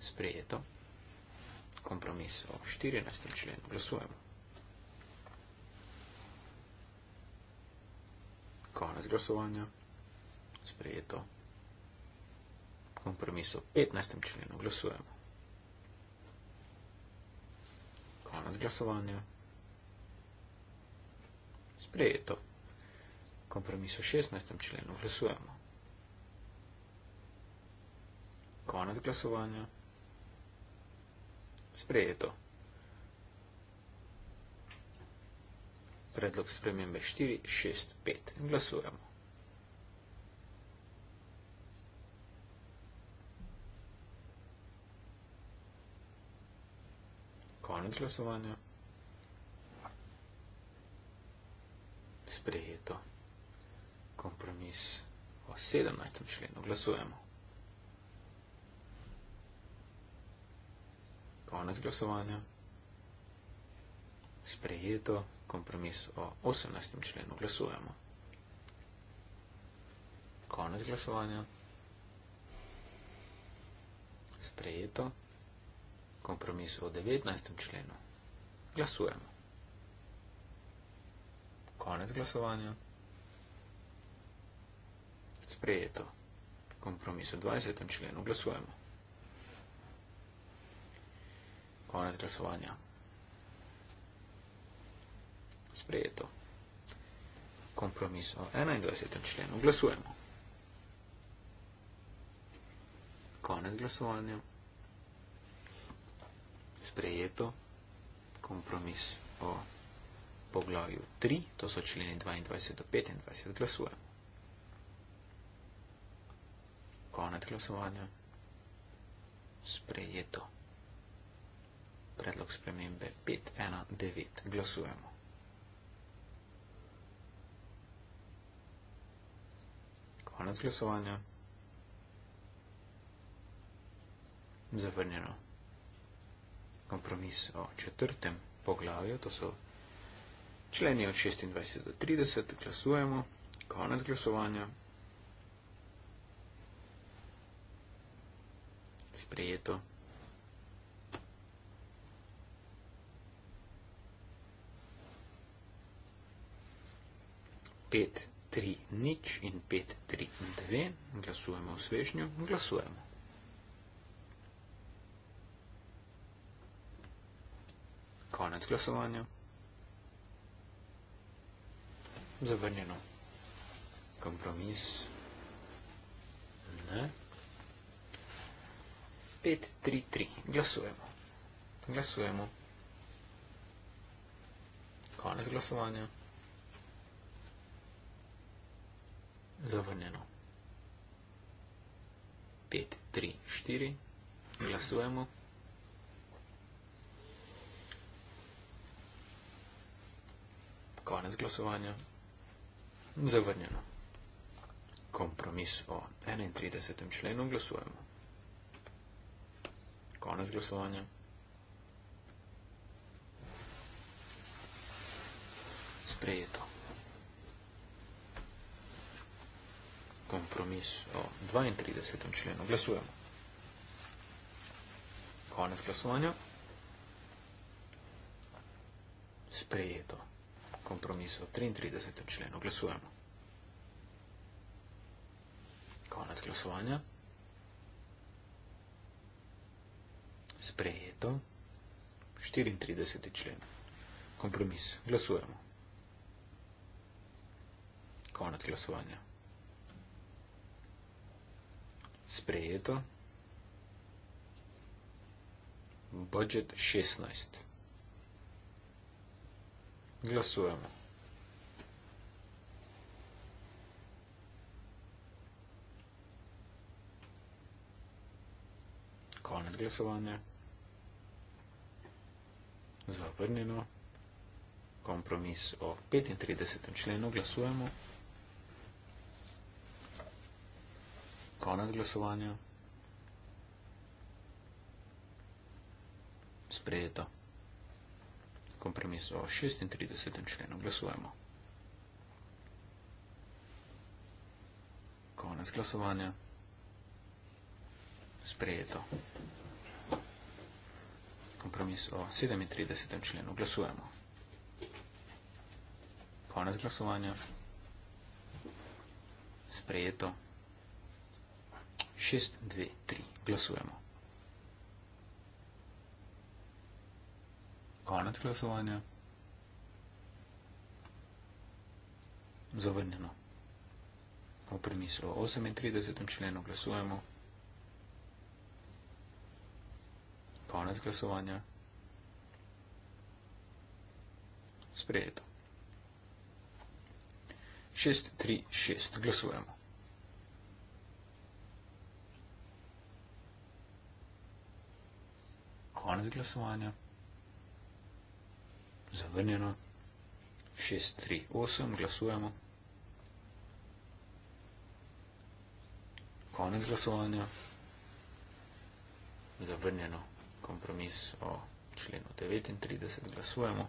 Sprejeto kompromis po 14. členu, glasujemo. Konec glasovanja. Sprejeto kompromis po 15. členu, glasujemo. konec glasovanja. Sprejeto. Kompromis v 16. členu glasujemo. Konec glasovanja. Sprejeto. Predlog spremembe 4, 6, 5. Glasujemo. konec glasovanja. Sprejeto. Kompromis o 17. členu. Glasujemo. Konec glasovanja. Sprejeto. Kompromis o 18. členu. Glasujemo. Konec glasovanja. Sprejeto kompromisu o 19. členu. Glasujemo. Konec glasovanja. Sprejeto. Kompromis o 20. členu. Glasujemo. Konec glasovanja. Sprejeto. Kompromis o 21. členu. Glasujemo. Konec glasovanja sprejeto kompromis o poglavju 3, to so členi 22 do 25, glasujemo. Konec glasovanja. Sprejeto. Predlog spremembe 519. Glasujemo. Konec glasovanja. Zavrnjeno kompromis o četrtem poglavju, to so členi od 26 do 30, glasujemo, konec glasovanja. Sprejeto. Pet, tri, nič in pet, tri, dve. Glasujemo v svežnju, glasujemo. konec glasovanja. Zavrnjeno. Kompromis. Ne. 5, 3, 3. Glasujemo. Glasujemo. Konec glasovanja. Zavrnjeno. 5, 3, 4. Glasujemo. Glasujemo. konec glasovanja. Zavrnjeno. Kompromis o 31. členu glasujemo. Konec glasovanja. Sprejeto. Kompromis o 32. členu glasujemo. Konec glasovanja. Sprejeto kompromisu v 33. členu. Glasujemo. Konec glasovanja. Sprejeto. 34. člen. Kompromis. Glasujemo. Konec glasovanja. Sprejeto. Budget 16. 16. Glasujemo. Konec glasovanja. Zavrnjeno. Kompromis o 35. členu. Glasujemo. Konec glasovanja. Sprejeto kompromis o 36. členu. Glasujemo. Konec glasovanja. Sprejeto. Kompromis o 37. členu. Glasujemo. Konec glasovanja. Sprejeto. 6, 2, 3. Glasujemo. konec glasovanja. Zavrnjeno. V premislu 38. členu glasujemo. Konec glasovanja. Sprejeto. 636. Glasujemo. Konec glasovanja zavrnjeno. 6, 3, 8, glasujemo. Konec glasovanja. Zavrnjeno kompromis o členu 39, glasujemo.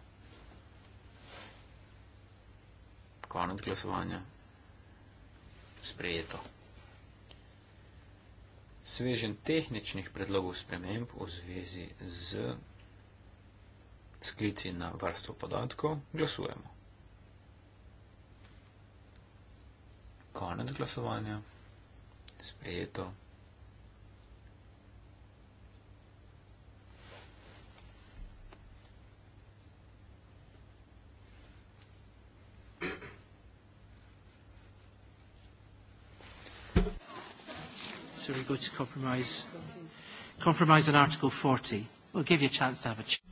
Konec glasovanja. Sprejeto. Svežen tehničnih predlogov sprememb v zvezi z glasovanjem s klici na varstvo podatkov glasujemo. Konec glasovanja. Sprejeto. So we go to compromise. Compromise on Article 40. We'll give you a chance to have a chance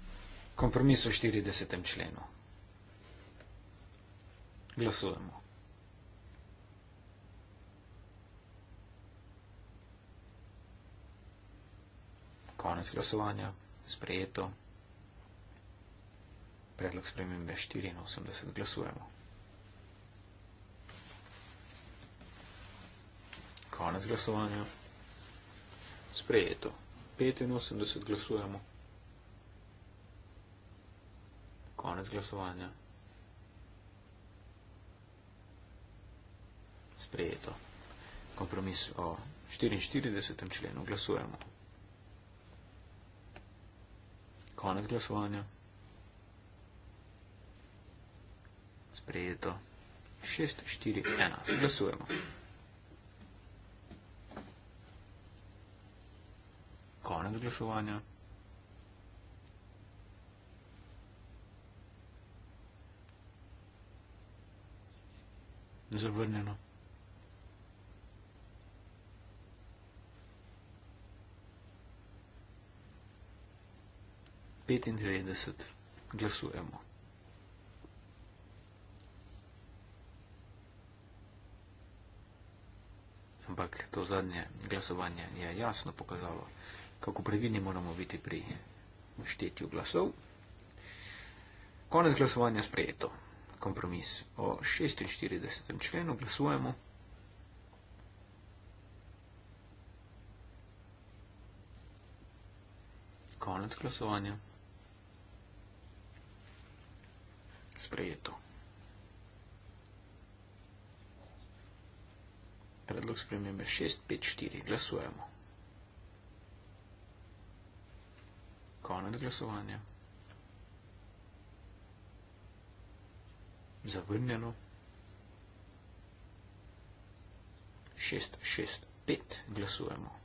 kompromisu v 40. členu. Glasujemo. Konec glasovanja, sprejeto. Predlog spremembe 84 glasujemo. Konec glasovanja, sprejeto. 85 glasujemo. Konec glasovanja. Sprejeto. Kompromis o 44. členu. Glasujemo. Konec glasovanja. Sprejeto. 6, 4, 1. Glasujemo. Konec glasovanja. zavrnjeno. Petindevetdeset glasujemo. Ampak to zadnje glasovanje je jasno pokazalo, kako previdni moramo biti pri štetju glasov. Konec glasovanja sprejeto kompromis o 46. členu. Glasujemo. Konec glasovanja. Sprejeto. Predlog spremembe 654. Glasujemo. Konec glasovanja. Glasujemo. zavrnjeno. 6, 6, 5 glasujemo.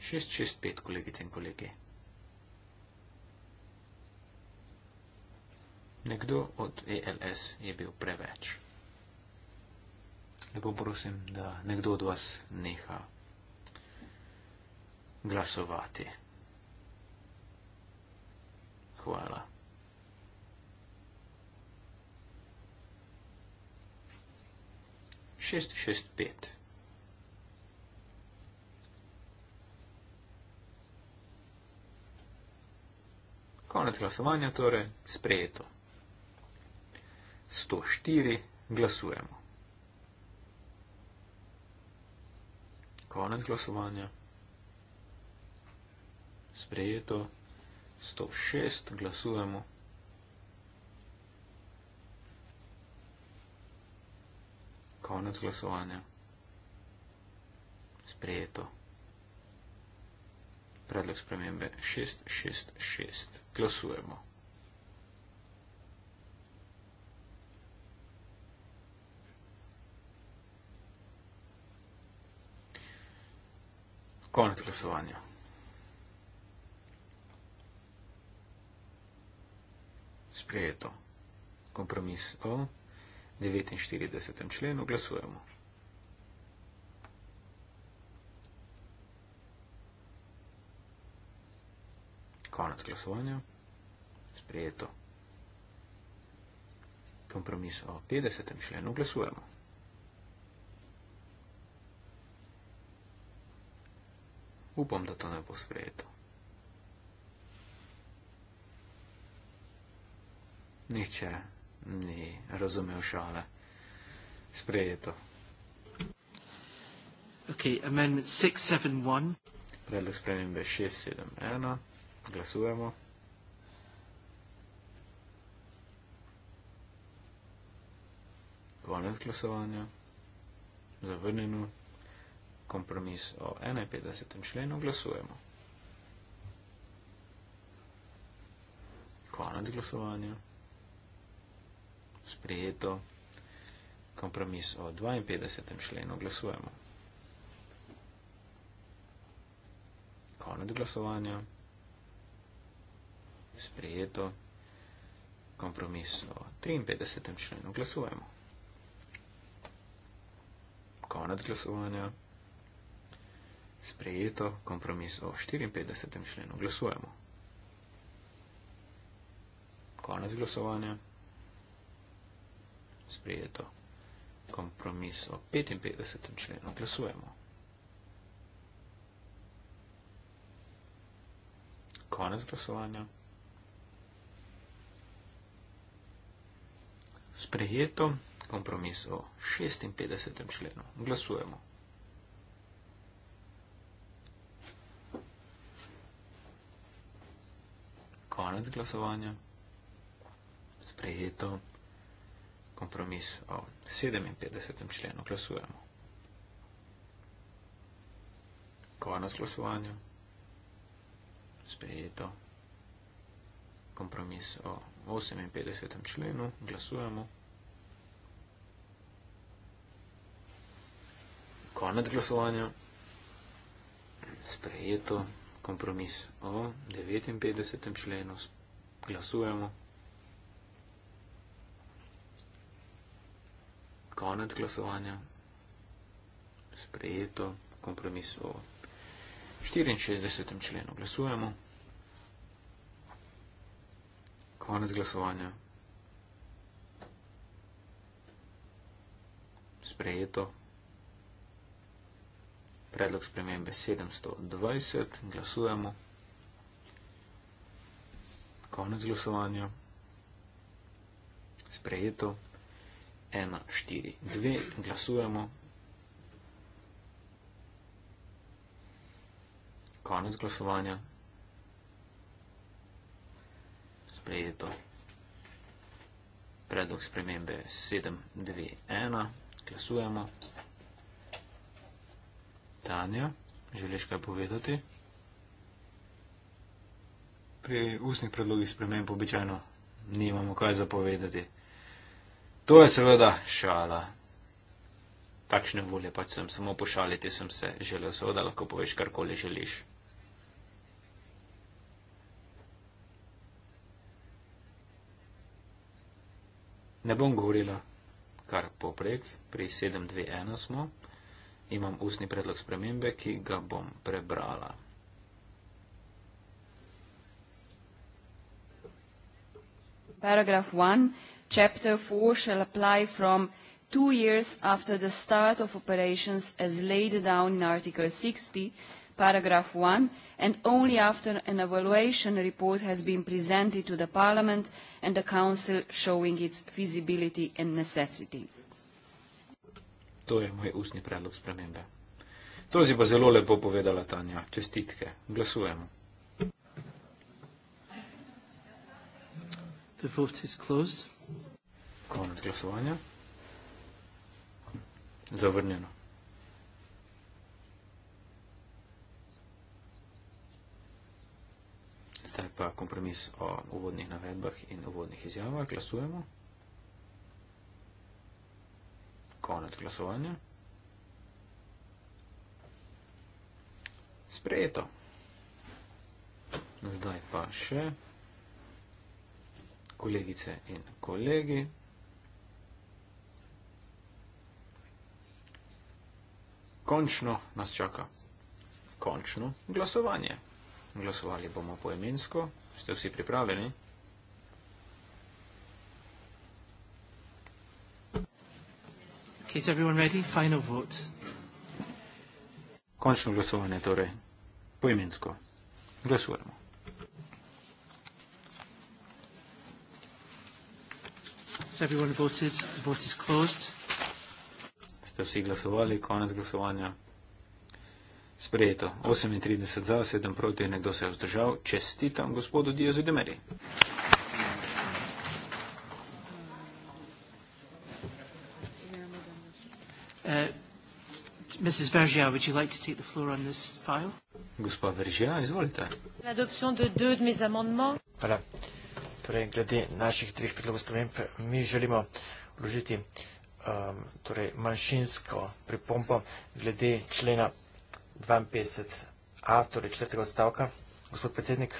Šest, šest, pet, kolegice in kolege. Nekdo od ALS e je bil preveč. Lepo prosim, da nekdo od vas neha glasovati. Hvala. Šest, šest, pet. Konec glasovanja torej, sprejeto. Sto štiri, glasujemo. Konec glasovanja sprejeto, 106 glasujemo. Konec glasovanja. Sprejeto. Predlog spremembe 666. Glasujemo. Konec glasovanja. sprejeto. Kompromis o 49. členu glasujemo. Konec glasovanja. Sprejeto. Kompromis o 50. členu glasujemo. Upam, da to ne bo sprejeto. Nihče ni razumel šale. Sprejeto. Okay, amendment 671. Predlog spremembe 671. Glasujemo. Konec glasovanja. Zavrnjeno. Kompromis o 51. členu. Glasujemo. Konec glasovanja sprejeto kompromis o 52. členu. Glasujemo. Konec glasovanja. Sprejeto kompromis o 53. členu. Glasujemo. Konec glasovanja. Sprejeto kompromis o 54. členu. Glasujemo. Konec glasovanja sprejeto kompromis o 55. členu. Glasujemo. Konec glasovanja. Sprejeto kompromis o 56. členu. Glasujemo. Konec glasovanja. Sprejeto kompromis o 56. členu kompromis o 57. členu glasujemo. Konec glasovanja. Sprejeto. Kompromis o 58. členu glasujemo. Konec glasovanja. Sprejeto. Kompromis o 59. členu glasujemo. konec glasovanja, sprejeto kompromis o 64. členu. Glasujemo. Konec glasovanja. Sprejeto. Predlog spremembe 720. Glasujemo. Konec glasovanja. Sprejeto ena, štiri, dve, glasujemo. Konec glasovanja. Sprejeto. Predlog spremembe 7, 2, 1. Glasujemo. Tanja, želiš kaj povedati? Pri ustnih predlogih sprememb običajno nimamo kaj zapovedati. To je seveda šala. Takšne volje pač sem, samo pošaliti sem se želel, seveda lahko poveš karkoli želiš. Ne bom govorila kar poprek, pri 721 smo, imam ustni predlog spremembe, ki ga bom prebrala. Paragraf 1. Chapter 4 shall apply from two years after the start of operations as laid down in Article 60, Paragraph 1, and only after an evaluation report has been presented to the Parliament and the Council showing its feasibility and necessity. To je moj ustni predlog spremembe. To si pa zelo lepo povedala, Tanja. Čestitke. Glasujemo. The vote is closed. Konec glasovanja. Zavrnjeno. Zdaj pa kompromis o uvodnih navedbah in uvodnih izjavah. Glasujemo. Konec glasovanja. Sprejeto. Zdaj pa še kolegice in kolegi. končno nas čaka končno glasovanje. Glasovali bomo poemensko. Ste vsi pripravljeni? Is everyone ready? Final vote. Končno glasovanje, torej poimensko. Glasujemo. Has everyone voted? The vote is closed ste vsi glasovali, konec glasovanja. Sprejeto. 38 za, 7 proti, nekdo se je vzdržal. Čestitam gospodu Diozu Demeri. Uh, Mrs. Vergia, would you like to take the floor on this file? Gospa Vergia, izvolite. L'adoption de deux de mes amendements. Voilà. Torej, glede naših dveh predlogov sprememb, mi želimo vložiti uh, um, torej manjšinsko pripompo glede člena 52 a, torej četrtega odstavka. Gospod predsednik.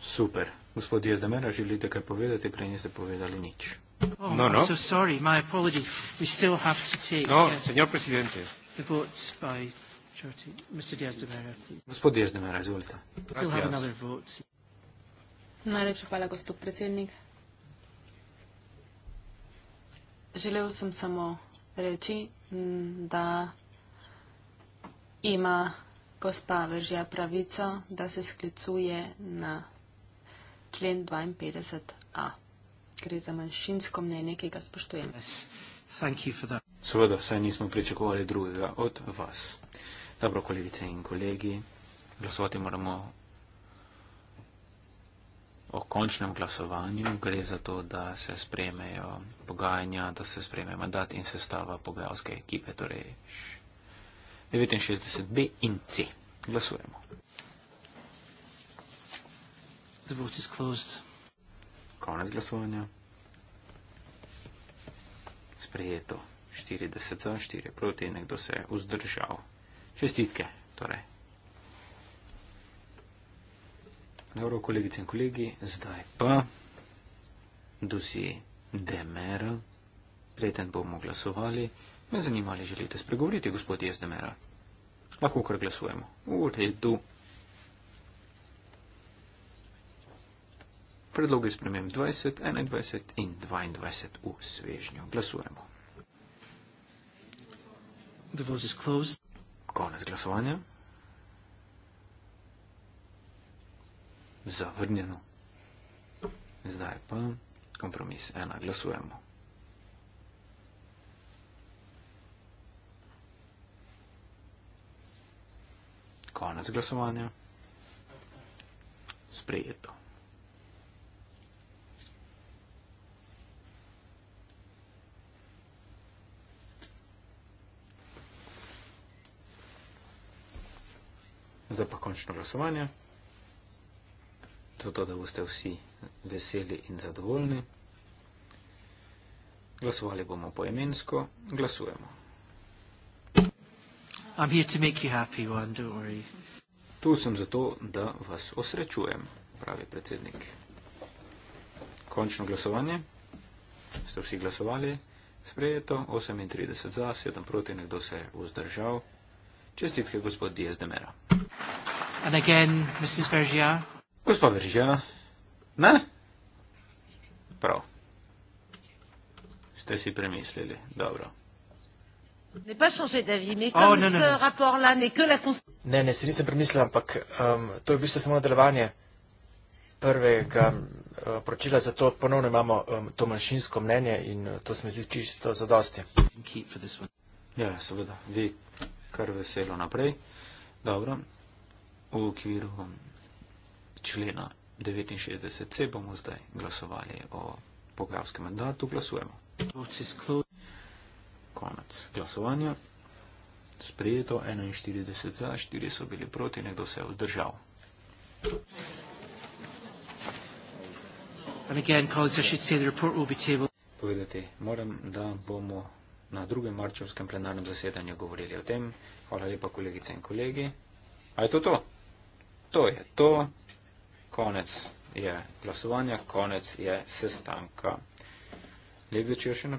Super. Gospod Jezdemera, želite kaj povedati, prej niste povedali nič. Oh, no, no. So sorry, my apologies. We still have to take. No, yes, uh, señor presidente. The votes by majority. Mr. Diaz de Mera. Gospod Diaz de Mera, izvolite. We'll have another vote. Najlepša hvala, gospod predsednik. želel sem samo reči, mm, da ima gospa Veržija pravico, da se sklicuje na člen 52a. Gre za manjšinsko mnenje, ki ga spoštujem. Seveda, saj nismo pričakovali drugega od vas. Dobro, kolegice in kolegi, glasovati moramo o končnem glasovanju, gre za to, da se spremejo pogajanja, da se spreme mandat in sestava pogajalske ekipe, torej 69b in c. Glasujemo. The vote is closed. Konec glasovanja. Sprejeto 40 za, 4 proti, nekdo se je vzdržal. Čestitke, torej. Dobro, kolegice in kolegi, zdaj pa dosi Demer. Preden bomo glasovali, me zanima, ali želite spregovoriti, gospod Jezdemera. Lahko kar glasujemo. V redu. Predloge spremem 20, 21 in 22 v svežnju. Glasujemo. The vote is closed. Konec glasovanja. zavrnjeno. Zdaj pa kompromis ena, glasujemo. Konec glasovanja. Sprejeto. Zdaj pa končno glasovanje zato da boste vsi veseli in zadovoljni. Glasovali bomo poemensko, glasujemo. I'm here to make you happy, Juan, don't worry. Tu sem zato, da vas osrečujem, pravi predsednik. Končno glasovanje. Ste vsi glasovali? Sprejeto, 38 za, 7 proti, nekdo se je vzdržal. Čestitke, gospod Diaz de Mera. And again, Mrs. Vergia. Gospa Veržija, ne? Prav. Ste si premislili, dobro. Oh, no, no, no. Ne, ne, se nisem premislil, ampak um, to je v bistvu samo nadaljevanje prvega uh, poročila, zato ponovno imamo um, to manjšinsko mnenje in uh, to se mi zdi čisto zadosti. Ja, seveda, vi kar veselo naprej. Dobro, v okviru um, člena 69c bomo zdaj glasovali o pogajalskem mandatu. Glasujemo. Konec glasovanja. Sprejeto 41 za, 4 so bili proti, nekdo se je vzdržal. Povedati moram, da bomo na drugem marčevskem plenarnem zasedanju govorili o tem. Hvala lepa, kolegice in kolegi. A je to to? To je to konec je glasovanja, konec je sestanka. Lep večer še na